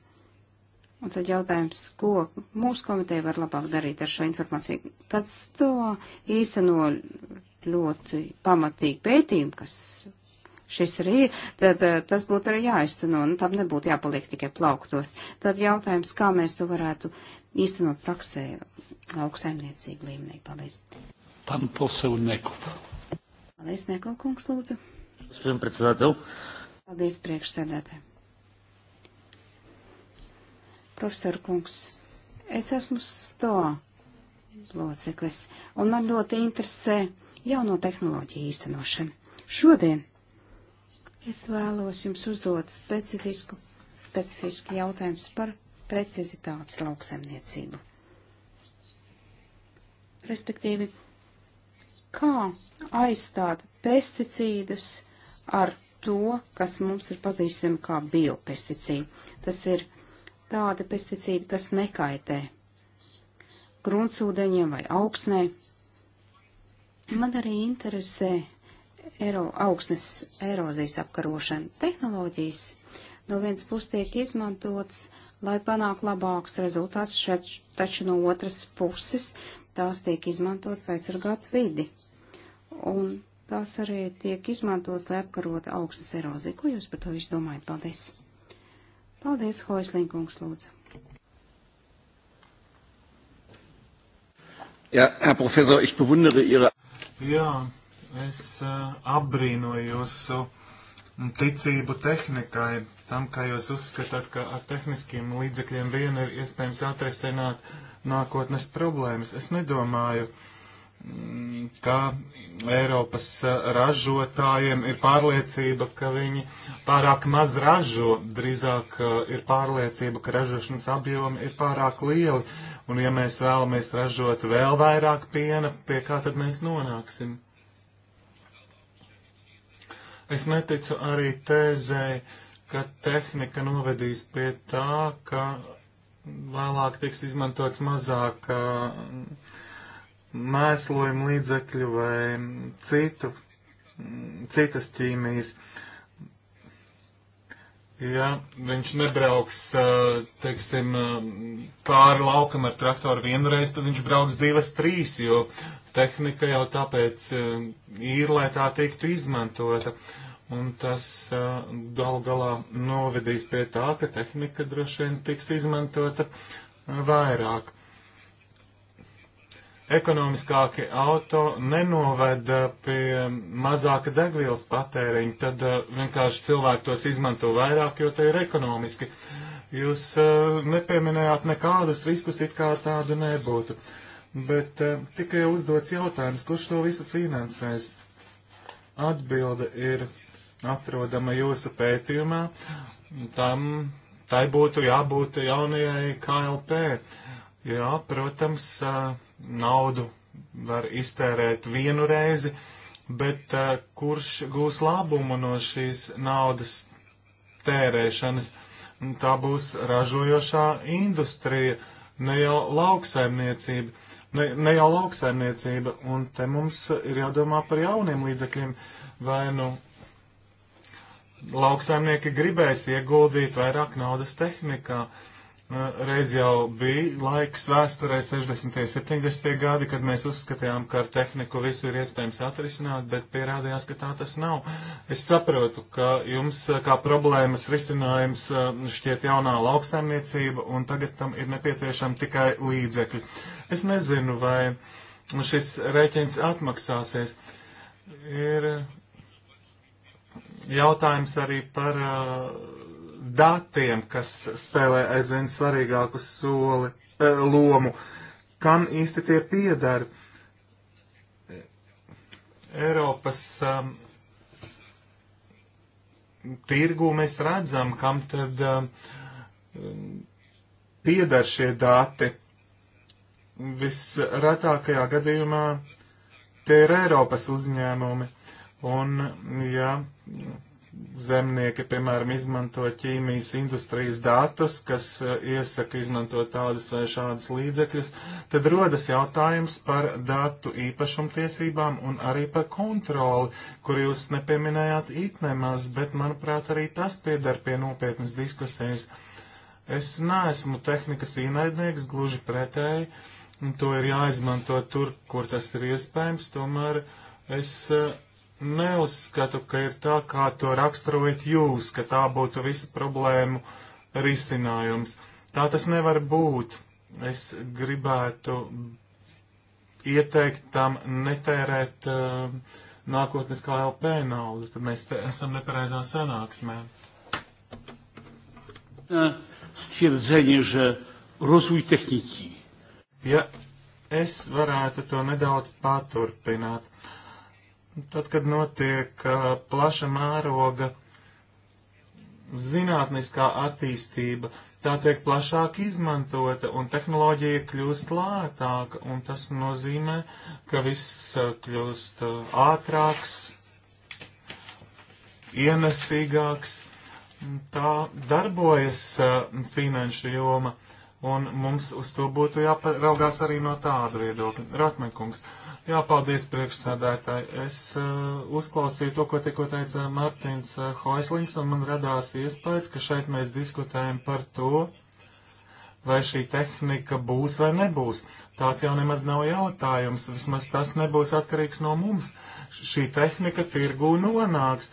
Speaker 1: Un tad jautājums, ko mūsu komiteja var labāk darīt ar šo informāciju. Pats to īsteno ļoti pamatīgi pētījumu, kas šis arī, tad eh, tas būtu arī jāizteno, un nu, tam nebūtu jāpaliek tikai plauktos. Tad jautājums, kā mēs to varētu īstenot praksē lauksaimniecību līmenī. Paldies.
Speaker 2: Pan poseu Nekov.
Speaker 1: Paldies, Nekov kungs, lūdzu.
Speaker 2: Paldies,
Speaker 1: priekšsēdētāji. Profesor kungs, es esmu sto loceklis, un man ļoti interesē jauno tehnoloģiju īstenošana. Šodien es vēlos jums uzdot specifisku, specifisku jautājumu par precizitātes lauksaimniecību. Respektīvi, kā aizstāt pesticīdus ar to, kas mums ir pazīstami kā biopesticīdi. Tas ir tādi pesticīdi, kas nekaitē gruntsūdeņiem vai augsnē. Man arī interesē ero, augsnes erozijas apkarošana. Tehnoloģijas no vienas puses tiek izmantotas, lai panāktu labākus rezultātus, taču no otras puses tās tiek izmantotas, lai aizsargātu vidi. Un tās arī tiek izmantotas, lai apkarotu augsnes eroziju. Ko jūs par to visu domājat? Paldies! Paldies, Hoislinkungs, lūdzu. Jā, Herr Professor, ich bewundere Ihre.
Speaker 2: Jā, es uh, eh, apbrīnoju jūsu ticību tehnikai, tam, kā jūs uzskatāt, ka ar tehniskiem līdzekļiem vien ir iespējams atrisināt nākotnes problēmas. Es nedomāju, uh, ka Eiropas ražotājiem ir pārliecība, ka viņi pārāk maz ražo, drīzāk ir pārliecība, ka ražošanas apjomi ir pārāk lieli, un ja mēs vēlamies ražot vēl vairāk piena, pie kā tad mēs nonāksim? Es neticu arī tēzē, ka tehnika novedīs pie tā, ka vēlāk tiks izmantots mazāk uh, mēslojumu līdzekļu vai citu, citas ķīmijas. Ja viņš nebrauks, teiksim, pāri laukam ar traktoru vienreiz, tad viņš brauks divas, trīs, jo tehnika jau tāpēc ir, lai tā tiktu izmantota. Un tas gal galā novedīs pie tā, ka tehnika droši vien tiks izmantota vairāk ekonomiskāki auto nenoveda eh, pie mazāka degvielas patēriņa, tad uh, vienkārši cilvēki tos izmanto vairāk, jo tie ir ekonomiski. Jūs uh, nepieminējāt nekādus riskus, it kā tādu nebūtu. Bet uh, tikai uzdots jautājums, kurš to visu finansēs? Atbilde ir atrodama jūsu pētījumā. Tam, tai būtu jābūt jaunajai KLP. Jā, protams, uh, naudu var iztērēt vienu reizi, bet uh, kurš gūs labumu no šīs naudas tērēšanas? Tā būs ražojošā industrija, ne jau lauksaimniecība. Ne, ne jau lauksaimniecība, un te mums ir jādomā par jauniem līdzekļiem, vai nu lauksaimnieki gribēs ieguldīt vairāk naudas tehnikā. Uh, Reiz jau bija laiks vēsturē 60. un 70. gadi, kad mēs uzskatījām, ka ar tehniku visu ir iespējams atrisināt, bet pierādījās, ka tā tas nav. Es saprotu, ka jums kā problēmas risinājums šķiet jaunā lauksaimniecība, un tagad tam ir nepieciešama tikai līdzekļi. Es nezinu, vai šis rēķins atmaksāsies. Ir jautājums arī par. Uh, datiem, kas spēlē aizvien svarīgāku soli, eh, lomu. Kam īsti tie piedara? Eiropas um, tirgū mēs redzam, kam tad um, piedar šie dati. Visretākajā gadījumā tie ir Eiropas uzņēmumi. Un, ja zemnieki, piemēram, izmanto ķīmijas industrijas datus, kas e, iesaka izmantot tādas vai šādas līdzekļus, tad rodas jautājums par datu īpašumtiesībām un arī par kontroli, kur jūs nepieminējāt it nemaz, bet, manuprāt, arī tas piedar pie nopietnas diskusijas. Es neesmu tehnikas ienaidnieks, gluži pretēji, un to ir jāizmanto tur, kur tas ir iespējams, tomēr es. Uh, Neuzskatu, ka ir tā, kā to raksturojat jūs, ka tā būtu visu problēmu risinājums. Tā tas nevar būt. Es gribētu ieteikt tam netērēt uh, nākotnes KLP naudu, tad mēs te esam nepareizā sanāksmē.
Speaker 1: Stvirdzenie, že rozvoj tehniķi.
Speaker 2: Ja es varētu to nedaudz paturpināt. Uh, Tad, kad notiek uh, plaša mēroga zinātniskā attīstība, tā tiek plašāk izmantota un tehnoloģija kļūst lētāka, un tas nozīmē, ka viss uh, kļūst uh, ātrāks, ienesīgāks. Tā darbojas finanšu joma, un mums uz to būtu jāparaugās arī no tāda viedokļa. Ratmekungs. Uh, Jā, paldies priekšsēdētāji. Es uh, uzklausīju to, ko tikko teica Mārtiņš uh, Hoislings, un man radās iespējas, ka šeit mēs diskutējam par to, vai šī tehnika būs vai nebūs. Tāds jau nemaz nav jautājums. Vismaz tas nebūs atkarīgs no mums. Šī tehnika tirgū nonāks.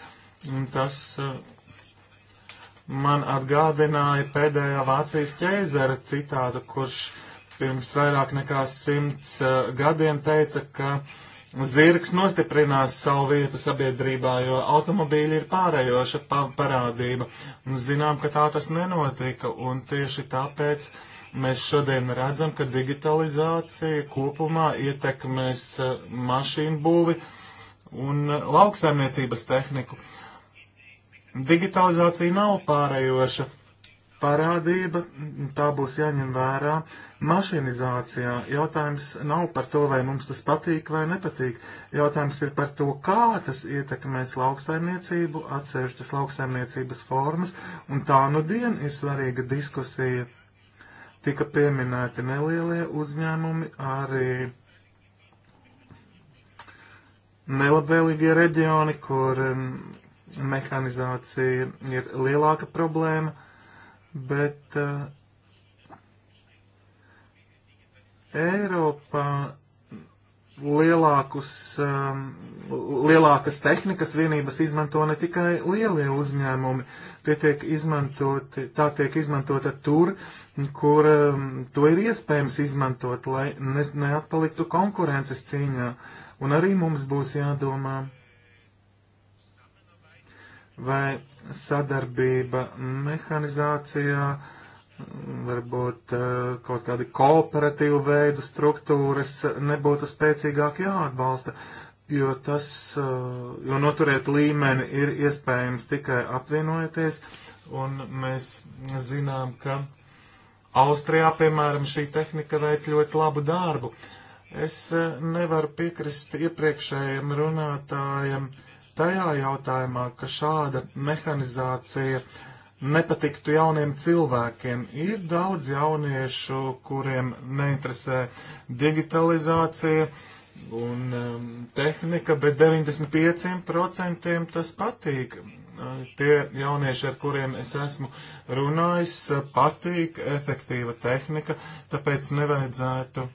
Speaker 2: Un tas uh, man atgādināja pēdējā Vācijas ķēzera citādu, kurš uh, pirms vairāk nekā simts uh, gadiem teica, ka zirgs nostiprinās savu vietu sabiedrībā, jo automobīļi ir pārējoša pa parādība. Un zinām, ka tā tas nenotika, un tieši tāpēc mēs šodien redzam, ka digitalizācija kopumā ietekmēs uh, mašīnu būvi un uh, lauksaimniecības tehniku. Digitalizācija nav pārējoša parādība, tā būs jāņem vērā, mašinizācijā. Jautājums nav par to, vai mums tas patīk vai nepatīk. Jautājums ir par to, kā tas ietekmēs lauksaimniecību, atsevišķas lauksaimniecības formas, un tā nu dien ir svarīga diskusija. Tika pieminēti nelielie uzņēmumi, arī nelabvēlīgie reģioni, kur um, mehanizācija ir lielāka problēma, bet uh, Eiropā lielākus, um, lielākas tehnikas vienības izmanto ne tikai lielie uzņēmumi, tie tiek izmantoti, tā tiek izmantota tur, kur um, to ir iespējams izmantot, lai ne, neatpaliktu konkurences cīņā. Un arī mums būs jādomā, vai sadarbība mehanizācijā uh, varbūt eh, kaut kādi kooperatīvu veidu struktūras nebūtu spēcīgāk jāatbalsta, jo tas, eh, jo noturēt līmeni ir iespējams tikai apvienojoties, un mēs zinām, ka Austrijā, piemēram, šī tehnika veic ļoti labu darbu. Es eh, nevaru piekrist iepriekšējiem runātājiem tajā jautājumā, ka šāda mehanizācija uh, nepatiktu jauniem cilvēkiem. Ir daudz jauniešu, kuriem neinteresē digitalizācija un um, tehnika, bet 95% tas patīk. Uh, tie jaunieši, ar kuriem es esmu runājis, uh, patīk efektīva tehnika, tāpēc nevajadzētu uh,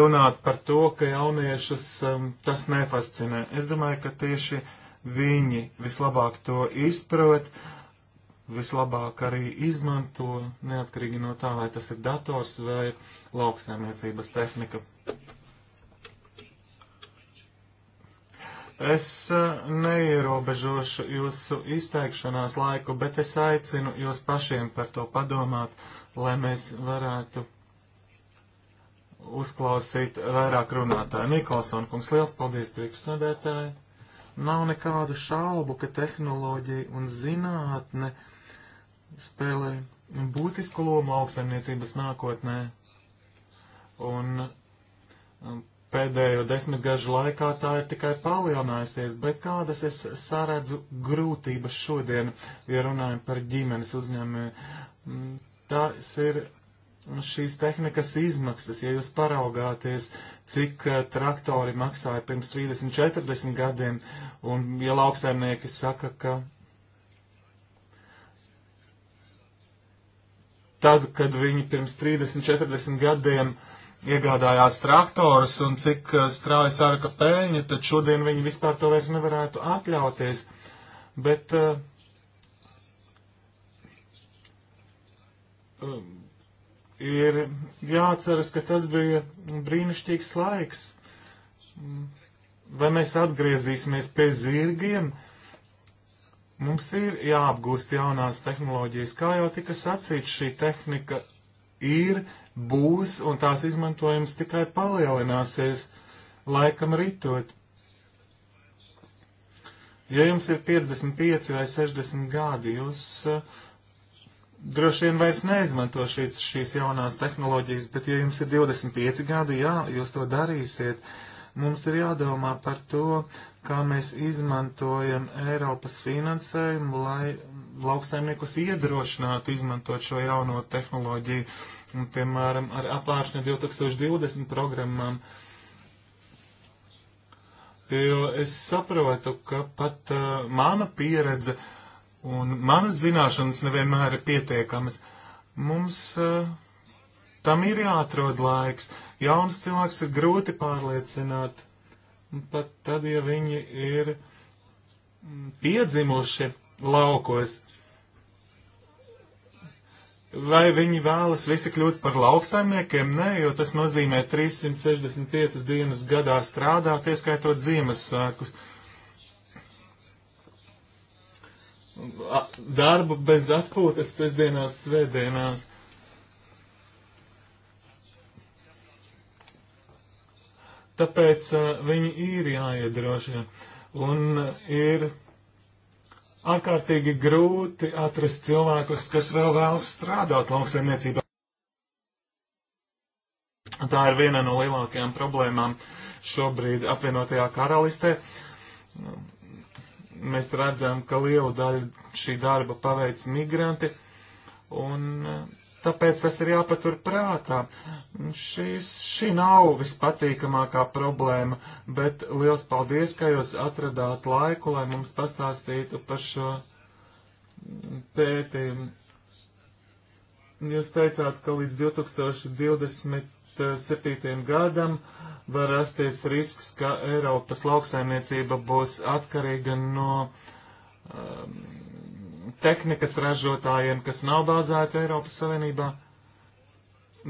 Speaker 2: runāt par to, ka jauniešus um, tas nefascinē. Es domāju, ka tieši uh, Viņi vislabāk to izprot, vislabāk arī izmanto, neatkarīgi no tā, vai tas ir dators vai lauksēmniecības tehnika. Es eh, neierobežošu jūsu izteikšanās laiku, bet es aicinu jūs pašiem par to padomāt, lai mēs varētu uzklausīt vairāk runātāju. Nikolson, kungs, liels paldies priekšsēdētāji! Nav nekādu šaubu, ka tehnoloģija un zinātne spēlē būtisku lomu lauksaimniecības nākotnē. Un um, pēdējo desmitgažu laikā tā ir tikai palielinājusies, bet kādas es sāredzu grūtības šodien, ja runājam par ģimenes uzņēmumu. Mm, tas ir šīs tehnikas izmaksas. Ja jūs paraugāties, cik uh, traktori maksāja pirms 30, 40 gadiem, un ja lauksaimnieki saka, ka tad, kad viņi pirms 30, 40 gadiem iegādājās traktorus un cik uh, eh, strauji sārka pēļņa, tad šodien viņi vispār to vairs nevarētu atļauties. Bet uh, um, ir jāatceras, ka tas bija brīnišķīgs laiks. Vai mēs atgriezīsimies pie zirgiem? Mums ir jāapgūst jaunās tehnoloģijas. Kā jau tika sacīts, šī tehnika ir, būs, un tās izmantojums tikai palielināsies laikam ritot. Ja jums ir 55 vai 60 gadi, jūs uh, droši vien vairs neizmanto šīs, šīs jaunās tehnoloģijas, bet ja jums ir 25 gadi, jā, jūs to darīsiet. Mums ir jādomā par to, kā mēs izmantojam Eiropas finansējumu, lai lauksaimniekus iedrošinātu izmantot šo jauno tehnoloģiju, un, piemēram, ar apāršņu 2020 programmām. Jo es saprotu, ka pat uh, mana pieredze uh, Un manas zināšanas nevienmēr ir pietiekamas. Mums uh, tam ir jāatrod laiks. Jauns cilvēks ir grūti pārliecināt, pat tad, ja viņi ir mm, piedzimuši laukos. Vai viņi vēlas visi kļūt par lauksaimniekiem? Nē, jo tas nozīmē 365 dienas gadā strādāt, ieskaitot Ziemassvētkus. Uh, darbu bez atpūtas sestdienās, svētdienās. Tāpēc uh, viņi ir jāiedrošina un ir ārkārtīgi grūti atrast cilvēkus, kas vēl vēlas strādāt lauksaimniecībā. Tā ir viena no lielākajām problēmām šobrīd apvienotajā karalistē mēs redzam, ka lielu daļu šī darba paveic migranti, un eh, tāpēc tas ir jāpatur prātā. Šis, šī nav vispatīkamākā problēma, bet liels paldies, ka jūs atradāt laiku, lai mums pastāstītu par šo pētījumu. Jūs teicāt, ka līdz 2020 2027. Eh, gadam var rasties risks, ka Eiropas lauksaimniecība būs atkarīga no um, tehnikas ražotājiem, kas nav bāzēti Eiropas Savienībā.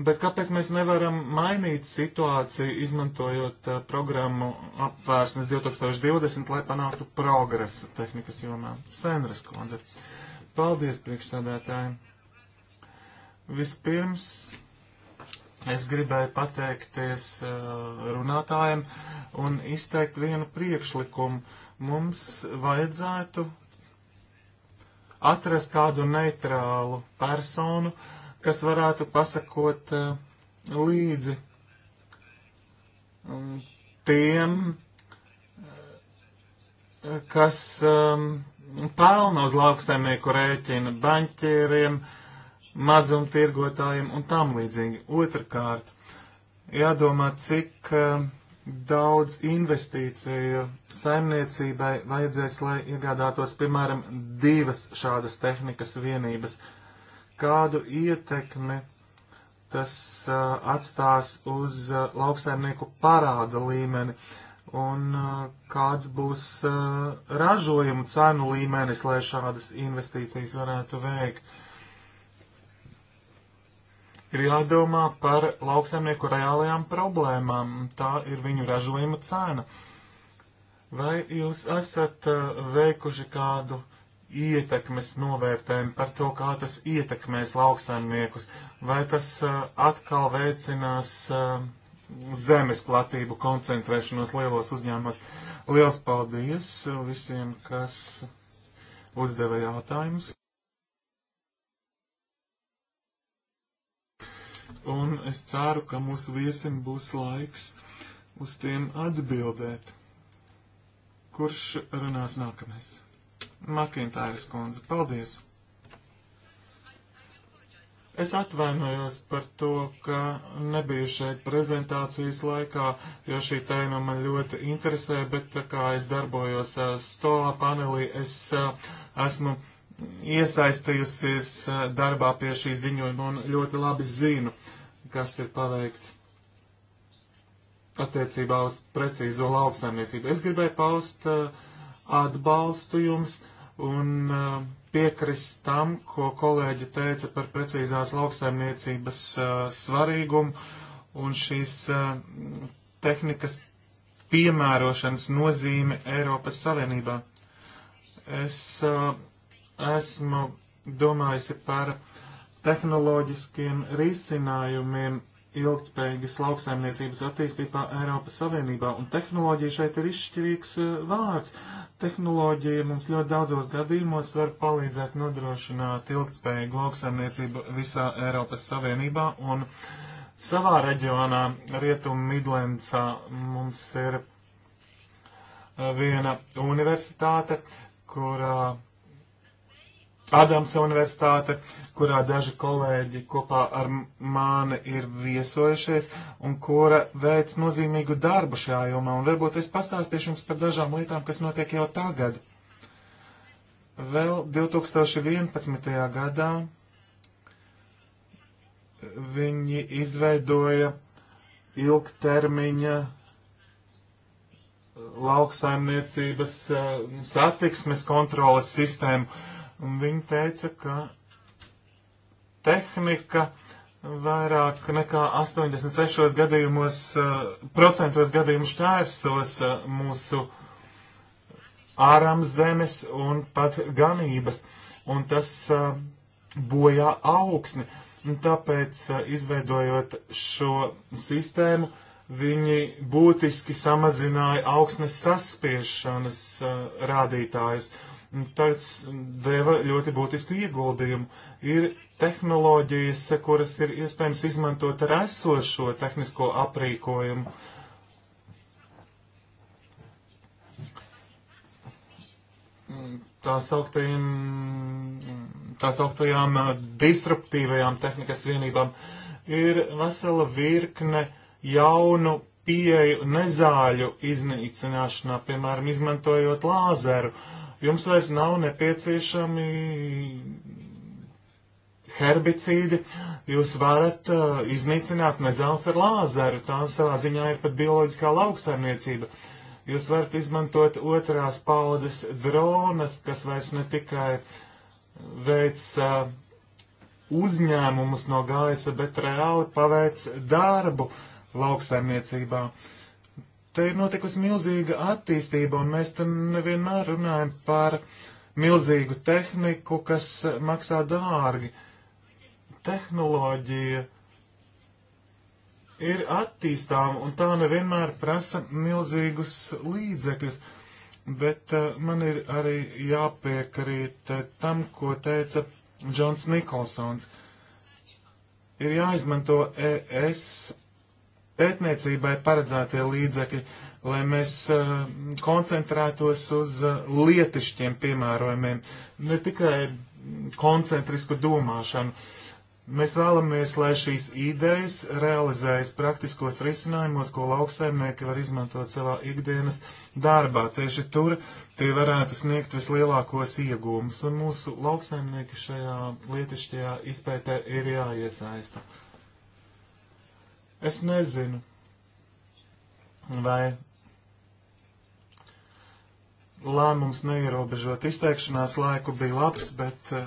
Speaker 2: Bet kāpēc mēs nevaram mainīt situāciju, izmantojot uh, programmu apvērsnes 2020, lai panāktu progresu tehnikas jomā? Sēnras kundze. Paldies, priekšsādātāji. Vispirms Es gribēju pateikties uh, runātājiem un izteikt vienu priekšlikumu. Mums vajadzētu atrast kādu neitrālu personu, kas varētu pasakot uh, līdzi um, tiem, uh, kas um, pelna uz lauksaimnieku rēķina, baņķieriem, uh, mazumtirgotājiem un tam līdzīgi. Otrakārt, jādomā, cik uh, daudz investīciju saimniecībai vajadzēs, lai iegādātos, piemēram, divas šādas tehnikas vienības. Kādu ietekmi tas uh, atstās uz uh, lauksaimnieku parāda līmeni un uh, kāds būs ražojumu cenu līmenis, lai šādas investīcijas varētu veikt? ir jādomā par lauksaimnieku reālajām problēmām. Tā ir viņu ražojuma cena. Vai jūs esat uh, veikuši kādu ietekmes novērtējumu par to, kā tas ietekmēs lauksaimniekus? Vai tas uh, atkal veicinās uh, zemes platību koncentrēšanos lielos uzņēmumos? Liels paldies visiem, kas uzdeva jautājumus. un es ceru, ka mūsu viesim būs laiks uz tiem atbildēt. Kurš runās nākamais? Makintāris kundze, paldies! Es atvainojos par to, ka nebiju šeit prezentācijas laikā, jo šī tēma man ļoti interesē, bet kā es darbojos eh, stāvā panelī, es eh, esmu. Uh, iesaistījusies eh, darbā pie šī ziņojuma un ļoti labi zinu, kas ir paveikts attiecībā uz precīzo lauksaimniecību. Es gribēju paust uh, atbalstu jums un uh, piekrist tam, ko kolēģi teica par precīzās lauksaimniecības uh, svarīgumu un šīs tehnikas piemērošanas nozīme Eiropas Savienībā. Es uh, esmu domājusi par tehnoloģiskiem risinājumiem ilgspējīgas lauksaimniecības attīstībā Eiropas Savienībā, un tehnoloģija šeit ir izšķirīgs eh, vārds. Tehnoloģija mums ļoti daudzos gadījumos var palīdzēt nodrošināt ilgspējīgu lauksaimniecību visā Eiropas Savienībā, un savā reģionā, Rietumu Midlendsā, mums ir eh, viena universitāte, kurā Ādamsa universitāte, kurā daži kolēģi kopā ar mani ir viesojušies un kura veic nozīmīgu darbu šajā jomā. Un varbūt es pastāstīšu jums par dažām lietām, kas notiek jau tagad. Vēl 2011. gadā viņi izveidoja ilgtermiņa lauksaimniecības eh, satiksmes kontrolas sistēmu un viņi teica, ka tehnika vairāk nekā 86 gadījumos, eh, procentos gadījumu šķērsos eh, mūsu ārām zemes un pat ganības, un tas eh, bojā augsni. Un tāpēc, izveidojot šo sistēmu, viņi būtiski samazināja augsnes saspiešanas rādītājus. Uh, tas deva ļoti būtisku ieguldījumu. Ir tehnoloģijas, kuras ir iespējams izmantot ar esošo tehnisko aprīkojumu. Tā sauktajām, tā sauktajām disruptīvajām tehnikas vienībām ir vesela virkne jaunu pieeju nezāļu iznīcināšanā, piemēram, izmantojot lāzeru. Uh, jums vairs nav nepieciešami herbicīdi, jūs varat uh, iznīcināt mezāles ar lāzeru, tā savā ziņā ir pat bioloģiskā lauksaimniecība. Jūs varat izmantot otrās paudzes dronas, kas vairs ne tikai veic uh, uzņēmumus no gaisa, bet reāli paveic darbu lauksaimniecībā. Uh, Te ir notikusi milzīga attīstība, un mēs tam nevienmēr runājam par milzīgu tehniku, kas maksā dārgi. Tehnoloģija ir attīstāma, un tā nevienmēr prasa milzīgus līdzekļus. Bet uh, man ir arī jāpiekrīt uh, tam, ko teica Džons Nikolsons. Ir jāizmanto ES pētniecībai paredzētie līdzekļi, lai mēs uh, koncentrētos uz uh, lietišķiem piemērojumiem, ne tikai koncentrisku domāšanu. Mēs vēlamies, lai šīs idejas realizējas praktiskos risinājumos, ko lauksaimnieki var izmantot savā ikdienas darbā. Tieši tur tie varētu sniegt vislielākos iegūmus, un mūsu lauksaimnieki šajā lietišķajā izpētē ir jāiesaista. Es nezinu, vai lēmums neierobežot izteikšanās laiku bija labs, bet eh,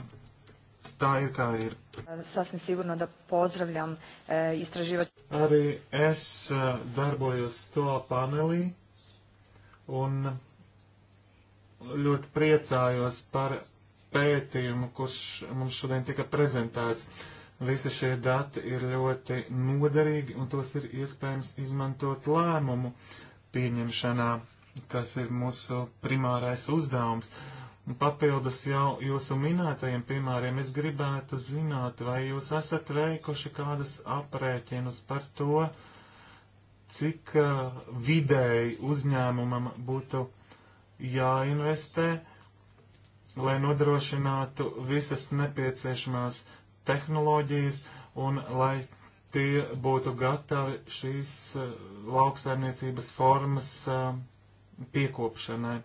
Speaker 2: tā ir kā ir.
Speaker 1: Eh, sasvim sigurno da pozdravljam e, istraživač. Arī
Speaker 2: es darbojos to panelī un ļoti priecājos par pētījumu, kurš mums šodien tika prezentēts. Uh, Visi šie dati ir ļoti noderīgi un tos ir iespējams izmantot lēmumu pieņemšanā, kas ir mūsu primārais uzdevums. Un papildus jau jūsu minētajiem piemēriem es gribētu zināt, vai jūs esat veikuši kādus aprēķinus par to, cik uh, vidēji uzņēmumam būtu jāinvestē, lai nodrošinātu visas nepieciešamās tehnoloģijas un lai tie būtu gatavi šīs uh, lauksaimniecības formas uh, piekopšanai.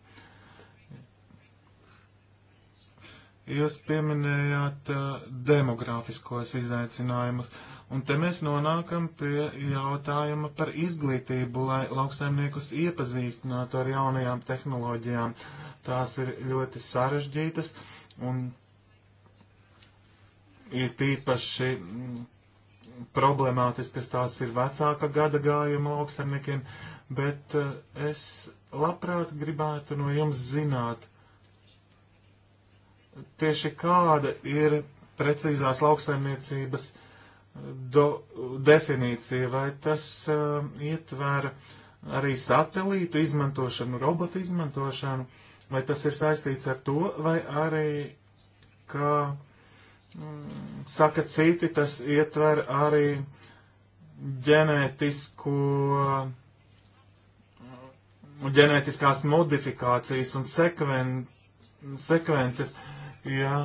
Speaker 2: Jūs pieminējāt uh, eh, demografiskos izaicinājumus, un te mēs nonākam pie jautājuma par izglītību, lai lauksaimniekus iepazīstinātu ar jaunajām tehnoloģijām. Tās ir ļoti sarežģītas, un ir tīpaši mm, problemātiskas tās ir vecāka gada gājuma lauksaimniekiem, bet eh, es labprāt gribētu no jums zināt, tieši kāda ir precīzās lauksaimniecības eh, do, definīcija, vai tas uh, ietver arī satelītu izmantošanu, robotu izmantošanu, vai tas ir saistīts ar to, vai arī kā. Ka saka citi, tas ietver arī ģenētisku, ģenētiskās modifikācijas un sekven, sekvences. Ja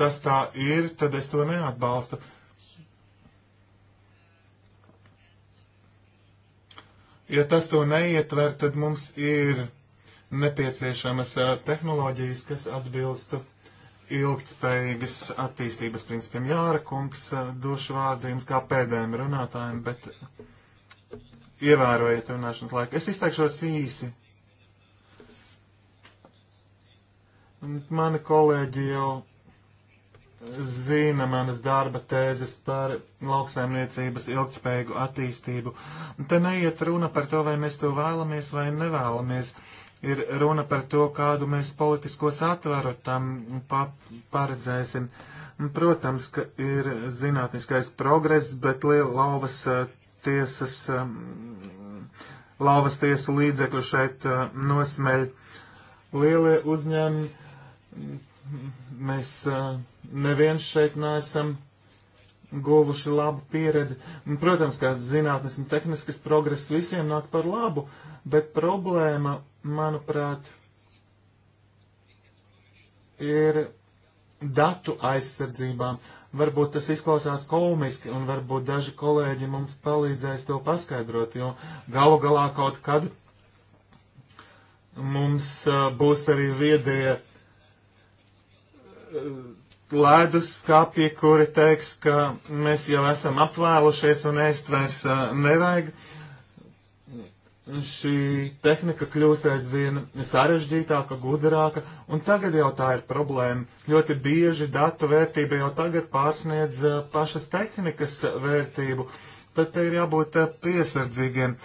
Speaker 2: tas tā ir, tad es to neatbalstu. Ja tas to neietver, tad mums ir nepieciešamas eh, tehnoloģijas, kas atbilstu ilgtspējīgas attīstības principiem. Jāra kungs, eh, došu vārdu jums kā pēdējiem runātājiem, bet ievērojiet runāšanas laiku. Es izteikšos īsi. Mani kolēģi jau zina manas darba tēzes par lauksaimniecības ilgspējīgu attīstību. Te neiet runa par to, vai mēs to vēlamies vai nevēlamies. Uh, ir runa par to, kādu mēs politisko satvaru tam pa paredzēsim. Protams, ka ir zinātniskais progress, bet lauvas tiesas, lauvas tiesu līdzekļu šeit nosmeļ lielie uzņēmumi. Mēs neviens šeit neesam guvuši labu pieredzi. Protams, ka zinātnes un tehniskas progress visiem nāk par labu, bet problēma manuprāt, ir datu aizsardzībā. Varbūt tas izklausās komiski, un varbūt daži kolēģi mums palīdzēs to paskaidrot, jo galu galā kaut kad mums uh, būs arī viedie uh, ledus skāpji, kuri teiks, ka mēs jau esam apvēlušies un ēst vairs uh, nevajag. Uh, šī tehnika kļūs aizvien sarežģītāka, gudrāka, un tagad jau tā ir problēma. Ļoti bieži datu vērtība jau tagad pārsniedz eh, pašas tehnikas vērtību, tad te ir jābūt eh, piesardzīgiem.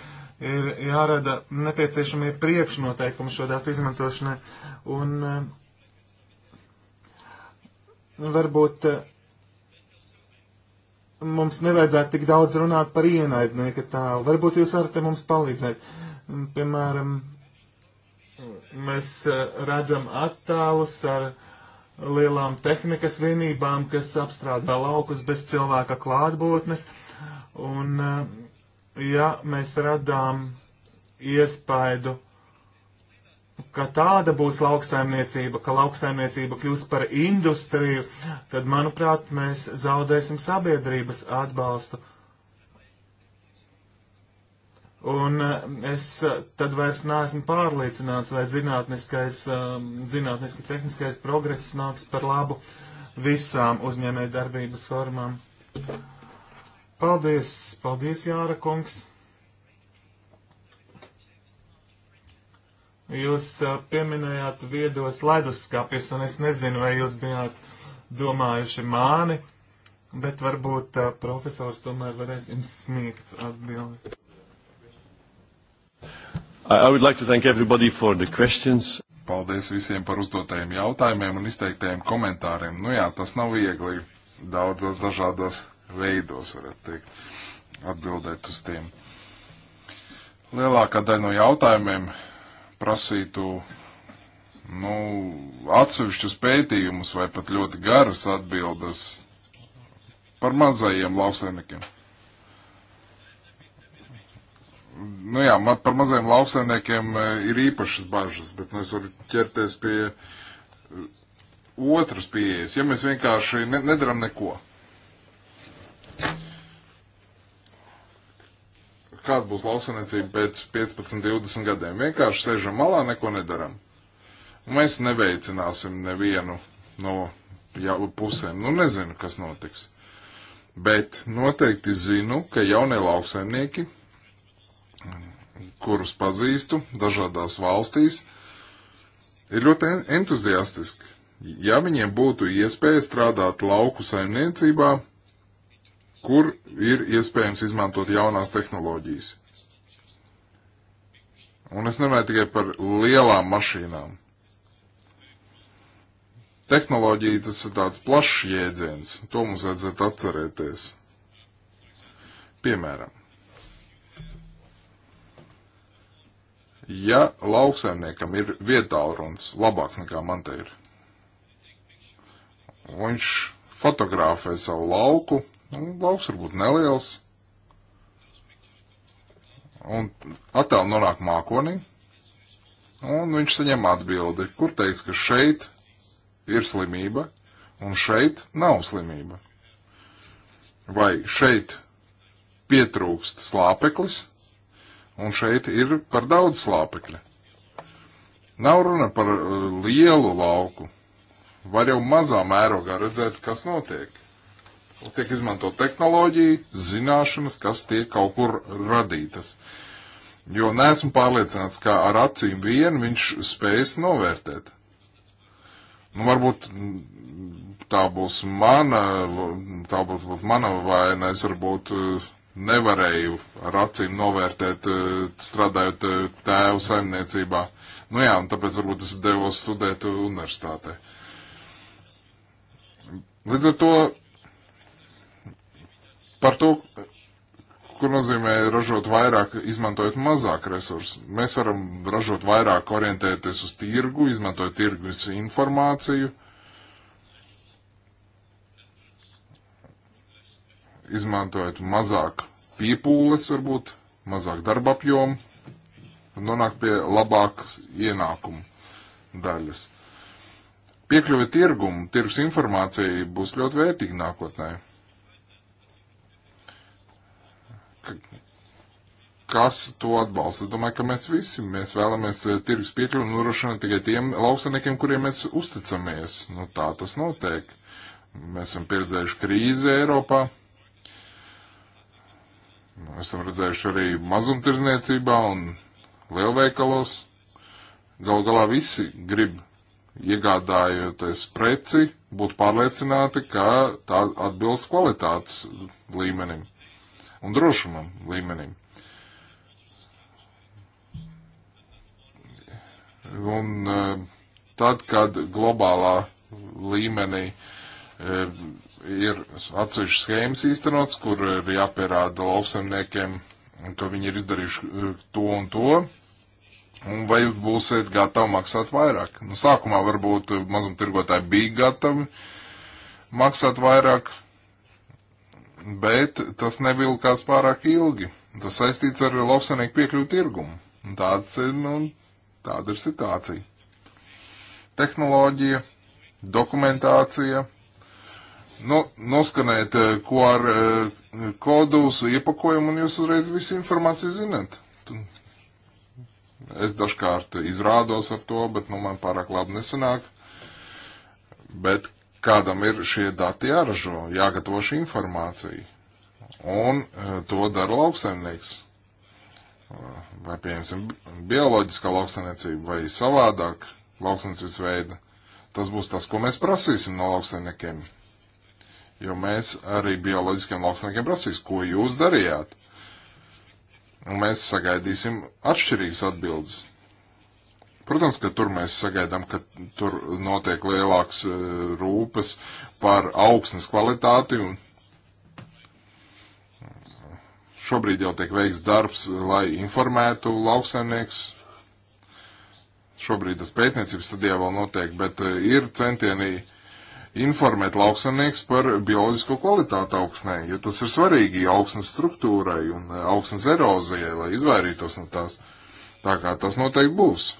Speaker 2: Ir jārada nepieciešamie priekšnoteikumi šo datu izmantošanai, un eh, varbūt mums nevajadzētu tik daudz runāt par ienaidnieka tēlu. Varbūt jūs varat mums palīdzēt. Mm, Piemēram, mēs eh, redzam attēlus ar lielām tehnikas vienībām, kas apstrādā laukus bez cilvēka klātbūtnes. Un, eh, ja mēs radām iespaidu, ka tāda būs lauksaimniecība, ka lauksaimniecība kļūs par industriju, tad, manuprāt, mēs zaudēsim sabiedrības atbalstu. Un eh, es eh, tad vairs neesmu pārliecināts, vai zinātniskais, ehm, zinātniski tehniskais progress nāks par labu visām uzņēmē darbības formām. Paldies, paldies, Jāra kungs! Jūs pieminējāt viedos leduskapjus, un es nezinu, vai jūs bijāt domājuši māni, bet varbūt uh, profesors tomēr varēs jums sniegt atbildi.
Speaker 3: I would like to thank everybody for the questions. Paldies visiem par uzdotajiem jautājumiem un izteiktajiem komentāriem. Nu jā, tas nav viegli daudzos dažādos veidos, varētu teikt, atbildēt uz tiem. Lielākā daļa no jautājumiem prasītu nu, atsevišķus pētījumus vai pat ļoti garas atbildes par mazajiem lauksaimniekiem. Nu jā, man par mazajiem lauksaimniekiem e, ir īpašas bažas, bet nu, es varu ķerties pie e, otras pieejas. Ja mēs vienkārši ne, nedaram neko, kāda būs lauksaimniecība pēc 15, 20 gadiem. Vienkārši sēžam malā, neko nedaram. Mēs neveicināsim nevienu no pusēm. Nu, nezinu, kas notiks. Bet noteikti zinu, ka jaunie lauksaimnieki, kurus pazīstu dažādās valstīs, ir ļoti entuziastiski. Ja viņiem būtu iespēja strādāt lauku saimniecībā, kur ir iespējams izmantot jaunās tehnoloģijas. Un es nerunāju tikai par lielām mašīnām. Tehnoloģija tas ir tāds plašs jēdziens, to mums vajadzētu atcerēties. Piemēram, ja lauksaimniekam ir vietālruns labāks nekā man te ir, un viņš fotografē savu lauku, Nu, lauks varbūt neliels. Un attēl nonāk mākonī. Un viņš saņem atbildi, kur teica, ka šeit ir slimība un šeit nav slimība. Vai šeit pietrūkst slāpeklis un šeit ir par daudz slāpekļa. Nav runa par uh, lielu lauku. Var jau mazā mērogā redzēt, kas notiek tiek izmantot tehnoloģija, zināšanas, kas tiek kaut kur radītas. Jo neesmu pārliecināts, ka ar acīm vien viņš spējas novērtēt. Nu, varbūt tā būs mana, tā būs, būs mana vaina, es varbūt eh, nevarēju ar acīm novērtēt, eh, strādājot eh, tēvu saimniecībā. Nu jā, un tāpēc varbūt es devos studēt universitātē. Līdz ar to par to, kur nozīmē ražot vairāk, izmantojot mazāk resursu. Mēs varam ražot vairāk, orientēties uz tirgu, izmantojot tirgus informāciju, izmantojot mazāk piepūles, varbūt mazāk darba apjomu, un nonāk pie labākas ienākumu daļas. Piekļuve tirgumu, tirgus informācija būs ļoti vērtīga nākotnē. kas to atbalsta. Es domāju, ka mēs visi mēs vēlamies eh, tirgus piekļuvi norošināt tikai tiem lauksaniekiem, kuriem mēs uzticamies. Nu, tā tas notiek. Mēs esam pieredzējuši krīzi Eiropā. Nu, esam redzējuši arī mazumtirdzniecībā un lielveikalos. Galu galā visi grib iegādājoties preci, būt pārliecināti, ka tā atbilst kvalitātes līmenim un drošumam līmenim. Un e, tad, kad globālā līmenī e, ir atsevišķas schēmas īstenots, kur ir jāpierāda lauksaimniekiem, ka viņi ir izdarījuši e, to un to, un vai jūs būsiet gatavi maksāt vairāk. Nu, sākumā varbūt mazumtirgotāji bija gatavi maksāt vairāk, bet tas nevilkās pārāk ilgi. Tas saistīts ar lauksaimnieku piekļuvu tirgumu. Tāds ir nu, Tāda ir situācija. Tehnoloģija, dokumentācija, nu, noskanēt, eh, ko ar eh, kodu uz iepakojumu, un jūs uzreiz visu informāciju zinat. Es dažkārt izrādos ar to, bet nu, man pārāk labi nesanāk. Bet kādam ir šie dati jāražo, jāgatavo šī informācija. Un eh, to dara lauksaimnieks vai pieņemsim bioloģiskā lauksaimniecība vai savādāk lauksaimniecības veida, tas būs tas, ko mēs prasīsim no lauksaimniekiem. Jo mēs arī bioloģiskiem lauksaimniekiem prasīs, ko jūs darījāt. Un mēs sagaidīsim atšķirīgas atbildes. Protams, ka tur mēs sagaidām, ka tur notiek lielāks eh, rūpes par augsnes kvalitāti un Šobrīd jau tiek veikts darbs, lai informētu lauksaimnieks. Šobrīd tas pētniecības stadijā vēl notiek, bet eh, ir centieni informēt lauksaimnieks par bioloģisko kvalitāti augsnē, jo tas ir svarīgi augsnes struktūrai un eh, augsnes erozijai, lai izvairītos no tās. Tā kā tas noteikti būs.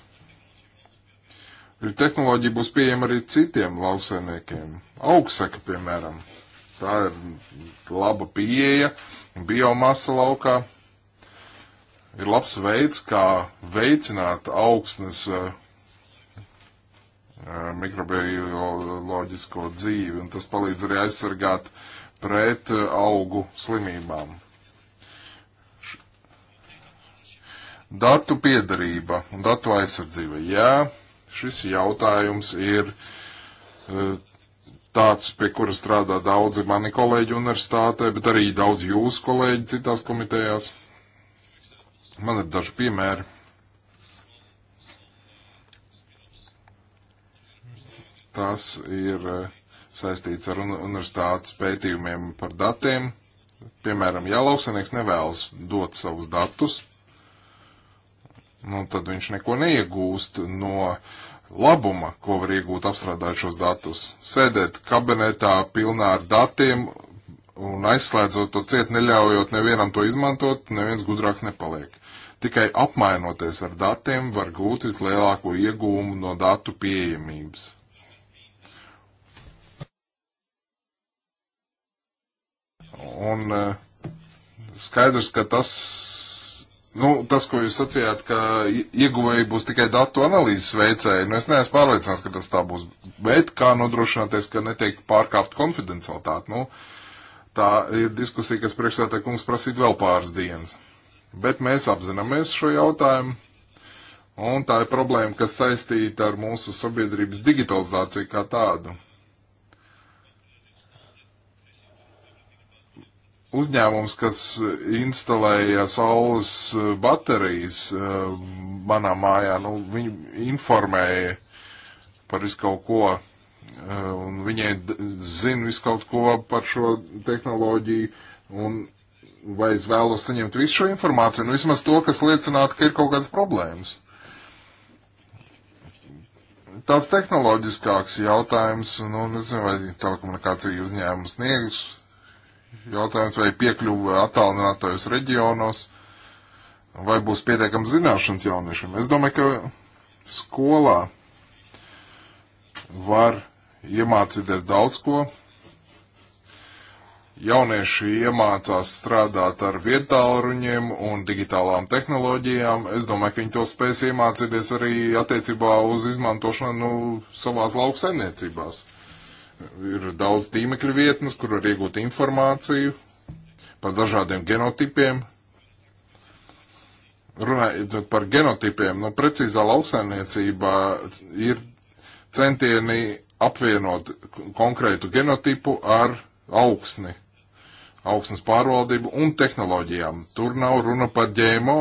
Speaker 3: Ir tehnoloģija būs pieejama arī citiem lauksaimniekiem. Augsaka, piemēram, tā ir laba pieeja, Biomasa laukā ir labs veids, kā veicināt augsnes eh, eh, mikrobioloģisko dzīvi, un tas palīdz arī aizsargāt pret eh, augu slimībām. Datu piedarība un datu aizsardzība. Jā, šis jautājums ir tāds, pie kura strādā daudzi mani kolēģi universitātē, bet arī daudz jūsu kolēģi citās komitejās. Man ir daži piemēri. Tas ir eh, saistīts ar universitātes pētījumiem par datiem. Piemēram, ja lauksanieks nevēlas dot savus datus, nu, tad viņš neko neiegūst no uh, labuma, ko var iegūt apstrādājot šos datus. Sēdēt kabinetā pilnā ar datiem un aizslēdzot to ciet, neļaujot nevienam to izmantot, neviens gudrāks nepaliek. Tikai apmainoties ar datiem var gūt vislielāko iegūmu no datu pieejamības. Un eh, skaidrs, ka tas Nu, tas, ko jūs sacījāt, ka ieguvēji būs tikai datu analīzes veicēji, nu es neesmu pārliecināts, ka tas tā būs. Bet kā nodrošināties, ka netiek pārkāpt konfidencialitāti? Nu, tā ir diskusija, kas priekšsētē kungs prasīt vēl pāris dienas. Bet mēs apzināmies šo jautājumu. Un tā ir problēma, kas saistīta ar mūsu sabiedrības digitalizāciju kā tādu. uzņēmums, kas instalēja saules eh, baterijas eh, manā mājā, nu, viņi informēja par visu kaut ko, eh, un viņai zina visu kaut ko par šo tehnoloģiju, un vai es vēlos saņemt visu šo informāciju, nu, vismaz to, kas liecinātu, ka ir kaut kādas problēmas. Tāds tehnoloģiskāks jautājums, nu, nezinu, vai telekomunikācija uzņēmums sniegs Jautājums, vai piekļuva attālinātajos reģionos, vai būs pietiekams zināšanas jauniešiem. Es domāju, ka skolā var iemācīties daudz ko. Jaunieši iemācās strādāt ar vietāluruņiem un digitālām tehnoloģijām. Es domāju, ka viņi to spēs iemācīties arī attiecībā uz izmantošanu savās lauksaimniecībās. Ir daudz tīmekļu vietnes, kur var iegūt informāciju par dažādiem genotipiem. Runājot par genotipiem, nu, precīzā lauksaimniecībā ir centieni apvienot konkrētu genotipu ar augsni, augsnes pārvaldību un tehnoloģijām. Tur nav runa par ģēmo,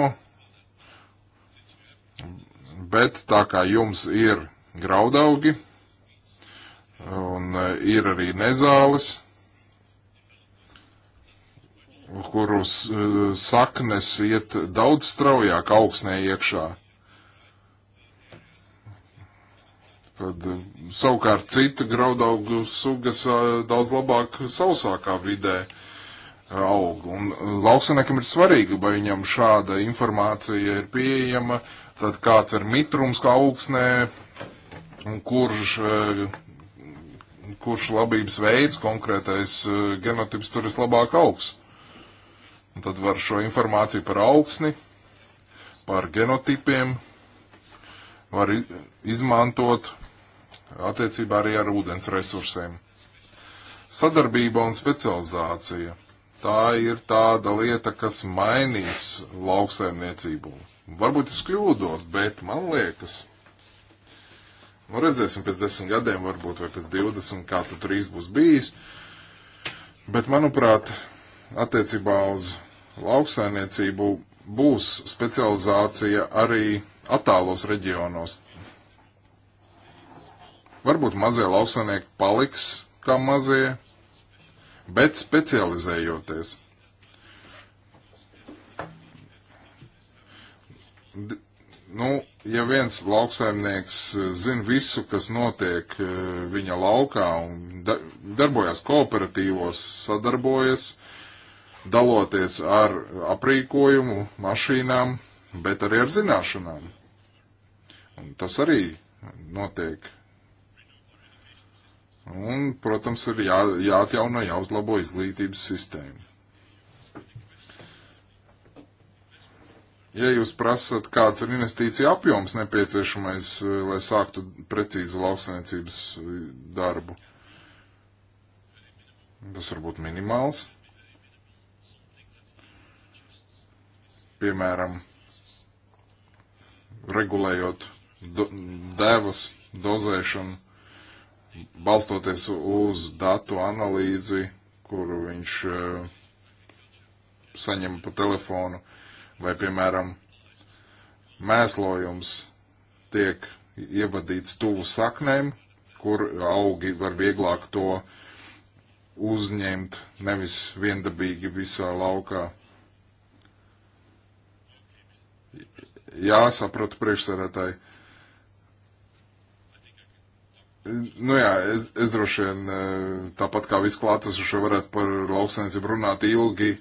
Speaker 3: bet tā kā jums ir graudaugi, Un e, ir arī nezāles, kuru e, saknes iet daudz straujāk augsnē iekšā. Tad e, savukārt citu graudaugu sugas daudz labāk sausākā vidē aug. Un lauksanekam ir svarīgi, vai viņam šāda informācija ir pieejama, tad kāds ir mitrums kā augsnē, un kurš kurš labības veids konkrētais e, genotips tur vislabāk augs. Un tad var šo informāciju par augsni, par genotipiem, var izmantot attiecībā arī ar ūdens resursiem. Sadarbība un specializācija. Tā ir tāda lieta, kas mainīs lauksaimniecību. Varbūt es kļūdos, bet man liekas, Nu, redzēsim pēc desmit gadiem, varbūt, vai pēc divdesmit, kā tu tur īsti būs bijis. Bet, manuprāt, attiecībā uz lauksainiecību būs specializācija arī attālos reģionos. Varbūt mazie lauksanieki paliks kā mazie, bet specializējoties. D Nu, ja viens lauksaimnieks eh, zina visu, kas notiek eh, viņa laukā un da darbojas kooperatīvos, sadarbojas, daloties ar aprīkojumu, mašīnām, bet arī ar zināšanām. Un tas arī notiek. Un, protams, ir jā, jāatjauno, jāuzlabo izglītības sistēma. Ja jūs prasat, kāds ir investīcija apjoms nepieciešamais, eh, lai sāktu precīzi lauksniecības eh, darbu, tas var būt minimāls. Piemēram, regulējot do, devas dozēšanu, balstoties uz datu analīzi, kuru viņš uh, saņem pa telefonu vai, piemēram, mēslojums tiek ievadīts tuvu saknēm, kur augi var vieglāk to uzņemt, nevis viendabīgi visā laukā. Jā, sapratu priekšsēdētāji. Nu jā, es, es droši vien eh, tāpat kā visi klātesošie varētu par lauksainicību runāt ilgi,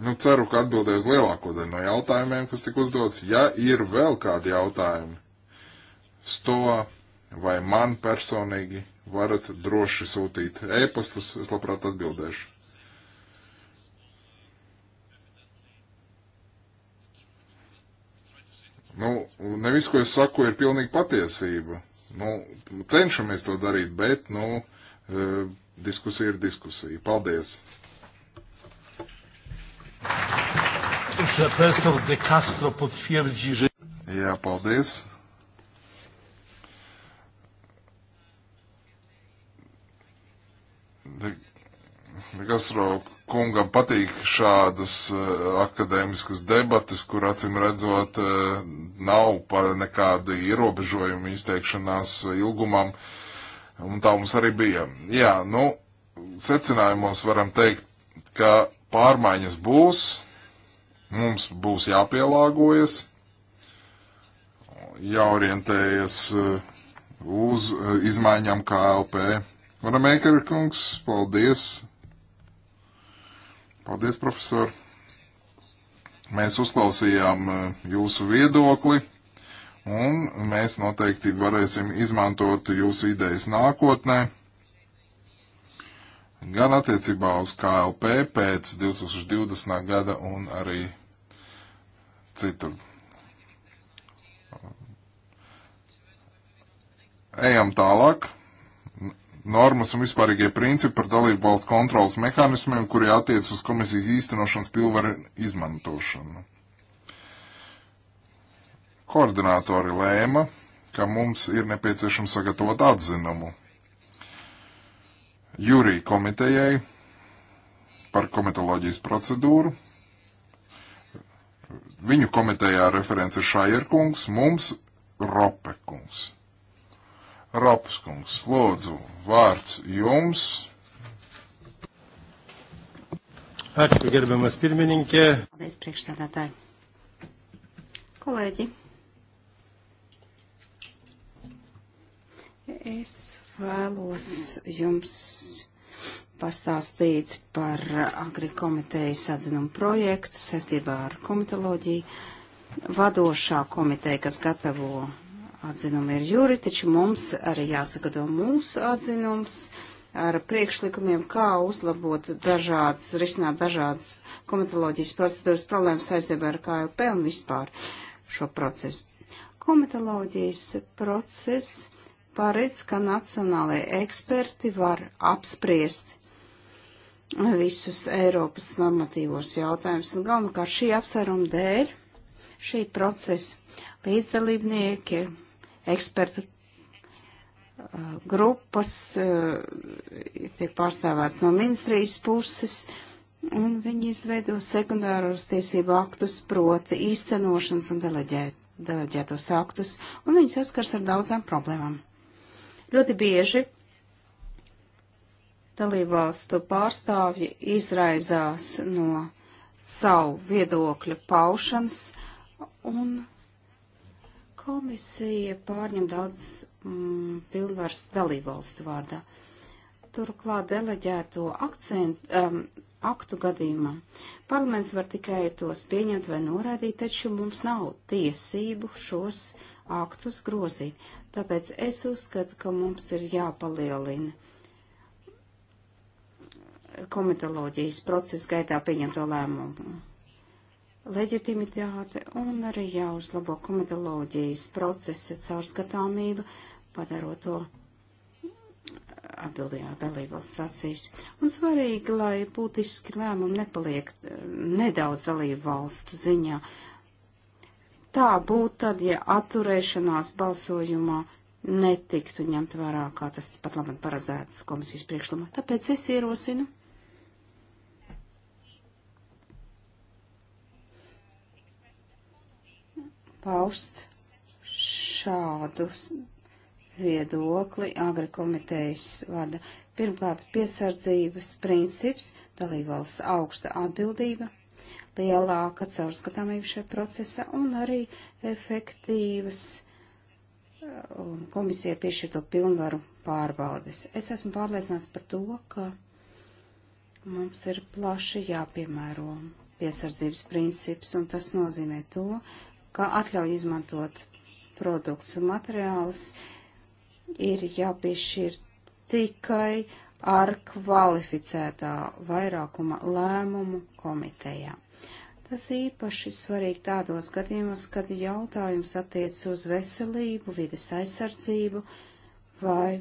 Speaker 3: Nu, ceru, ka atbildēju uz lielāko daļu no jautājumiem, kas tika uzdots. Ja ir vēl kādi jautājumi, sto vai man personīgi varat droši sūtīt ēpastus, es labprāt atbildēšu. Nu, nevis, ko es saku, ir pilnīgi patiesība. Nu, cenšamies to darīt, bet, nu, eh, diskusija ir diskusija. Paldies!
Speaker 2: Profesor De Castro potwierdzi,
Speaker 3: że. Jā, paldies. De, De Castro kungam patīk šādas uh, akadēmiskas debates, kur acīm redzot uh, nav par nekādu ierobežojumu izteikšanās ilgumam. Un tā mums arī bija. Jā, nu, secinājumos varam teikt, ka pārmaiņas būs, mums būs jāpielāgojas, jāorientējas uh, uz uh, izmaiņām KLP. Varamēkara kungs, paldies! Paldies, profesor! Mēs uzklausījām uh, jūsu viedokli un mēs noteikti varēsim izmantot jūsu idejas nākotnē gan attiecībā uz KLP pēc 2020. gada un arī citur. Ejam tālāk. Normas un vispārīgie principi par dalību valstu kontrolas mehānismiem, kuri attiec uz komisijas īstenošanas pilvaru izmantošanu. Koordinātori lēma, ka mums ir nepieciešams sagatavot atzinumu jūrī komitejai par komitoloģijas procedūru. Viņu komitejā referents ir Šajerkungs, mums Ropekungs. Rapskungs, lūdzu, vārds jums.
Speaker 1: Ačiū, gerbiamas pirmininkė. Paldies, priekšstādātāji. Kolēģi, es vēlos jums pastāstīt par agrikomitejas atzinumu projektu saistībā ar komitoloģiju. Vadošā komiteja, kas gatavo atzinumu, ir jūri, taču mums arī jāsagado mūsu atzinums ar priekšlikumiem, kā uzlabot dažādas, risināt dažādas komitoloģijas procedūras problēmas saistībā ar KLP un vispār šo procesu. Komitoloģijas process paredz, ka nacionālajie eksperti var apspriest visus Eiropas normatīvos jautājumus. Un galvenokārt šī apsvēruma dēļ šī procesa līdzdalībnieki, ekspertu uh, grupas uh, tiek pārstāvēts no ministrijas puses, un viņi izveido sekundāros tiesību aktus, proti īstenošanas un deleģēt, deleģētos aktus, un viņi saskars ar daudzām problēmām. Ļoti bieži dalībvalstu pārstāvji izraizās no savu viedokļu paušanas un komisija pārņem daudz mm, pilnvaras dalībvalstu vārdā. Turklāt deleģēto akcentu, um, aktu gadījumā parlaments var tikai tos pieņemt vai noraidīt, taču mums nav tiesību šos aktus grozīt. Tāpēc es uzskatu, ka mums ir jāpalielina komitoloģijas procesa gaitā pieņemto lēmumu leģitimitāte un arī jāuzlabo komitoloģijas procesa caurskatāmība, padarot to atbildīgā dalībvalsts acīs. Un svarīgi, lai būtiski lēmumi nepaliek nedaudz dalību valstu ziņā, tā būtu tad, ja atturēšanās balsojumā netiktu ņemt vērā, kā tas pat labi paredzēts komisijas priekšlumā. Tāpēc es ierosinu. Paust šādu viedokli agri komitejas vada. Pirmkārt, piesardzības princips, dalībvalsts augsta atbildība lielāka caurskatāmība šajā procesā un arī efektīvas uh, komisija piešķirto pilnvaru pārbaudes. Es esmu pārliecināts par to, ka mums ir plaši jāpiemēro piesardzības princips, un tas nozīmē to, ka atļauj izmantot produkts un materiālus ir jāpiešķir tikai ar kvalificētā vairākuma lēmumu komitejā. Tas īpaši svarīgi tādos gadījumos, kad jautājums attiecas uz veselību, vides aizsardzību vai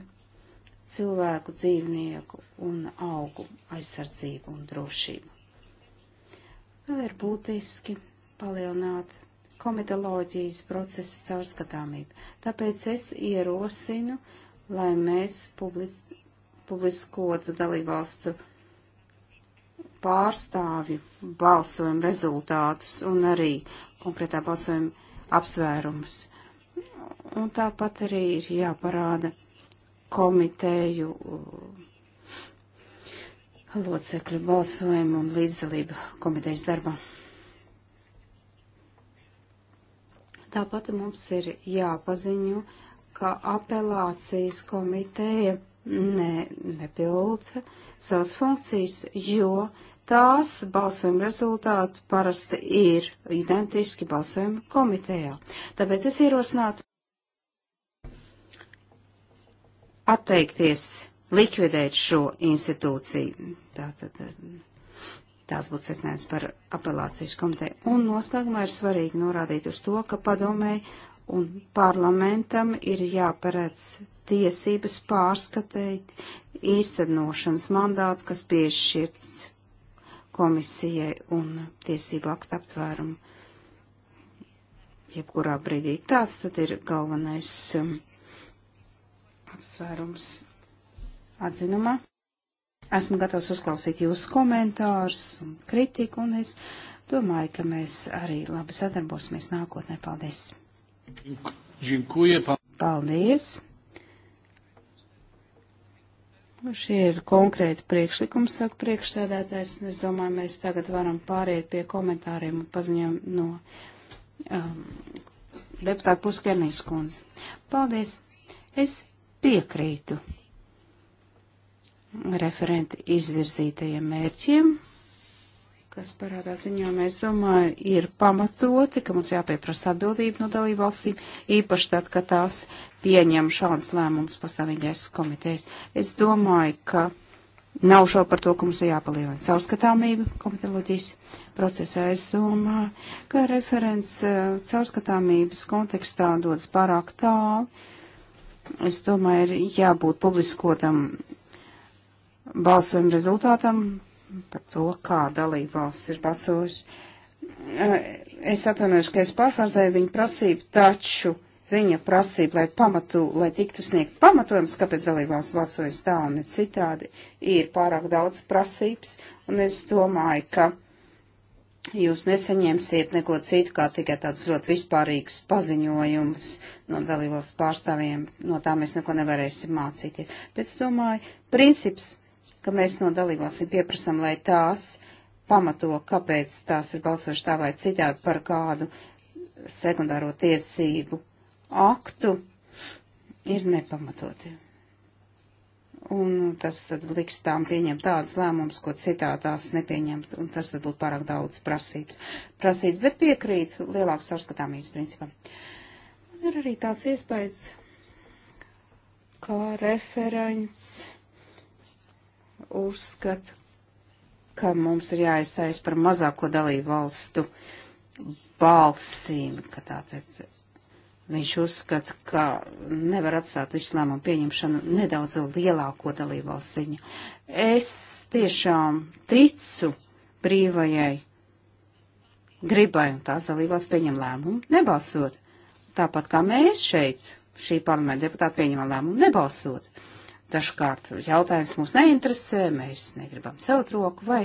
Speaker 1: cilvēku, dzīvnieku un augu aizsardzību un drošību. Vēl ir būtiski palielināt komitoloģijas procesa caurskatāmību. Tāpēc es ierosinu, lai mēs publis, publiskotu dalībvalstu pārstāvju balsojumu rezultātus un arī konkrētā balsojuma apsvērumus. Un tāpat arī ir jāparāda komiteju uh, locekļu balsojumu un līdzdalību komitejas darbā. Tāpat mums ir jāpaziņo, ka apelācijas komiteja ne, nepilda savas funkcijas, jo tās balsojuma rezultāti parasti ir identiski balsojuma komitejā. Tāpēc es ierosinātu atteikties, likvidēt šo institūciju. Tātad, tās būtu sasniedzis par apelācijas komiteju. Un noslēgumā ir svarīgi norādīt uz to, ka padomēji un parlamentam ir jāparedz tiesības pārskatīt īstenošanas mandātu, kas piešķirts komisijai un tiesību aktu aptvērumu. Jebkurā brīdī tāds tad ir galvenais um, apsvērums atzinumā. Esmu gatavs uzklausīt jūsu komentārus un kritiku, un es domāju, ka mēs arī labi sadarbosimies nākotnē. Paldies! Paldies! Šie ir konkrēti priekšlikumi, saka priekšsēdētājs. Es domāju, mēs tagad varam pāriet pie komentāriem un paziņām no um, deputāta Puskernijas kundze. Paldies! Es piekrītu referenti izvirzītajiem mērķiem kas parādās ziņojumā, es domāju, ir pamatoti, ka mums jāpieprasa atbildība no dalību valstīm, īpaši tad, kad tās pieņem šādas lēmumus pastāvīgais komitejas. Es domāju, ka nav šo par to, ka mums ir jāpalielina caurskatāmība komiteoloģijas procesā. Es domāju, ka referents eh, caurskatāmības kontekstā dodas pārāk tālu. Es domāju, ir jābūt publiskotam balsojuma rezultātam, par to, kā dalība valsts ir balsojusi. Eh, es atvainojos, ka es pārfrazēju viņa prasību, taču viņa prasība, lai pamatu, lai tiktu sniegt pamatojums, kāpēc dalībās balsojas tā un ne citādi, ir pārāk daudz prasības, un es domāju, ka jūs nesaņemsiet neko citu, kā tikai tāds ļoti vispārīgs paziņojums no dalībās pārstāvjiem, no tā mēs neko nevarēsim mācīties. Pēc domāju, princips ka mēs no dalībvalstīm pieprasam, lai tās pamato, kāpēc tās ir balsojuši tā vai citādi par kādu sekundāro tiesību aktu, ir nepamatoti. Un tas tad liks tām pieņemt tādus lēmumus, ko citā tās nepieņemt, un tas tad būtu pārāk daudz prasības. Prasības, bet piekrīt lielāks sarskatāmības principam. Man ir arī tāds iespējas, kā referents uzskata, ka mums ir jāiztais par mazāko dalību valstu balsīm, ka tātad viņš uzskata, ka nevar atstāt visu lēmumu pieņemšanu nedaudz lielāko dalību valstu ziņu. Es tiešām ticu brīvajai gribai un tās dalību valsts pieņem lēmumu nebalsot. Tāpat kā mēs šeit, šī parlamenta deputāta pieņemam lēmumu nebalsot. Dažkārt jautājums mūs neinteresē, mēs negribam celt roku vai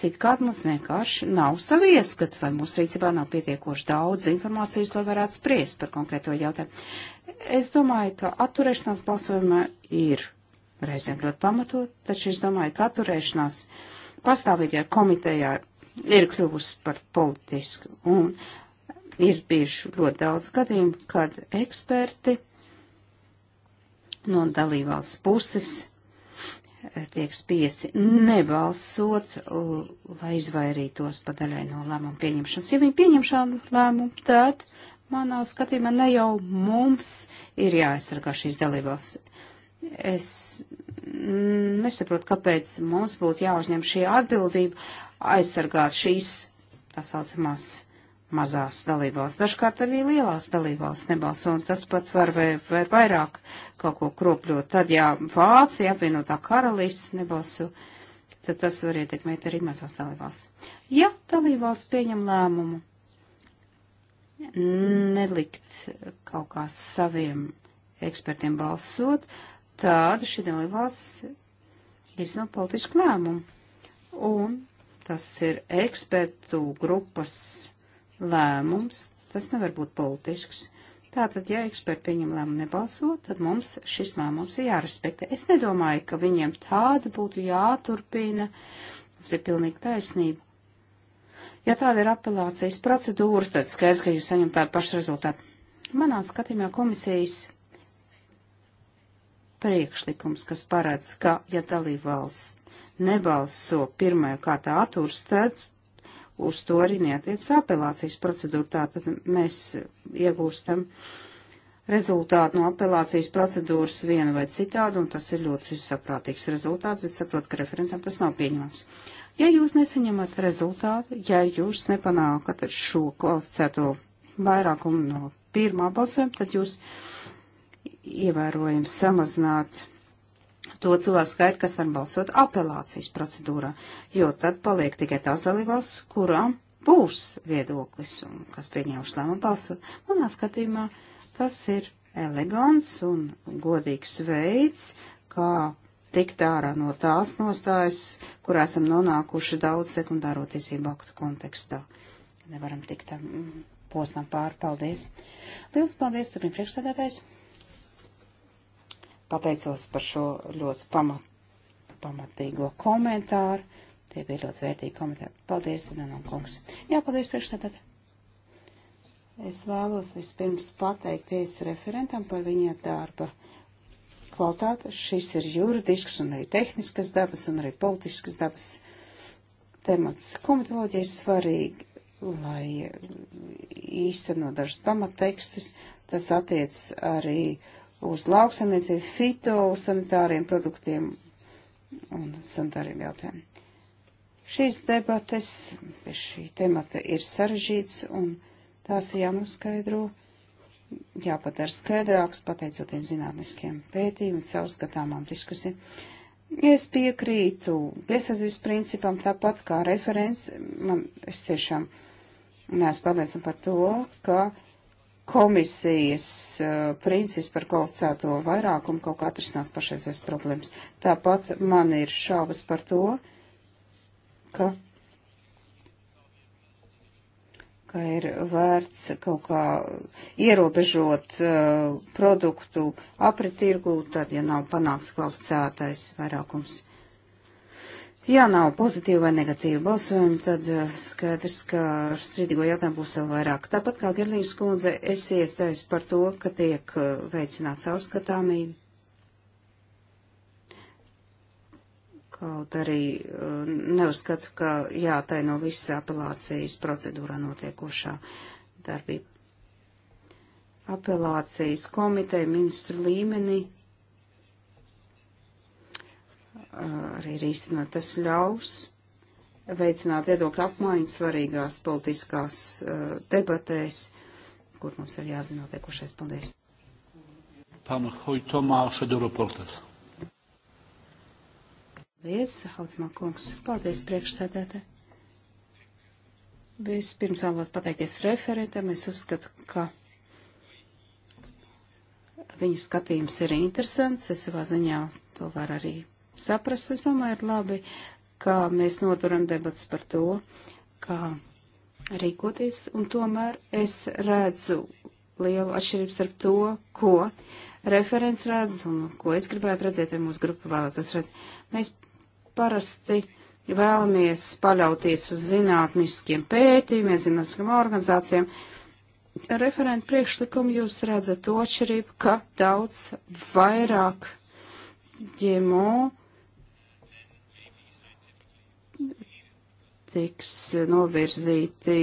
Speaker 1: citkārt mums vienkārši nav savu ieskatu vai mūsu rīcībā nav pietiekoši daudz informācijas, lai varētu spriest par konkrēto jautājumu. Es domāju, ka atturēšanās balsojumā ir reizēm ļoti pamatot, taču es domāju, ka atturēšanās pastāvīgajā komitejā ir kļuvusi par politisku un ir bijuši ļoti daudz gadījumu, kad eksperti no dalībvalsts puses eh, tiek spiesti nebalsot, lai izvairītos pa daļai no lēmumu pieņemšanas. Ja viņi pieņem šādu lēmumu, tad manā skatījumā ne jau mums ir jāaizsargā šīs dalībvalsts. Es nesaprotu, kāpēc mums būtu jāuzņem šī atbildība aizsargāt šīs tā saucamās mazās dalībvalsts. Dažkārt arī lielās dalībvalsts nebalso, un tas pat var vai, vai vairāk kaut ko kropļot. Tad, ja Vācija apvienotā karalists nebalso, tad tas var ietekmēt arī mazās dalībvalsts. Ja dalībvalsts pieņem lēmumu nelikt kaut kā saviem ekspertiem balsot, tad šī dalībvalsts izno politisku lēmumu. Un tas ir ekspertu grupas lēmums, tas nevar būt politisks. Tātad, ja eksperti pieņem lēmumu nebalso, tad mums šis lēmums ir jārespektē. Es nedomāju, ka viņiem tāda būtu jāturpina. Mums ir pilnīgi taisnība. Ja tāda ir apelācijas procedūra, tad skaidrs, ka jūs saņemat tādu pašu rezultātu. Manā skatījumā komisijas priekšlikums, kas paredz, ka, ja dalībvalsts nebalso pirmajā kārtā atturs, tad uz to arī neatiecas apelācijas procedūra. Tātad mēs iegūstam rezultātu no apelācijas procedūras vienu vai citādu, un tas ir ļoti saprātīgs rezultāts, bet saprotu, ka referentam tas nav pieņemams. Ja jūs nesaņemat rezultātu, ja jūs nepanākat šo kvalificēto vairākumu no pirmā balsojuma, tad jūs ievērojami samazināt to cilvēku skaitu, kas var balsot apelācijas procedūrā, jo tad paliek tikai tās dalībvalsts, kurām būs viedoklis un kas pieņēmuši lēmumu balsot. Manā skatījumā tas ir elegants un godīgs veids, kā tikt ārā no tās nostājas, kur esam nonākuši daudz sekundāro tiesību aktu kontekstā. Nevaram tikt tam posmam pāri. Paldies! Lielas paldies! Turpin priekšsēdētājs! pateicos par šo ļoti pamat, pamatīgo komentāru. Tie bija ļoti vērtīgi komentāri. Paldies, Danam kungs. Jā, paldies priekšstādāt. Es vēlos vispirms pateikties referentam par viņa darba kvalitāti. Šis ir juridisks un arī tehniskas dabas un arī politiskas dabas temats. Komitoloģija ir svarīga, lai īstenot dažus pamattekstus. Tas attiec arī uz lauksaimniecību, fitosanitāriem produktiem un sanitāriem jautājumiem. Šīs debates pie šī temata ir sarežģīts un tās jānoskaidro, jāpadara skaidrāks, pateicoties zinātniskiem pētījumiem, caurskatāmām diskusijām. Es piekrītu piesaistības principam tāpat kā referents. Man es tiešām neesmu pārliecināta par to, ka komisijas uh, princips par kvalificēto vairākumu kaut kā atrisinās pašreizēs problēmas. Tāpat man ir šaubas par to, ka, ka ir vērts kaut kā ierobežot uh, produktu apritirgu, tad, ja nav panāks kvalificētais vairākums. Uh, Ja nav pozitīva vai negatīva balsojuma, tad eh, skaidrs, ka ar strīdīgo jautājumu būs vēl vairāk. Tāpat kā Gerlīnas kundze, es iestājos par to, ka tiek eh, veicināts caurskatāmība. Kaut arī eh, neuzskatu, ka jātaino visas apelācijas procedūrā notiekošā darbība. Apelācijas komiteja ministru līmenī arī ir īstenot. Tas ļaus veicināt viedokļu apmaiņu svarīgās politiskās uh, debatēs, kur mums ir jāzina notiekušais. Paldies!
Speaker 3: Pan Hojtomā Šedoro Portas.
Speaker 1: Paldies, Hautamā kungs. Paldies, priekšsēdētē. Vispirms vēlos pateikties referentam. Es uzskatu, ka viņa skatījums ir interesants. Es savā ziņā to var arī saprast. Es domāju, ir labi, ka mēs noturam debats par to, kā rīkoties, un tomēr es redzu lielu atšķirību starp to, ko referents redz un ko es gribētu redzēt, vai mūsu grupa vēlētos redzēt. Mēs parasti vēlamies paļauties uz zinātniskiem pētījumiem, zinātniskiem organizācijām. Referenta priekšlikumu jūs redzat to atšķirību, ka daudz vairāk ģemo tiks novirzīti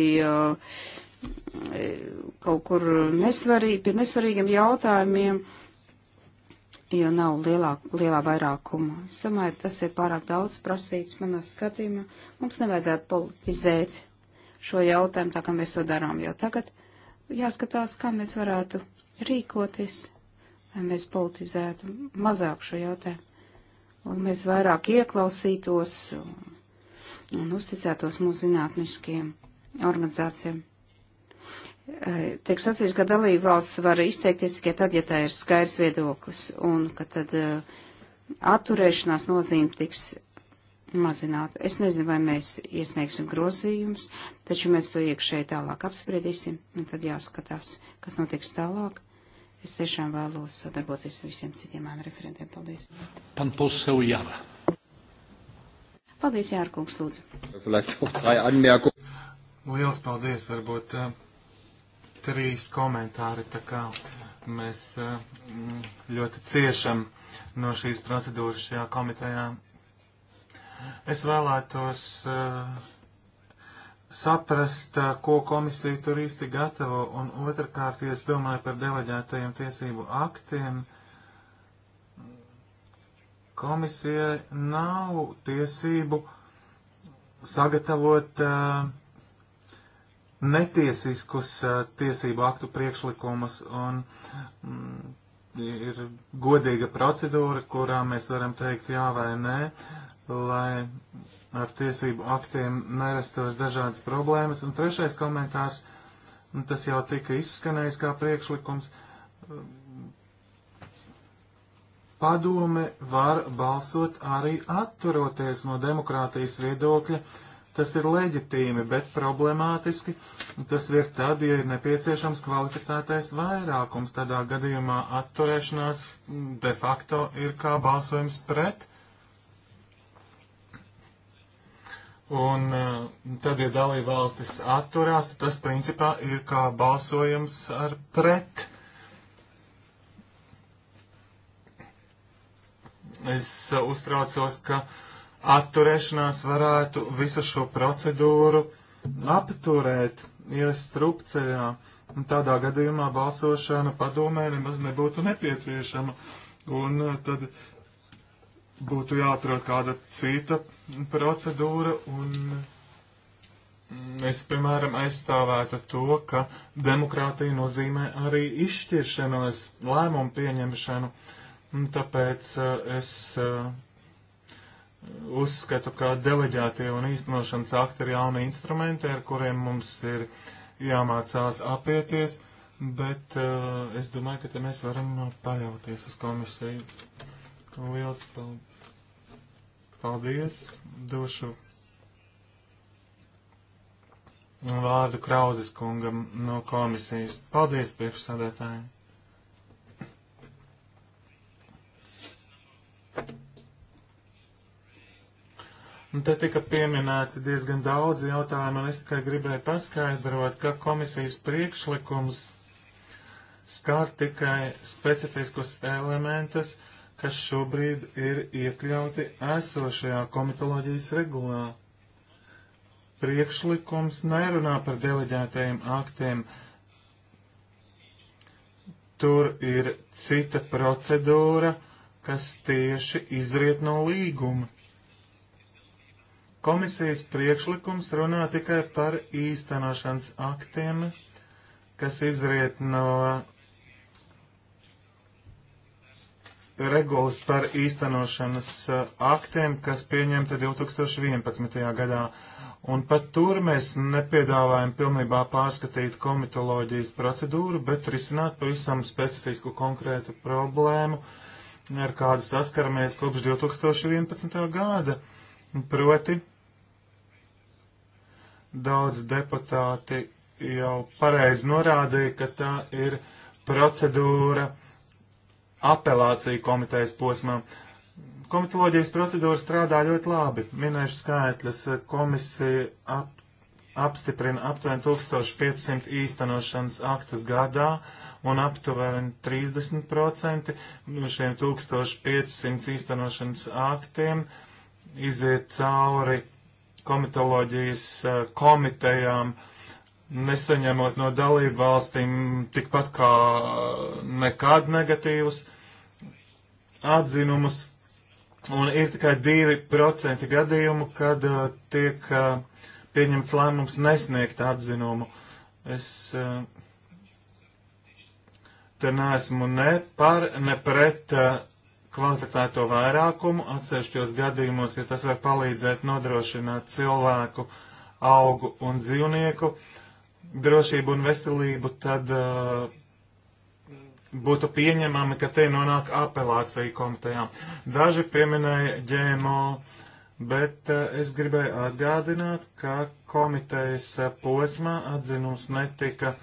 Speaker 1: kaut kur nesvarīgi, pie nesvarīgiem jautājumiem, jo nav lielā, lielā vairākuma. Es domāju, tas ir pārāk daudz prasīts manā skatījumā. Mums nevajadzētu politizēt šo jautājumu, tā kā mēs to darām jau tagad. Jāskatās, kā mēs varētu rīkoties, lai mēs politizētu mazāk šo jautājumu un mēs vairāk ieklausītos un uzticētos mūsu zinātniskiem organizācijām. Eh, tiek sacīts, ka dalībvalsts var izteikties tikai tad, ja tā ir skaidrs viedoklis, un ka tad eh, atturēšanās nozīme tiks mazināta. Es nezinu, vai mēs iesniegsim grozījumus, taču mēs to iekšēji tālāk apspriedīsim, un tad jāskatās, kas notiks tālāk. Es tiešām vēlos sadarboties ar visiem citiem referentiem. Paldies.
Speaker 2: Pan poseu jāra.
Speaker 1: Paldies, Jārkungs,
Speaker 2: lūdzu. Liels paldies, varbūt eh, trīs komentāri, tā kā mēs eh, ļoti ciešam no šīs procedūras šajā komitejā. Es vēlētos eh, saprast, ko komisija tur īsti gatavo, un otrkārt, es domāju par deleģētajiem tiesību aktiem. Uh, Komisijai nav tiesību sagatavot uh, netiesiskus uh, tiesību aktu priekšlikumus un mm, ir godīga procedūra, kurā mēs varam teikt jā vai nē, lai ar tiesību aktiem nerastos dažādas problēmas. Un trešais komentārs, un tas jau tika izskanējis kā priekšlikums, Padome var balsot arī atturoties no demokrātijas viedokļa. Tas ir leģitīmi, bet problemātiski. Tas ir tad, ja ir nepieciešams kvalificētais vairākums. Tādā gadījumā atturēšanās de facto ir kā balsojums pret. Un eh, tad, ja dalībvalstis atturās, tas principā ir kā balsojums ar pret. Es uh, uztraucos, ka atturēšanās varētu visu šo procedūru apturēt, ies strupceļā. Tādā gadījumā balsošana padomē nemaz nebūtu nepieciešama. Un uh, tad būtu jāatrod kāda cita procedūra un mm, Es, piemēram, aizstāvētu to, ka demokrātija nozīmē arī izšķiršanos, lēmumu pieņemšanu. Uh, Un tāpēc uh, es uh, uzskatu, ka deleģētie un īstenošanas akti ir jauni instrumenti, ar kuriem mums ir jāmācās apieties, bet uh, es domāju, ka te mēs varam paļauties uz komisiju. Liels paldies! Došu vārdu Krauzes kungam no komisijas. Paldies priekšsādētājiem! Nu, te tika pieminēti diezgan daudzi jautājumi, un es tikai gribēju paskaidrot, ka komisijas priekšlikums skar tikai specifiskus elementus, kas šobrīd ir iekļauti esošajā komitoloģijas regulā. Priekšlikums nerunā par deleģētajiem aktiem. Tur ir cita procedūra, kas tieši izriet no līguma. Komisijas priekšlikums runā tikai par īstenošanas aktiem, kas izriet no regulas par īstenošanas eh, aktiem, kas pieņemta 2011. gadā. Un pat tur mēs nepiedāvājam pilnībā pārskatīt komitoloģijas procedūru, bet risināt pavisam specifisku konkrētu problēmu, ar kādu saskaramies kopš 2011. gada. Proti, Daudz deputāti jau pareizi norādīja, ka tā ir procedūra apelācija komitejas posmā. Komitoloģijas procedūra strādā ļoti labi. Minēšu skaitļus. Komisija ap, apstiprina aptuveni 1500 īstenošanas aktus gadā un aptuveni 30% no šiem 1500 īstenošanas aktiem iziet cauri komitoloģijas eh, komitejām, nesaņemot no dalību valstīm tikpat kā eh, nekad negatīvus atzinumus. Un ir tikai 2% gadījumu, kad uh, tiek uh, pieņemts lēmums nesniegt atzinumu. Es uh, te neesmu ne par, ne pret uh, kvalificēto vairākumu atsevišķos gadījumos, ja tas var palīdzēt nodrošināt cilvēku, augu un dzīvnieku drošību un veselību, tad uh, būtu pieņemami, ka te nonāk apelācija komitejā. Daži pieminēja ģēmo, bet uh, es gribēju atgādināt, ka komitejas posmā atzinums netika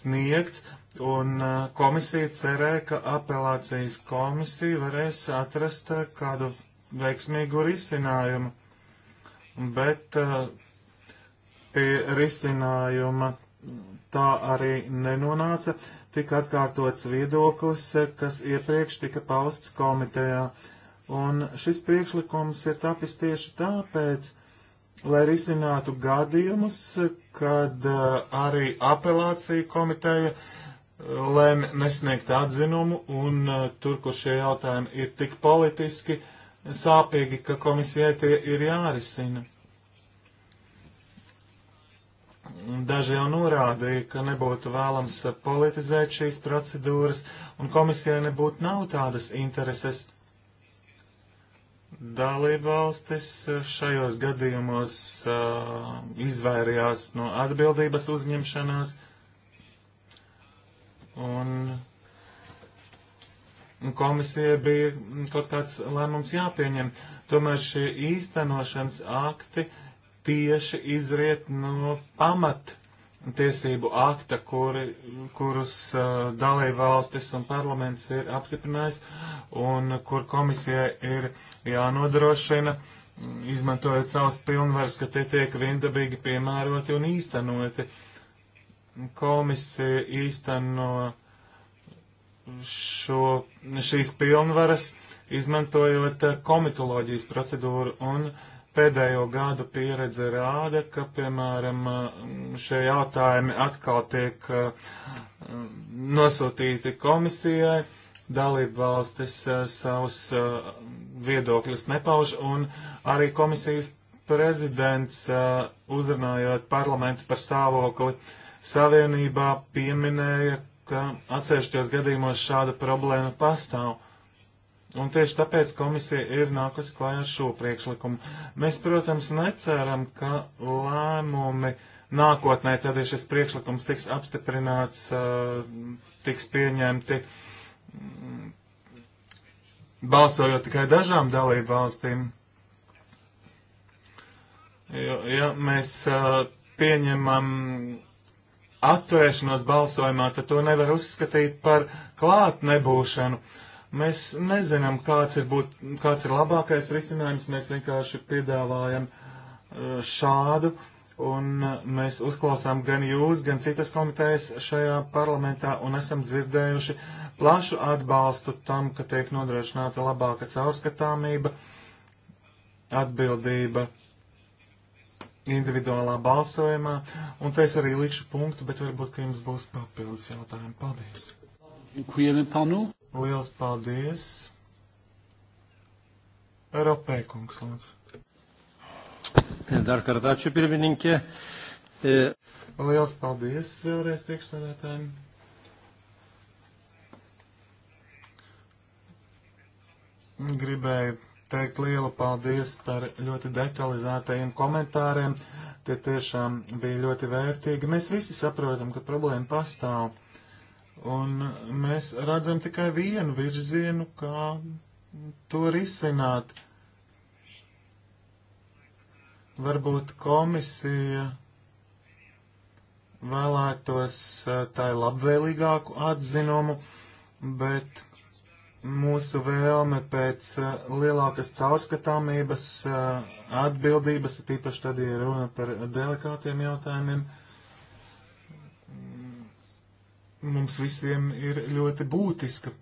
Speaker 2: sniegts, Un uh, komisija cerē, ka apelācijas komisija varēs atrast uh, kādu veiksmīgu risinājumu. Bet uh, pie risinājuma tā arī nenonāca, tika atkārtots viedoklis, kas iepriekš tika pausts komitejā. Un šis priekšlikums ir tapis tieši tāpēc, lai risinātu gadījumus, kad arī apelācija komiteja uh, lēma nesniegt atzinumu, un uh, tur, kur šie jautājumi ir tik politiski sāpīgi, ka komisijai tie ir jārisina. Daži jau norādīja, ka nebūtu vēlams politizēt šīs procedūras, un komisijai nebūtu nav tādas intereses. Dalībvalstis uh, šajos gadījumos uh, izvairījās no atbildības uzņemšanās, Un komisija bija kaut kāds lēmums jāpieņem. Tomēr šie īstenošanas akti tieši izriet no pamat tiesību akta, kuri, kurus uh, dalība valstis un parlaments ir apstiprinājis un kur komisijai ir jānodrošina, izmantojot savas pilnvaras, ka tie tiek viendabīgi piemēroti un īstenoti. Uh, komisija īsteno šo, šīs pilnvaras, izmantojot komitoloģijas procedūru, un pēdējo gadu pieredze rāda, ka, piemēram, šie jautājumi atkal tiek mm, nosūtīti komisijai, dalību valstis eh, savus eh, viedokļus nepauž, un arī komisijas prezidents eh, uzrunājot parlamentu par stāvokli Savienībā pieminēja, ka atsevišķos gadījumos šāda problēma pastāv. Un tieši tāpēc komisija ir nākusi klājā ar šo priekšlikumu. Mēs, protams, neceram, ka lēmumi nākotnē, tad, ja šis priekšlikums tiks apstiprināts, uh, tiks pieņemti mm, balsojot tikai dažām dalību valstīm. Jo, ja mēs uh, pieņemam atturēšanos balsojumā, tad to nevar uzskatīt par klāt nebūšanu. Mēs nezinām, kāds ir, būt, kāds ir labākais risinājums, mēs vienkārši piedāvājam eh, šādu, un eh, mēs uzklausām gan jūs, gan citas komitejas šajā parlamentā, un esam dzirdējuši plašu atbalstu tam, ka tiek nodrošināta labāka caurskatāmība, atbildība individuālā balsojumā, un te es arī likšu punktu, bet varbūt, ka jums būs papildus jautājumi. Paldies! Dziękujemy panu. Liels paldies! Ropē, kungs, lūdzu.
Speaker 1: Dar kartāču pirmininkė. E,
Speaker 2: Liels paldies vēlreiz priekšstādātājiem. Gribēju teikt lielu paldies par ļoti detalizētajiem komentāriem. Tie tiešām bija ļoti vērtīgi. Mēs visi saprotam, ka problēma pastāv. Un mēs redzam tikai vienu virzienu, kā to risināt. Varbūt komisija vēlētos eh, tai labvēlīgāku atzinumu, bet mūsu vēlme pēc uh, lielākas caurskatāmības, uh, atbildības, tīpaši tad, ja runa par delikātiem jautājumiem, mm, mums visiem ir ļoti būtiska.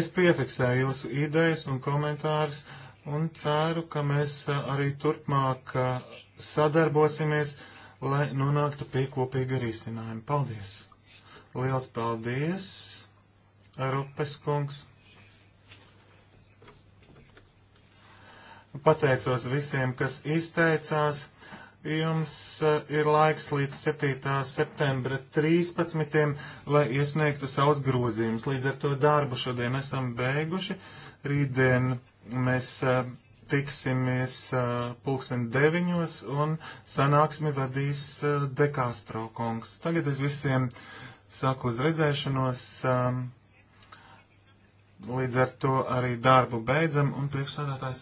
Speaker 2: Es piefiksēju jūsu idejas un komentārus un ceru, ka mēs uh, arī turpmāk uh, sadarbosimies, lai nonāktu pie kopīga risinājuma. Paldies! Liels paldies, Rupes kungs! Pateicos visiem, kas izteicās. Jums eh, ir laiks līdz 7. septembra 13. lai iesniegtu savus grozījumus. Līdz ar to darbu šodien esam beiguši. Rītdien mēs eh, tiksimies uh, pulksten deviņos un sanāksmi vadīs uh, Dekāstro kungs. Tagad es visiem saku uz redzēšanos. Um, līdz ar to arī darbu beidzam un priekšsādātājs